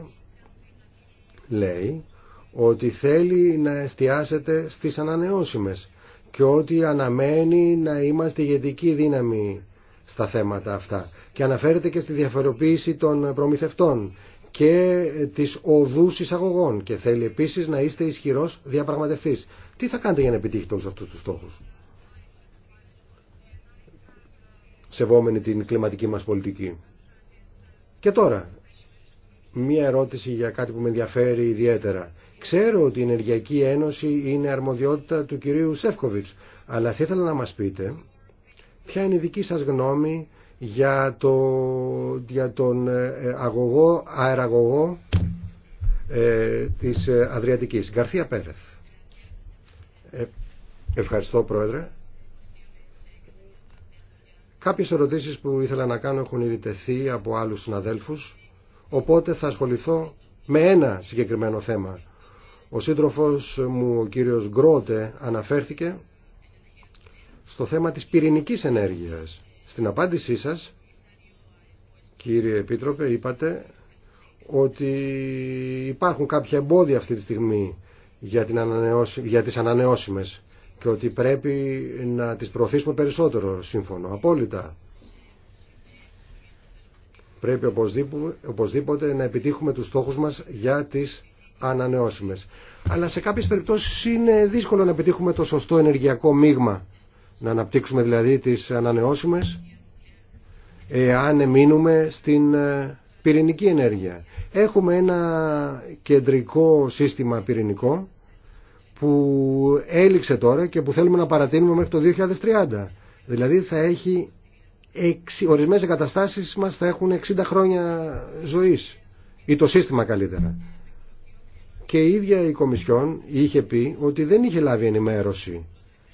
S2: λέει ότι θέλει να εστιάσετε στις ανανεώσιμες και ότι αναμένει να είμαστε ηγετική δύναμη στα θέματα αυτά και αναφέρεται και στη διαφοροποίηση των προμηθευτών και της οδούς εισαγωγών και θέλει επίσης να είστε ισχυρός διαπραγματευτής. Τι θα κάνετε για να επιτύχετε όλους αυτούς τους στόχους. Σεβόμενοι την κλιματική μας πολιτική. Και τώρα, μία ερώτηση για κάτι που με ενδιαφέρει ιδιαίτερα. Ξέρω ότι η Ενεργειακή Ένωση είναι αρμοδιότητα του κυρίου Σεύκοβιτς, αλλά θα ήθελα να μας πείτε ποια είναι η δική σας γνώμη για, για τον ε, αγωγό, αεραγωγό ε, της ε, Αδριατικής. Γκαρθία Πέρεθ. Ε, ευχαριστώ Πρόεδρε. Κάποιες ερωτήσεις που ήθελα να κάνω έχουν ήδη τεθεί από άλλους συναδέλφους, οπότε θα ασχοληθώ με ένα συγκεκριμένο θέμα. Ο σύντροφος μου, ο κύριος Γκρότε, αναφέρθηκε στο θέμα της πυρηνικής ενέργειας στην απάντησή σας, κύριε Επίτροπε, είπατε ότι υπάρχουν κάποια εμπόδια αυτή τη στιγμή για, την ανανεώση, για τις ανανεώσιμες και ότι πρέπει να τις προωθήσουμε περισσότερο, σύμφωνο, απόλυτα. Πρέπει οπωσδήποτε, να επιτύχουμε τους στόχους μας για τις ανανεώσιμες. Αλλά σε κάποιες περιπτώσεις είναι δύσκολο να επιτύχουμε το σωστό ενεργειακό μείγμα να αναπτύξουμε δηλαδή τις ανανεώσιμες εάν μείνουμε στην ε, πυρηνική ενέργεια. Έχουμε ένα κεντρικό σύστημα πυρηνικό που έληξε τώρα και που θέλουμε να παρατείνουμε μέχρι το 2030. Δηλαδή θα έχει ορισμένες εγκαταστάσεις μας θα έχουν 60 χρόνια ζωής ή το σύστημα καλύτερα. Και η ίδια η Κομισιόν είχε πει ότι δεν είχε λάβει ενημέρωση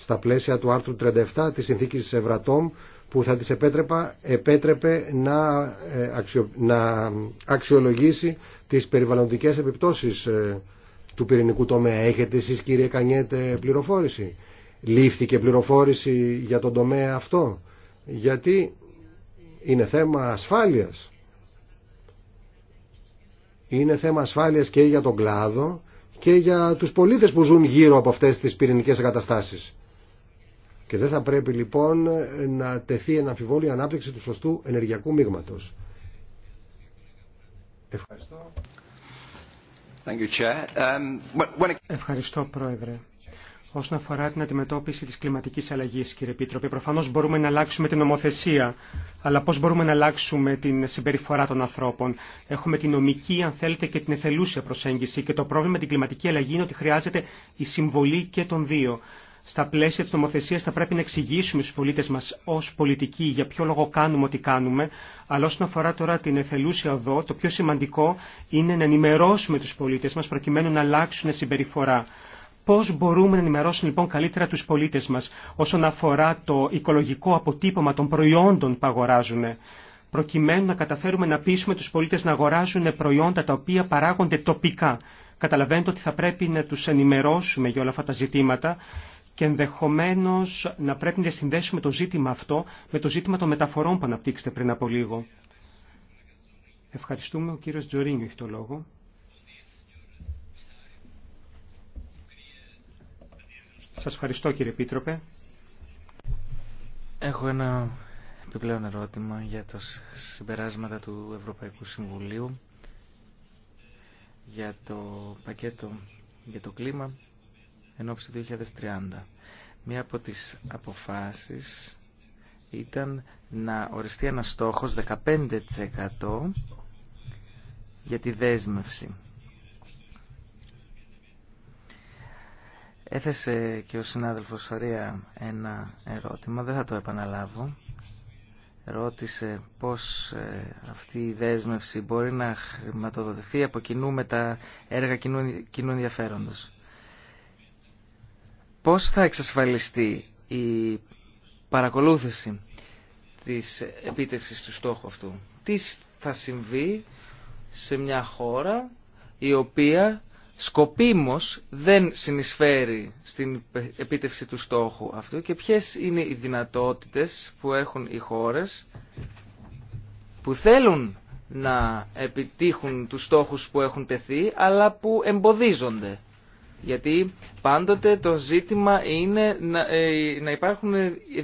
S2: στα πλαίσια του άρθρου 37 της συνθήκης Ευρατόμ που θα της επέτρεπα, επέτρεπε να, ε, αξιο, να αξιολογήσει τις περιβαλλοντικές επιπτώσεις ε, του πυρηνικού τομέα. Έχετε εσείς κύριε Κανιέτε πληροφόρηση. Λήφθηκε πληροφόρηση για τον τομέα αυτό. Γιατί είναι θέμα ασφάλειας. Είναι θέμα ασφάλειας και για τον κλάδο και για τους πολίτες που ζουν γύρω από αυτές τις πυρηνικές εγκαταστάσεις. Και δεν θα πρέπει λοιπόν να τεθεί εν αμφιβόλιο η ανάπτυξη του σωστού ενεργειακού μείγματο. Ευχαριστώ. Thank you,
S1: Chair. Um, Ευχαριστώ, Πρόεδρε. Όσον αφορά την αντιμετώπιση τη κλιματική αλλαγή, κύριε Επίτροπε, προφανώ μπορούμε να αλλάξουμε την νομοθεσία, αλλά πώ μπορούμε να αλλάξουμε την συμπεριφορά των ανθρώπων. Έχουμε την νομική, αν θέλετε, και την εθελούσια προσέγγιση και το πρόβλημα με την κλιματική αλλαγή είναι ότι χρειάζεται η συμβολή και των δύο στα πλαίσια τη νομοθεσία θα πρέπει να εξηγήσουμε στου πολίτε μα ω πολιτικοί για ποιο λόγο κάνουμε ό,τι κάνουμε, αλλά όσον αφορά τώρα την εθελούσια οδό, το πιο σημαντικό είναι να ενημερώσουμε του πολίτε μα προκειμένου να αλλάξουν συμπεριφορά. Πώ μπορούμε να ενημερώσουμε λοιπόν καλύτερα του πολίτε μα όσον αφορά το οικολογικό αποτύπωμα των προϊόντων που αγοράζουν προκειμένου να καταφέρουμε να πείσουμε τους πολίτες να αγοράζουν προϊόντα τα οποία παράγονται τοπικά. Καταλαβαίνετε ότι θα πρέπει να τους ενημερώσουμε για όλα αυτά τα ζητήματα και ενδεχομένω να πρέπει να συνδέσουμε το ζήτημα αυτό με το ζήτημα των μεταφορών που αναπτύξετε πριν από λίγο. Ευχαριστούμε. Ο κύριος Τζορίνιου έχει το λόγο. Σας
S3: ευχαριστώ κύριε Επίτροπε. Έχω ένα επιπλέον ερώτημα για τα συμπεράσματα του Ευρωπαϊκού Συμβουλίου για το πακέτο για το κλίμα εν ώψη 2030. Μία από τις αποφάσεις ήταν να οριστεί ένα στόχος 15% για τη δέσμευση. Έθεσε και ο συνάδελφος Σωρία ένα ερώτημα, δεν θα το επαναλάβω. Ρώτησε πώς ε, αυτή η δέσμευση μπορεί να χρηματοδοτηθεί από κοινού με τα έργα κοινού ενδιαφέροντος. Πώς θα εξασφαλιστεί η παρακολούθηση της επίτευξης του στόχου αυτού. Τι θα συμβεί σε μια χώρα η οποία σκοπίμως δεν συνεισφέρει στην επίτευξη του στόχου αυτού και ποιες είναι οι δυνατότητες που έχουν οι χώρες που θέλουν να επιτύχουν τους στόχους που έχουν τεθεί αλλά που εμποδίζονται γιατί πάντοτε το ζήτημα είναι να ε, υπάρχουν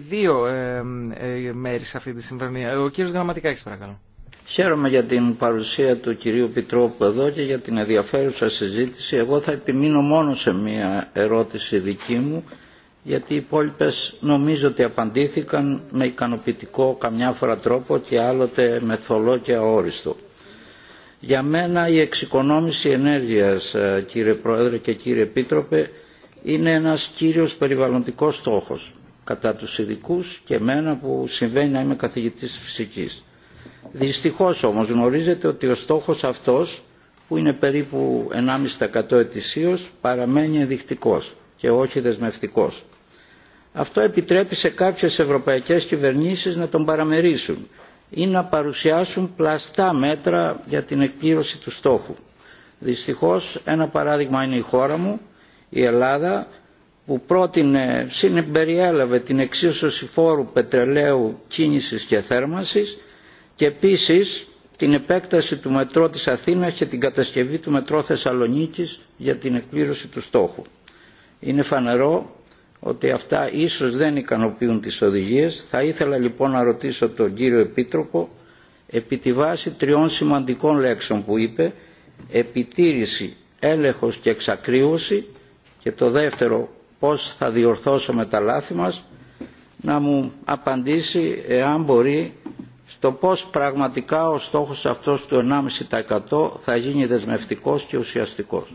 S3: δύο ε, ε, μέρη σε αυτή τη συμφωνία. Ο κύριος Γραμματικάκης παρακαλώ.
S4: Χαίρομαι για την παρουσία του κυρίου Πιτρόπου εδώ και για την ενδιαφέρουσα συζήτηση. Εγώ θα επιμείνω μόνο σε μία ερώτηση δική μου, γιατί οι υπόλοιπε νομίζω ότι απαντήθηκαν με ικανοποιητικό καμιά φορά τρόπο και άλλοτε με θολό και αόριστο. Για μένα η εξοικονόμηση ενέργειας, ε, κύριε Πρόεδρε και κύριε Επίτροπε, είναι ένας κύριος περιβαλλοντικός στόχος κατά τους ειδικού και μένα που συμβαίνει να είμαι καθηγητής φυσικής. Δυστυχώς όμως γνωρίζετε ότι ο στόχος αυτός που είναι περίπου 1,5% ετησίως παραμένει ενδεικτικός και όχι δεσμευτικός. Αυτό επιτρέπει σε κάποιες ευρωπαϊκές κυβερνήσεις να τον παραμερίσουν ή να παρουσιάσουν πλαστά μέτρα για την εκπλήρωση του στόχου. Δυστυχώς ένα παράδειγμα είναι η χώρα μου, η Ελλάδα, που πρότεινε, συνεμπεριέλαβε την εξίσωση φόρου πετρελαίου κίνησης και θέρμανσης και επίσης την επέκταση του μετρό της Αθήνας και την κατασκευή του μετρό Θεσσαλονίκης για την εκπλήρωση του στόχου. Είναι φανερό ότι αυτά ίσως δεν ικανοποιούν τις οδηγίες. Θα ήθελα λοιπόν να ρωτήσω τον κύριο Επίτροπο επί τη βάση τριών σημαντικών λέξεων που είπε επιτήρηση, έλεγχος και εξακρίωση και το δεύτερο πώς θα διορθώσουμε τα λάθη μας να μου απαντήσει εάν μπορεί στο πώς πραγματικά ο στόχος αυτός του 1,5% θα γίνει δεσμευτικός και ουσιαστικός.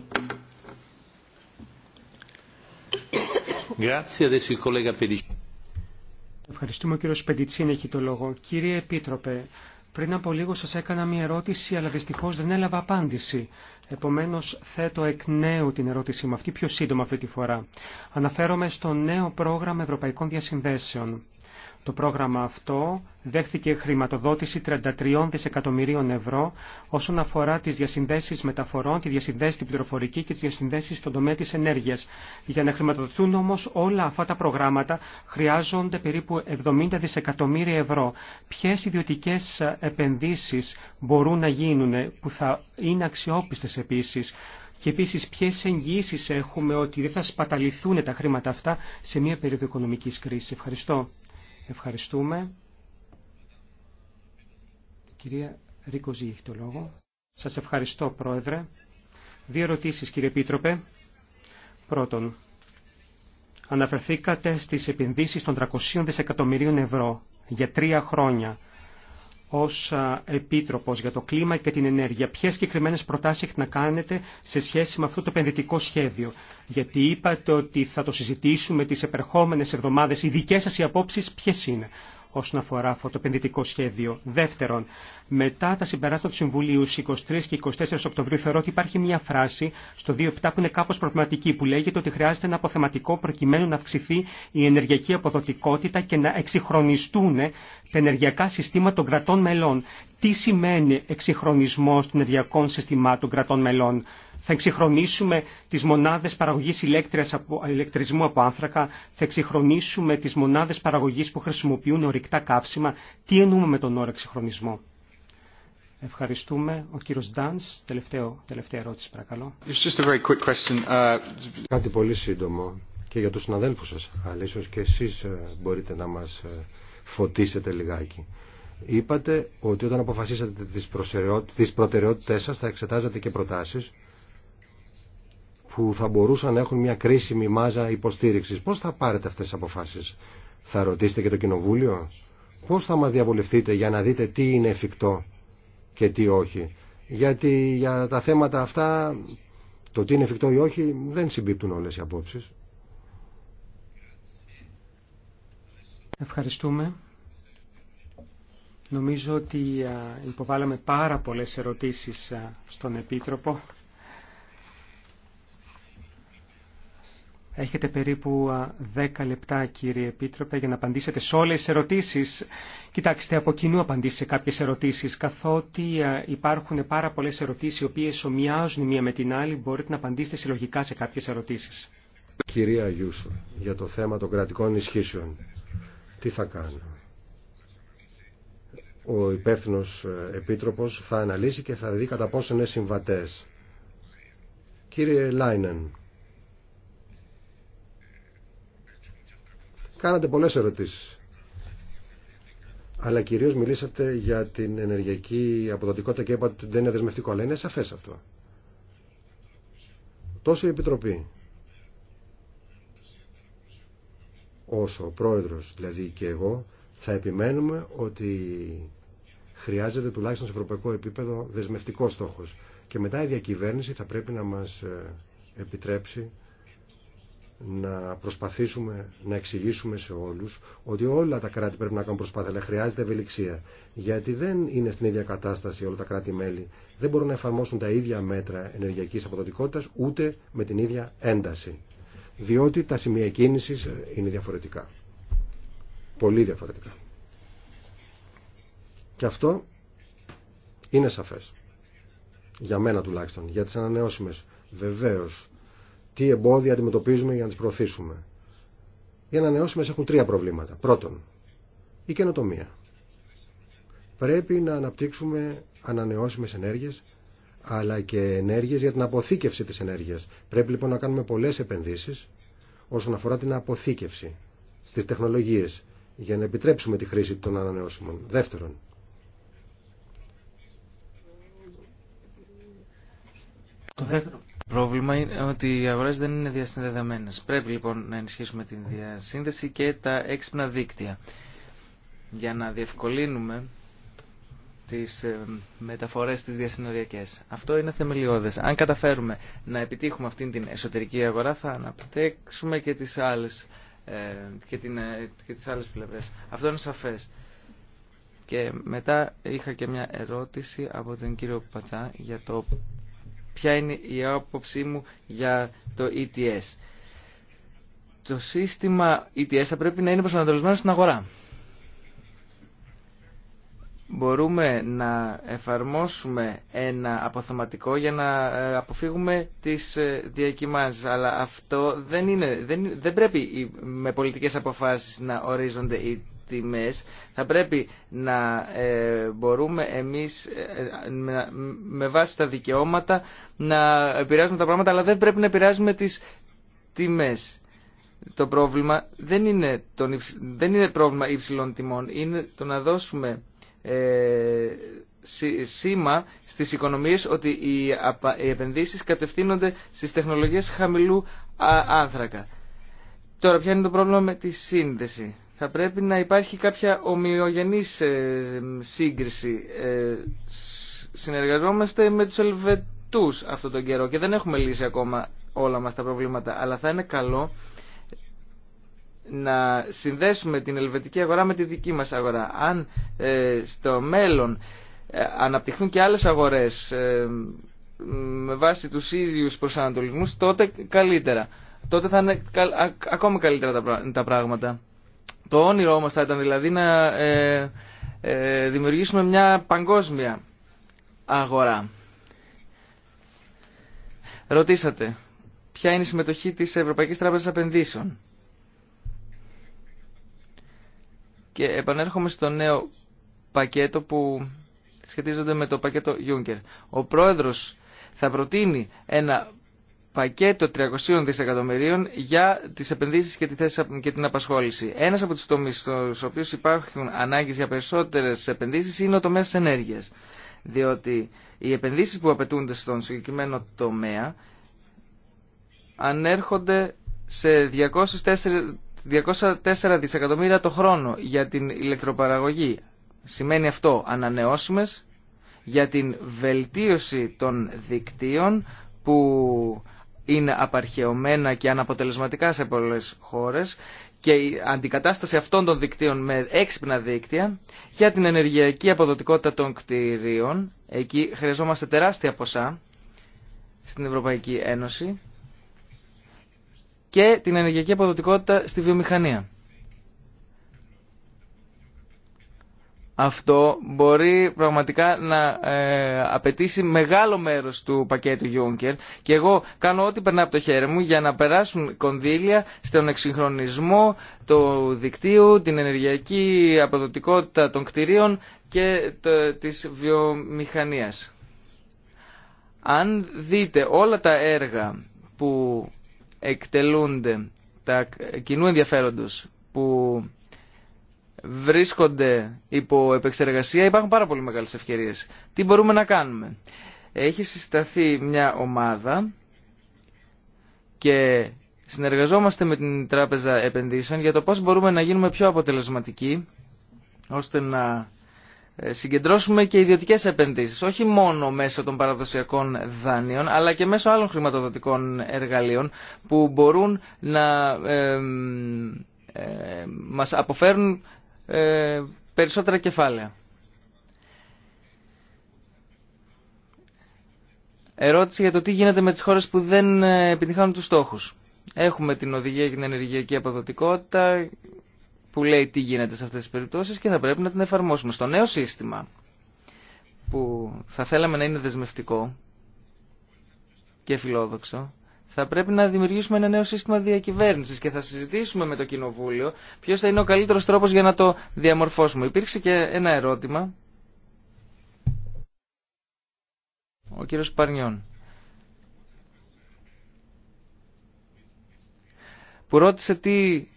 S1: Ευχαριστούμε ο κύριος έχει το λόγο. Κύριε Επίτροπε, πριν από λίγο σας έκανα μια ερώτηση, αλλά δυστυχώς δεν έλαβα απάντηση. Επομένως, θέτω εκ νέου την ερώτησή μου αυτή πιο σύντομα αυτή τη φορά. Αναφέρομαι στο νέο πρόγραμμα Ευρωπαϊκών Διασυνδέσεων. Το πρόγραμμα αυτό δέχθηκε χρηματοδότηση 33 δισεκατομμυρίων ευρώ όσον αφορά τις διασυνδέσεις μεταφορών, τη διασυνδέση στην πληροφορική και τις διασυνδέσεις στον τομέα της ενέργειας. Για να χρηματοδοτούν όμως όλα αυτά τα προγράμματα χρειάζονται περίπου 70 δισεκατομμύρια ευρώ. Ποιες ιδιωτικές επενδύσεις μπορούν να γίνουν που θα είναι αξιόπιστες επίσης. Και επίση, ποιε εγγύσει έχουμε ότι δεν θα σπαταληθούν τα χρήματα αυτά σε μια περίοδο οικονομική κρίση. Ευχαριστώ. Ευχαριστούμε. κυρία Ρίκοζη έχει το λόγο. Σας ευχαριστώ, Πρόεδρε. Δύο ερωτήσεις, κύριε Επίτροπε. Πρώτον, αναφερθήκατε στις επενδύσεις των 300 δισεκατομμυρίων ευρώ για τρία χρόνια ως Επίτροπος για το κλίμα και την ενέργεια. Ποιες συγκεκριμένε προτάσεις έχετε να κάνετε σε σχέση με αυτό το επενδυτικό σχέδιο. Γιατί είπατε ότι θα το συζητήσουμε τις επερχόμενες εβδομάδες. Οι δικές σας οι απόψεις ποιες είναι όσον αφορά αυτό το επενδυτικό σχέδιο. Δεύτερον, μετά τα συμπεράσματα του Συμβουλίου στι 23 και 24 Οκτωβρίου, θεωρώ ότι υπάρχει μια φράση στο 2.7 που είναι κάπω προβληματική, που λέγεται ότι χρειάζεται ένα αποθεματικό προκειμένου να αυξηθεί η ενεργειακή αποδοτικότητα και να εξυγχρονιστούν τα ενεργειακά συστήματα των κρατών μελών. Τι σημαίνει εξυγχρονισμό των ενεργειακών συστημάτων κρατών μελών θα εξυγχρονίσουμε τις μονάδες παραγωγής ηλεκτρισμού από άνθρακα, θα εξυγχρονίσουμε τις μονάδες παραγωγής που χρησιμοποιούν ορυκτά καύσιμα. Τι εννοούμε με τον όρο εξυγχρονισμό. Ευχαριστούμε. Ο κύριος Ντάνς, τελευταία ερώτηση παρακαλώ.
S2: Uh, Κάτι πολύ σύντομο και για τους συναδέλφους σας, αλλά ίσως και εσείς ε, μπορείτε να μας ε, φωτίσετε λιγάκι. Είπατε ότι όταν αποφασίσατε τις, τις προτεραιότητές σας θα εξετάζατε και προτάσεις που θα μπορούσαν να έχουν μια κρίσιμη μάζα υποστήριξης. Πώς θα πάρετε αυτές τις αποφάσεις. Θα ρωτήσετε και το Κοινοβούλιο. Πώς θα μας διαβολευτείτε για να δείτε τι είναι εφικτό και τι όχι. Γιατί για τα θέματα αυτά το τι είναι εφικτό ή όχι δεν συμπίπτουν όλες οι απόψεις.
S1: Ευχαριστούμε. Νομίζω ότι υποβάλαμε πάρα πολλές ερωτήσεις στον Επίτροπο. Έχετε περίπου 10 λεπτά κύριε Επίτροπε για να απαντήσετε σε όλες τις ερωτήσεις. Κοιτάξτε, από κοινού απαντήσει σε κάποιες ερωτήσεις, καθότι υπάρχουν πάρα πολλές ερωτήσεις οι οποίες ομοιάζουν μία με την άλλη, μπορείτε να απαντήσετε συλλογικά σε κάποιες ερωτήσεις.
S2: Κυρία Γιούσου, για το θέμα των κρατικών ισχύσεων, τι θα κάνω. Ο υπεύθυνο ε, Επίτροπος θα αναλύσει και θα δει κατά πόσο είναι συμβατές. Κύριε Λάινεν, Κάνατε πολλές ερωτήσεις. Αλλά κυρίως μιλήσατε για την ενεργειακή αποδοτικότητα και είπατε ότι δεν είναι δεσμευτικό. Αλλά είναι σαφές αυτό. Τόσο η Επιτροπή όσο ο πρόεδρος δηλαδή και εγώ θα επιμένουμε ότι χρειάζεται τουλάχιστον σε ευρωπαϊκό επίπεδο δεσμευτικό στόχος και μετά η διακυβέρνηση θα πρέπει να μας ε, επιτρέψει να προσπαθήσουμε να εξηγήσουμε σε όλους ότι όλα τα κράτη πρέπει να κάνουν προσπάθεια, αλλά χρειάζεται ευελιξία. Γιατί δεν είναι στην ίδια κατάσταση όλα τα κράτη-μέλη. Δεν μπορούν να εφαρμόσουν τα ίδια μέτρα ενεργειακής αποδοτικότητας, ούτε με την ίδια ένταση. Διότι τα σημεία κίνηση είναι διαφορετικά. Πολύ διαφορετικά. Και αυτό είναι σαφές. Για μένα τουλάχιστον. Για τις ανανεώσιμες. Βεβαίως τι εμπόδια αντιμετωπίζουμε για να τις προωθήσουμε. Οι ανανεώσιμε έχουν τρία προβλήματα. Πρώτον, η καινοτομία. Πρέπει να αναπτύξουμε ανανεώσιμες ενέργειες, αλλά και ενέργειες για την αποθήκευση τη ενέργεια. Πρέπει λοιπόν να κάνουμε πολλές επενδύσεις όσον αφορά την αποθήκευση στις τεχνολογίε για να επιτρέψουμε τη χρήση των ανανεώσιμων. Δεύτερον,
S3: Το δεύτερο πρόβλημα είναι ότι οι αγορές δεν είναι διασυνδεδεμένες. Πρέπει λοιπόν να ενισχύσουμε την διασύνδεση και τα έξυπνα δίκτυα για να διευκολύνουμε τις ε, μεταφορές τις διασυνοριακές. Αυτό είναι θεμελιώδες. Αν καταφέρουμε να επιτύχουμε αυτήν την εσωτερική αγορά θα αναπτύξουμε και τις άλλες, ε, και ε, και τις άλλες πλευρές. Αυτό είναι σαφές. Και μετά είχα και μια ερώτηση από τον κύριο Πατσά για το ποια είναι η άποψή μου για το ETS. Το σύστημα ETS θα πρέπει να είναι προσανατολισμένο στην αγορά. Μπορούμε να εφαρμόσουμε ένα αποθεματικό για να ε, αποφύγουμε τις ε, διακοιμάνσεις, αλλά αυτό δεν, είναι, δεν, δεν πρέπει με πολιτικές αποφάσεις να ορίζονται οι τιμές θα πρέπει να ε, μπορούμε εμείς ε, με βάση τα δικαιώματα να επηρεάζουμε τα πράγματα αλλά δεν πρέπει να επηρεάζουμε τις τιμές. Το πρόβλημα δεν είναι, τον δεν είναι πρόβλημα υψηλών τιμών, είναι το να δώσουμε ε, σήμα στις οικονομίες ότι οι επενδύσεις κατευθύνονται στις τεχνολογίες χαμηλού άνθρακα. Τώρα, ποια είναι το πρόβλημα με τη σύνδεση θα πρέπει να υπάρχει κάποια ομοιογενής ε, σύγκριση. Ε, συνεργαζόμαστε με τους Ελβετούς αυτόν τον καιρό και δεν έχουμε λύσει ακόμα όλα μας τα προβλήματα, αλλά θα είναι καλό να συνδέσουμε την ελβετική αγορά με τη δική μας αγορά. Αν ε, στο μέλλον αναπτυχθούν και άλλες αγορές με βάση τους ίδιους προσανατολισμούς, τότε καλύτερα. Τότε θα είναι ακόμα καλύτερα τα πράγματα. Το όνειρό μας θα ήταν δηλαδή να ε, ε, δημιουργήσουμε μια παγκόσμια αγορά. Ρωτήσατε, ποια είναι η συμμετοχή της Ευρωπαϊκής Τράπεζας Απενδύσεων. Και επανέρχομαι στο νέο πακέτο που σχετίζονται με το πακέτο Juncker. Ο πρόεδρος θα προτείνει ένα πακέτο 300 δισεκατομμυρίων για τις επενδύσεις και, την απασχόληση. Ένας από τους τομείς στους οποίους υπάρχουν ανάγκες για περισσότερες επενδύσεις είναι ο τομέας της ενέργειας. Διότι οι επενδύσεις που απαιτούνται στον συγκεκριμένο τομέα ανέρχονται σε 204, 204 δισεκατομμύρια το χρόνο για την ηλεκτροπαραγωγή. Σημαίνει αυτό ανανεώσιμες για την βελτίωση των δικτύων που είναι απαρχαιωμένα και αναποτελεσματικά σε πολλές χώρες και η αντικατάσταση αυτών των δικτύων με έξυπνα δίκτυα για την ενεργειακή αποδοτικότητα των κτηρίων. Εκεί χρειαζόμαστε τεράστια ποσά στην Ευρωπαϊκή Ένωση και την ενεργειακή αποδοτικότητα στη βιομηχανία. αυτό μπορεί πραγματικά να ε, απαιτήσει μεγάλο μέρος του πακέτου Juncker και εγώ κάνω ό,τι περνά από το χέρι μου για να περάσουν κονδύλια στον εξυγχρονισμό του δικτύου, την ενεργειακή αποδοτικότητα των κτηρίων και της βιομηχανίας. Αν δείτε όλα τα έργα που εκτελούνται, τα κοινού ενδιαφέροντος που βρίσκονται υπό επεξεργασία υπάρχουν πάρα πολύ μεγάλες ευκαιρίες. Τι μπορούμε να κάνουμε. Έχει συσταθεί μια ομάδα και συνεργαζόμαστε με την Τράπεζα Επενδύσεων για το πώς μπορούμε να γίνουμε πιο αποτελεσματικοί ώστε να ε, συγκεντρώσουμε και ιδιωτικές επενδύσεις, όχι μόνο μέσω των παραδοσιακών δάνειων, αλλά και μέσω άλλων χρηματοδοτικών εργαλείων που μπορούν να ε, μας αποφέρουν ε, περισσότερα κεφάλαια. Ερώτηση για το τι γίνεται με τις χώρες που δεν ε, επιτυχάνουν τους στόχους. Έχουμε την οδηγία για την ενεργειακή αποδοτικότητα που λέει τι γίνεται σε αυτές τις περιπτώσεις και θα πρέπει να την εφαρμόσουμε. Στο νέο σύστημα που θα θέλαμε να είναι δεσμευτικό και φιλόδοξο θα πρέπει να δημιουργήσουμε ένα νέο σύστημα διακυβέρνησης και θα συζητήσουμε με το Κοινοβούλιο ποιος θα είναι ο καλύτερος τρόπος για να το διαμορφώσουμε. Υπήρξε και ένα ερώτημα. Ο κύριος Παρνιών. Που ρώτησε τι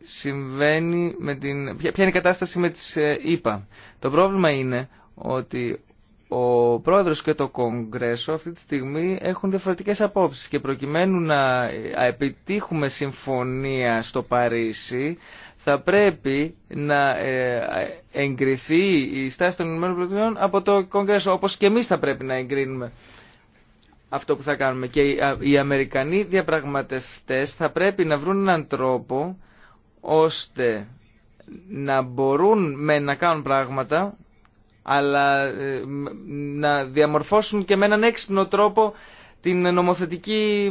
S3: συμβαίνει με την... Ποια είναι η κατάσταση με τις ΙΠΑ. Ε, το πρόβλημα είναι ότι ο πρόεδρος και το Κογκρέσο αυτή τη στιγμή έχουν διαφορετικές απόψεις και προκειμένου να ε, επιτύχουμε συμφωνία στο Παρίσι θα πρέπει να ε, εγκριθεί η στάση των ΗΠΑ από το Κογκρέσο όπως και εμείς θα πρέπει να εγκρίνουμε αυτό που θα κάνουμε και οι Αμερικανοί διαπραγματευτές θα πρέπει να βρουν έναν τρόπο ώστε να μπορούν με να κάνουν πράγματα αλλά ε, να διαμορφώσουν και με έναν έξυπνο τρόπο την νομοθετική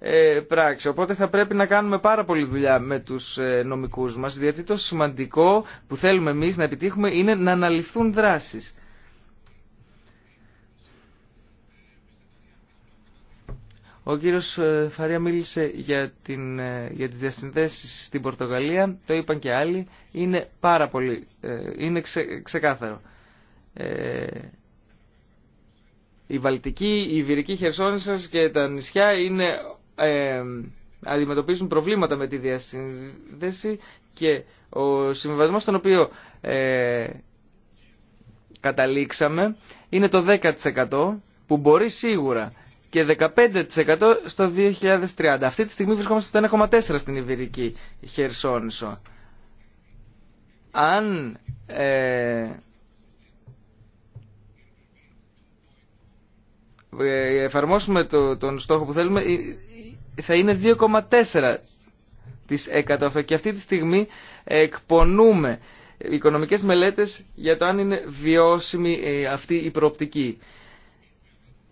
S3: ε, πράξη. Οπότε θα πρέπει να κάνουμε πάρα πολύ δουλειά με τους ε, νομικούς μας, γιατί το σημαντικό που θέλουμε εμείς να επιτύχουμε είναι να αναλυθούν δράσεις. Ο κύριος Φαρία μίλησε για, την, για τις διασυνδέσεις στην Πορτογαλία, το είπαν και άλλοι, είναι πάρα πολύ, είναι ξεκάθαρο. Ε, η Βαλτική, η Βυρική Χερσόνησο και τα νησιά είναι, ε, αντιμετωπίζουν προβλήματα με τη διασύνδεση και ο συμβιβασμό στον οποίο ε, καταλήξαμε είναι το 10% που μπορεί σίγουρα και 15% στο 2030. Αυτή τη στιγμή βρισκόμαστε στο 1,4% στην Ιβυρική Χερσόνησο. Αν ε, Ε, εφαρμόσουμε το, τον στόχο που θέλουμε ε, θα είναι 2,4% Και αυτή τη στιγμή εκπονούμε οικονομικές μελέτες για το αν είναι βιώσιμη ε, αυτή η προοπτική.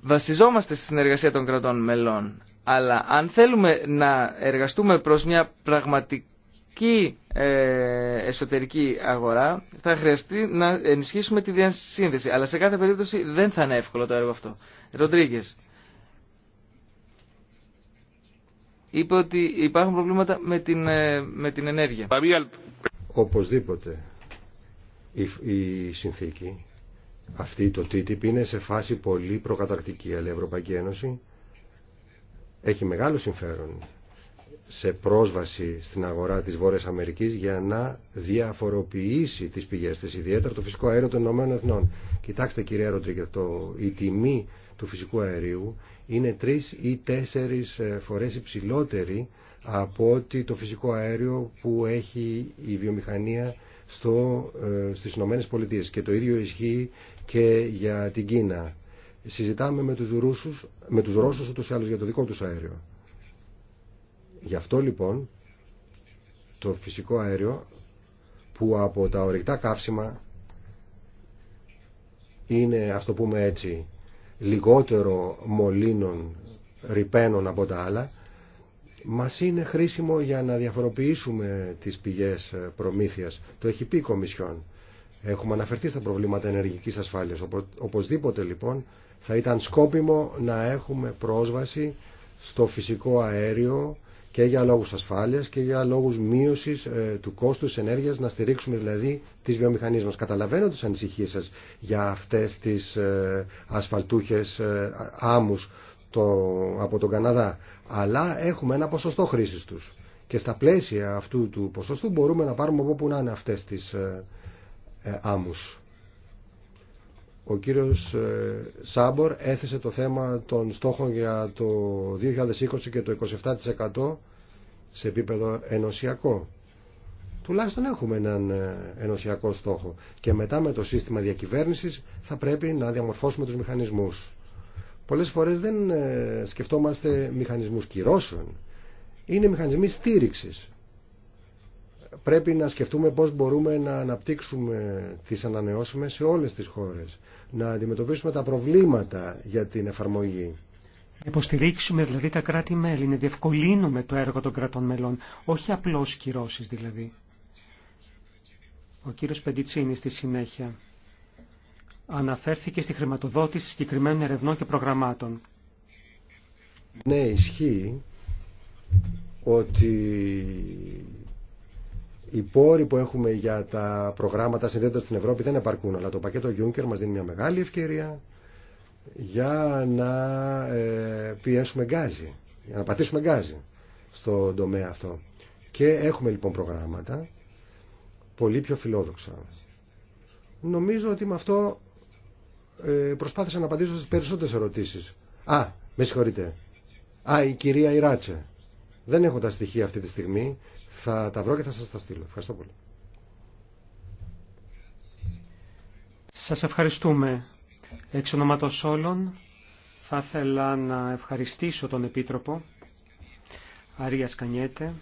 S3: Βασιζόμαστε στη συνεργασία των κρατών μελών. Αλλά αν θέλουμε να εργαστούμε προς μια πραγματική εσωτερική αγορά θα χρειαστεί να ενισχύσουμε τη διασύνδεση. Αλλά σε κάθε περίπτωση δεν θα είναι εύκολο το έργο αυτό. Ροντρίγκε. Είπε ότι υπάρχουν προβλήματα με την, ε, με την ενέργεια.
S2: Οπωσδήποτε η, συνθήκη αυτή το TTIP είναι σε φάση πολύ προκαταρκτική αλλά η Ευρωπαϊκή Ένωση έχει μεγάλο συμφέρον σε πρόσβαση στην αγορά της Βόρειας Αμερικής για να διαφοροποιήσει τις πηγές της, ιδιαίτερα το φυσικό αέριο των ΗΠΑ. Κοιτάξτε κυρία Ροντρίγκε, η τιμή του φυσικού αερίου είναι τρεις ή τέσσερις ε, φορές υψηλότερη από ότι το φυσικό αέριο που έχει η βιομηχανία στο, ε, στις Ηνωμένες Πολιτείες και το ίδιο ισχύει και για την Κίνα. Συζητάμε με τους, Ρούσους, με τους Ρώσους ούτως ή άλλως για το δικό τους αέριο. Γι' αυτό λοιπόν το φυσικό αέριο που από τα ορυκτά καύσιμα είναι ας το πούμε έτσι λιγότερο μολύνων ρηπαίνων από τα άλλα μας είναι χρήσιμο για να διαφοροποιήσουμε τις πηγές ε, προμήθειας. Το έχει πει η Κομισιόν. Έχουμε αναφερθεί στα προβλήματα ενεργικής ασφάλειας. Οπωσδήποτε λοιπόν θα ήταν σκόπιμο να έχουμε πρόσβαση στο φυσικό αέριο και για λόγους ασφάλειας και για λόγους μείωσης ε, του κόστους ενέργειας να στηρίξουμε δηλαδή τις βιομηχανίες μας. Καταλαβαίνω τις ανησυχίες σας για αυτές τις ε, ασφαλτούχες ε, άμμους το, από τον Καναδά. Αλλά έχουμε ένα ποσοστό χρήσης τους. Και στα πλαίσια αυτού του ποσοστού μπορούμε να πάρουμε από που να είναι αυτές τις ε, ε, άμμους. Ο κύριος ε, Σάμπορ έθεσε το θέμα των στόχων για το 2020 και το 27% σε επίπεδο ενωσιακό. Τουλάχιστον έχουμε έναν ε, ενωσιακό στόχο. Και μετά με το σύστημα διακυβέρνησης θα πρέπει να διαμορφώσουμε τους μηχανισμούς. Πολλές φορές δεν ε, σκεφτόμαστε μηχανισμούς κυρώσεων. Είναι μηχανισμοί στήριξης πρέπει να σκεφτούμε πώς μπορούμε να αναπτύξουμε τις ανανεώσιμες σε όλες τις χώρες. Να αντιμετωπίσουμε τα προβλήματα για την εφαρμογή.
S1: Να υποστηρίξουμε δηλαδή τα κράτη-μέλη, να διευκολύνουμε το έργο των κρατών μελών, όχι απλώς κυρώσεις δηλαδή. Ο κύριος Πεντιτσίνη στη συνέχεια αναφέρθηκε στη χρηματοδότηση συγκεκριμένων ερευνών και προγραμμάτων.
S2: Ναι, ισχύει ότι οι πόροι που έχουμε για τα προγράμματα συνδέοντας στην Ευρώπη δεν επαρκούν, αλλά το πακέτο Juncker μας δίνει μια μεγάλη ευκαιρία για να ε, πιέσουμε γκάζι, για να πατήσουμε γκάζι στον τομέα αυτό. Και έχουμε λοιπόν προγράμματα πολύ πιο φιλόδοξα. Νομίζω ότι με αυτό ε, προσπάθησα να απαντήσω στις περισσότερες ερωτήσεις. Α, με συγχωρείτε. Α, η κυρία Ιράτσε. Δεν έχω τα στοιχεία αυτή τη στιγμή. Θα τα βρω και θα σας τα στείλω. Ευχαριστώ πολύ.
S1: Σας ευχαριστούμε. Εξ ονόματος όλων θα ήθελα να ευχαριστήσω τον Επίτροπο Αρία Κανιέτε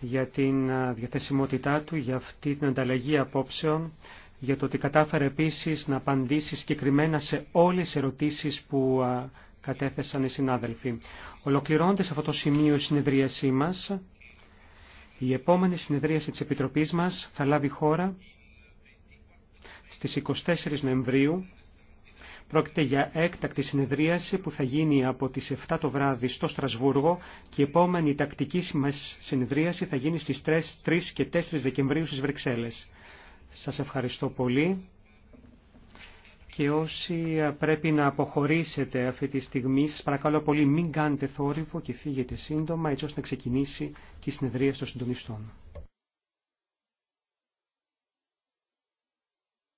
S1: για την διαθεσιμότητά του, για αυτή την ανταλλαγή απόψεων, για το ότι κατάφερε επίσης να απαντήσει συγκεκριμένα σε όλες τις ερωτήσεις που κατέθεσαν οι συνάδελφοι. Ολοκληρώνοντας αυτό το σημείο η συνεδρίασή μας. Η επόμενη συνεδρίαση της Επιτροπής μας θα λάβει χώρα στις 24 Νοεμβρίου. Πρόκειται για έκτακτη συνεδρίαση που θα γίνει από τις 7 το βράδυ στο Στρασβούργο και η επόμενη τακτική μας συνεδρίαση θα γίνει στις 3 και 4 Δεκεμβρίου στις Βρυξέλλες. Σας ευχαριστώ πολύ και όσοι ε, πρέπει να αποχωρήσετε αυτή τη στιγμή, σας παρακαλώ πολύ μην κάνετε θόρυβο και φύγετε σύντομα έτσι ώστε να ξεκινήσει και η συνεδρία των συντονιστών.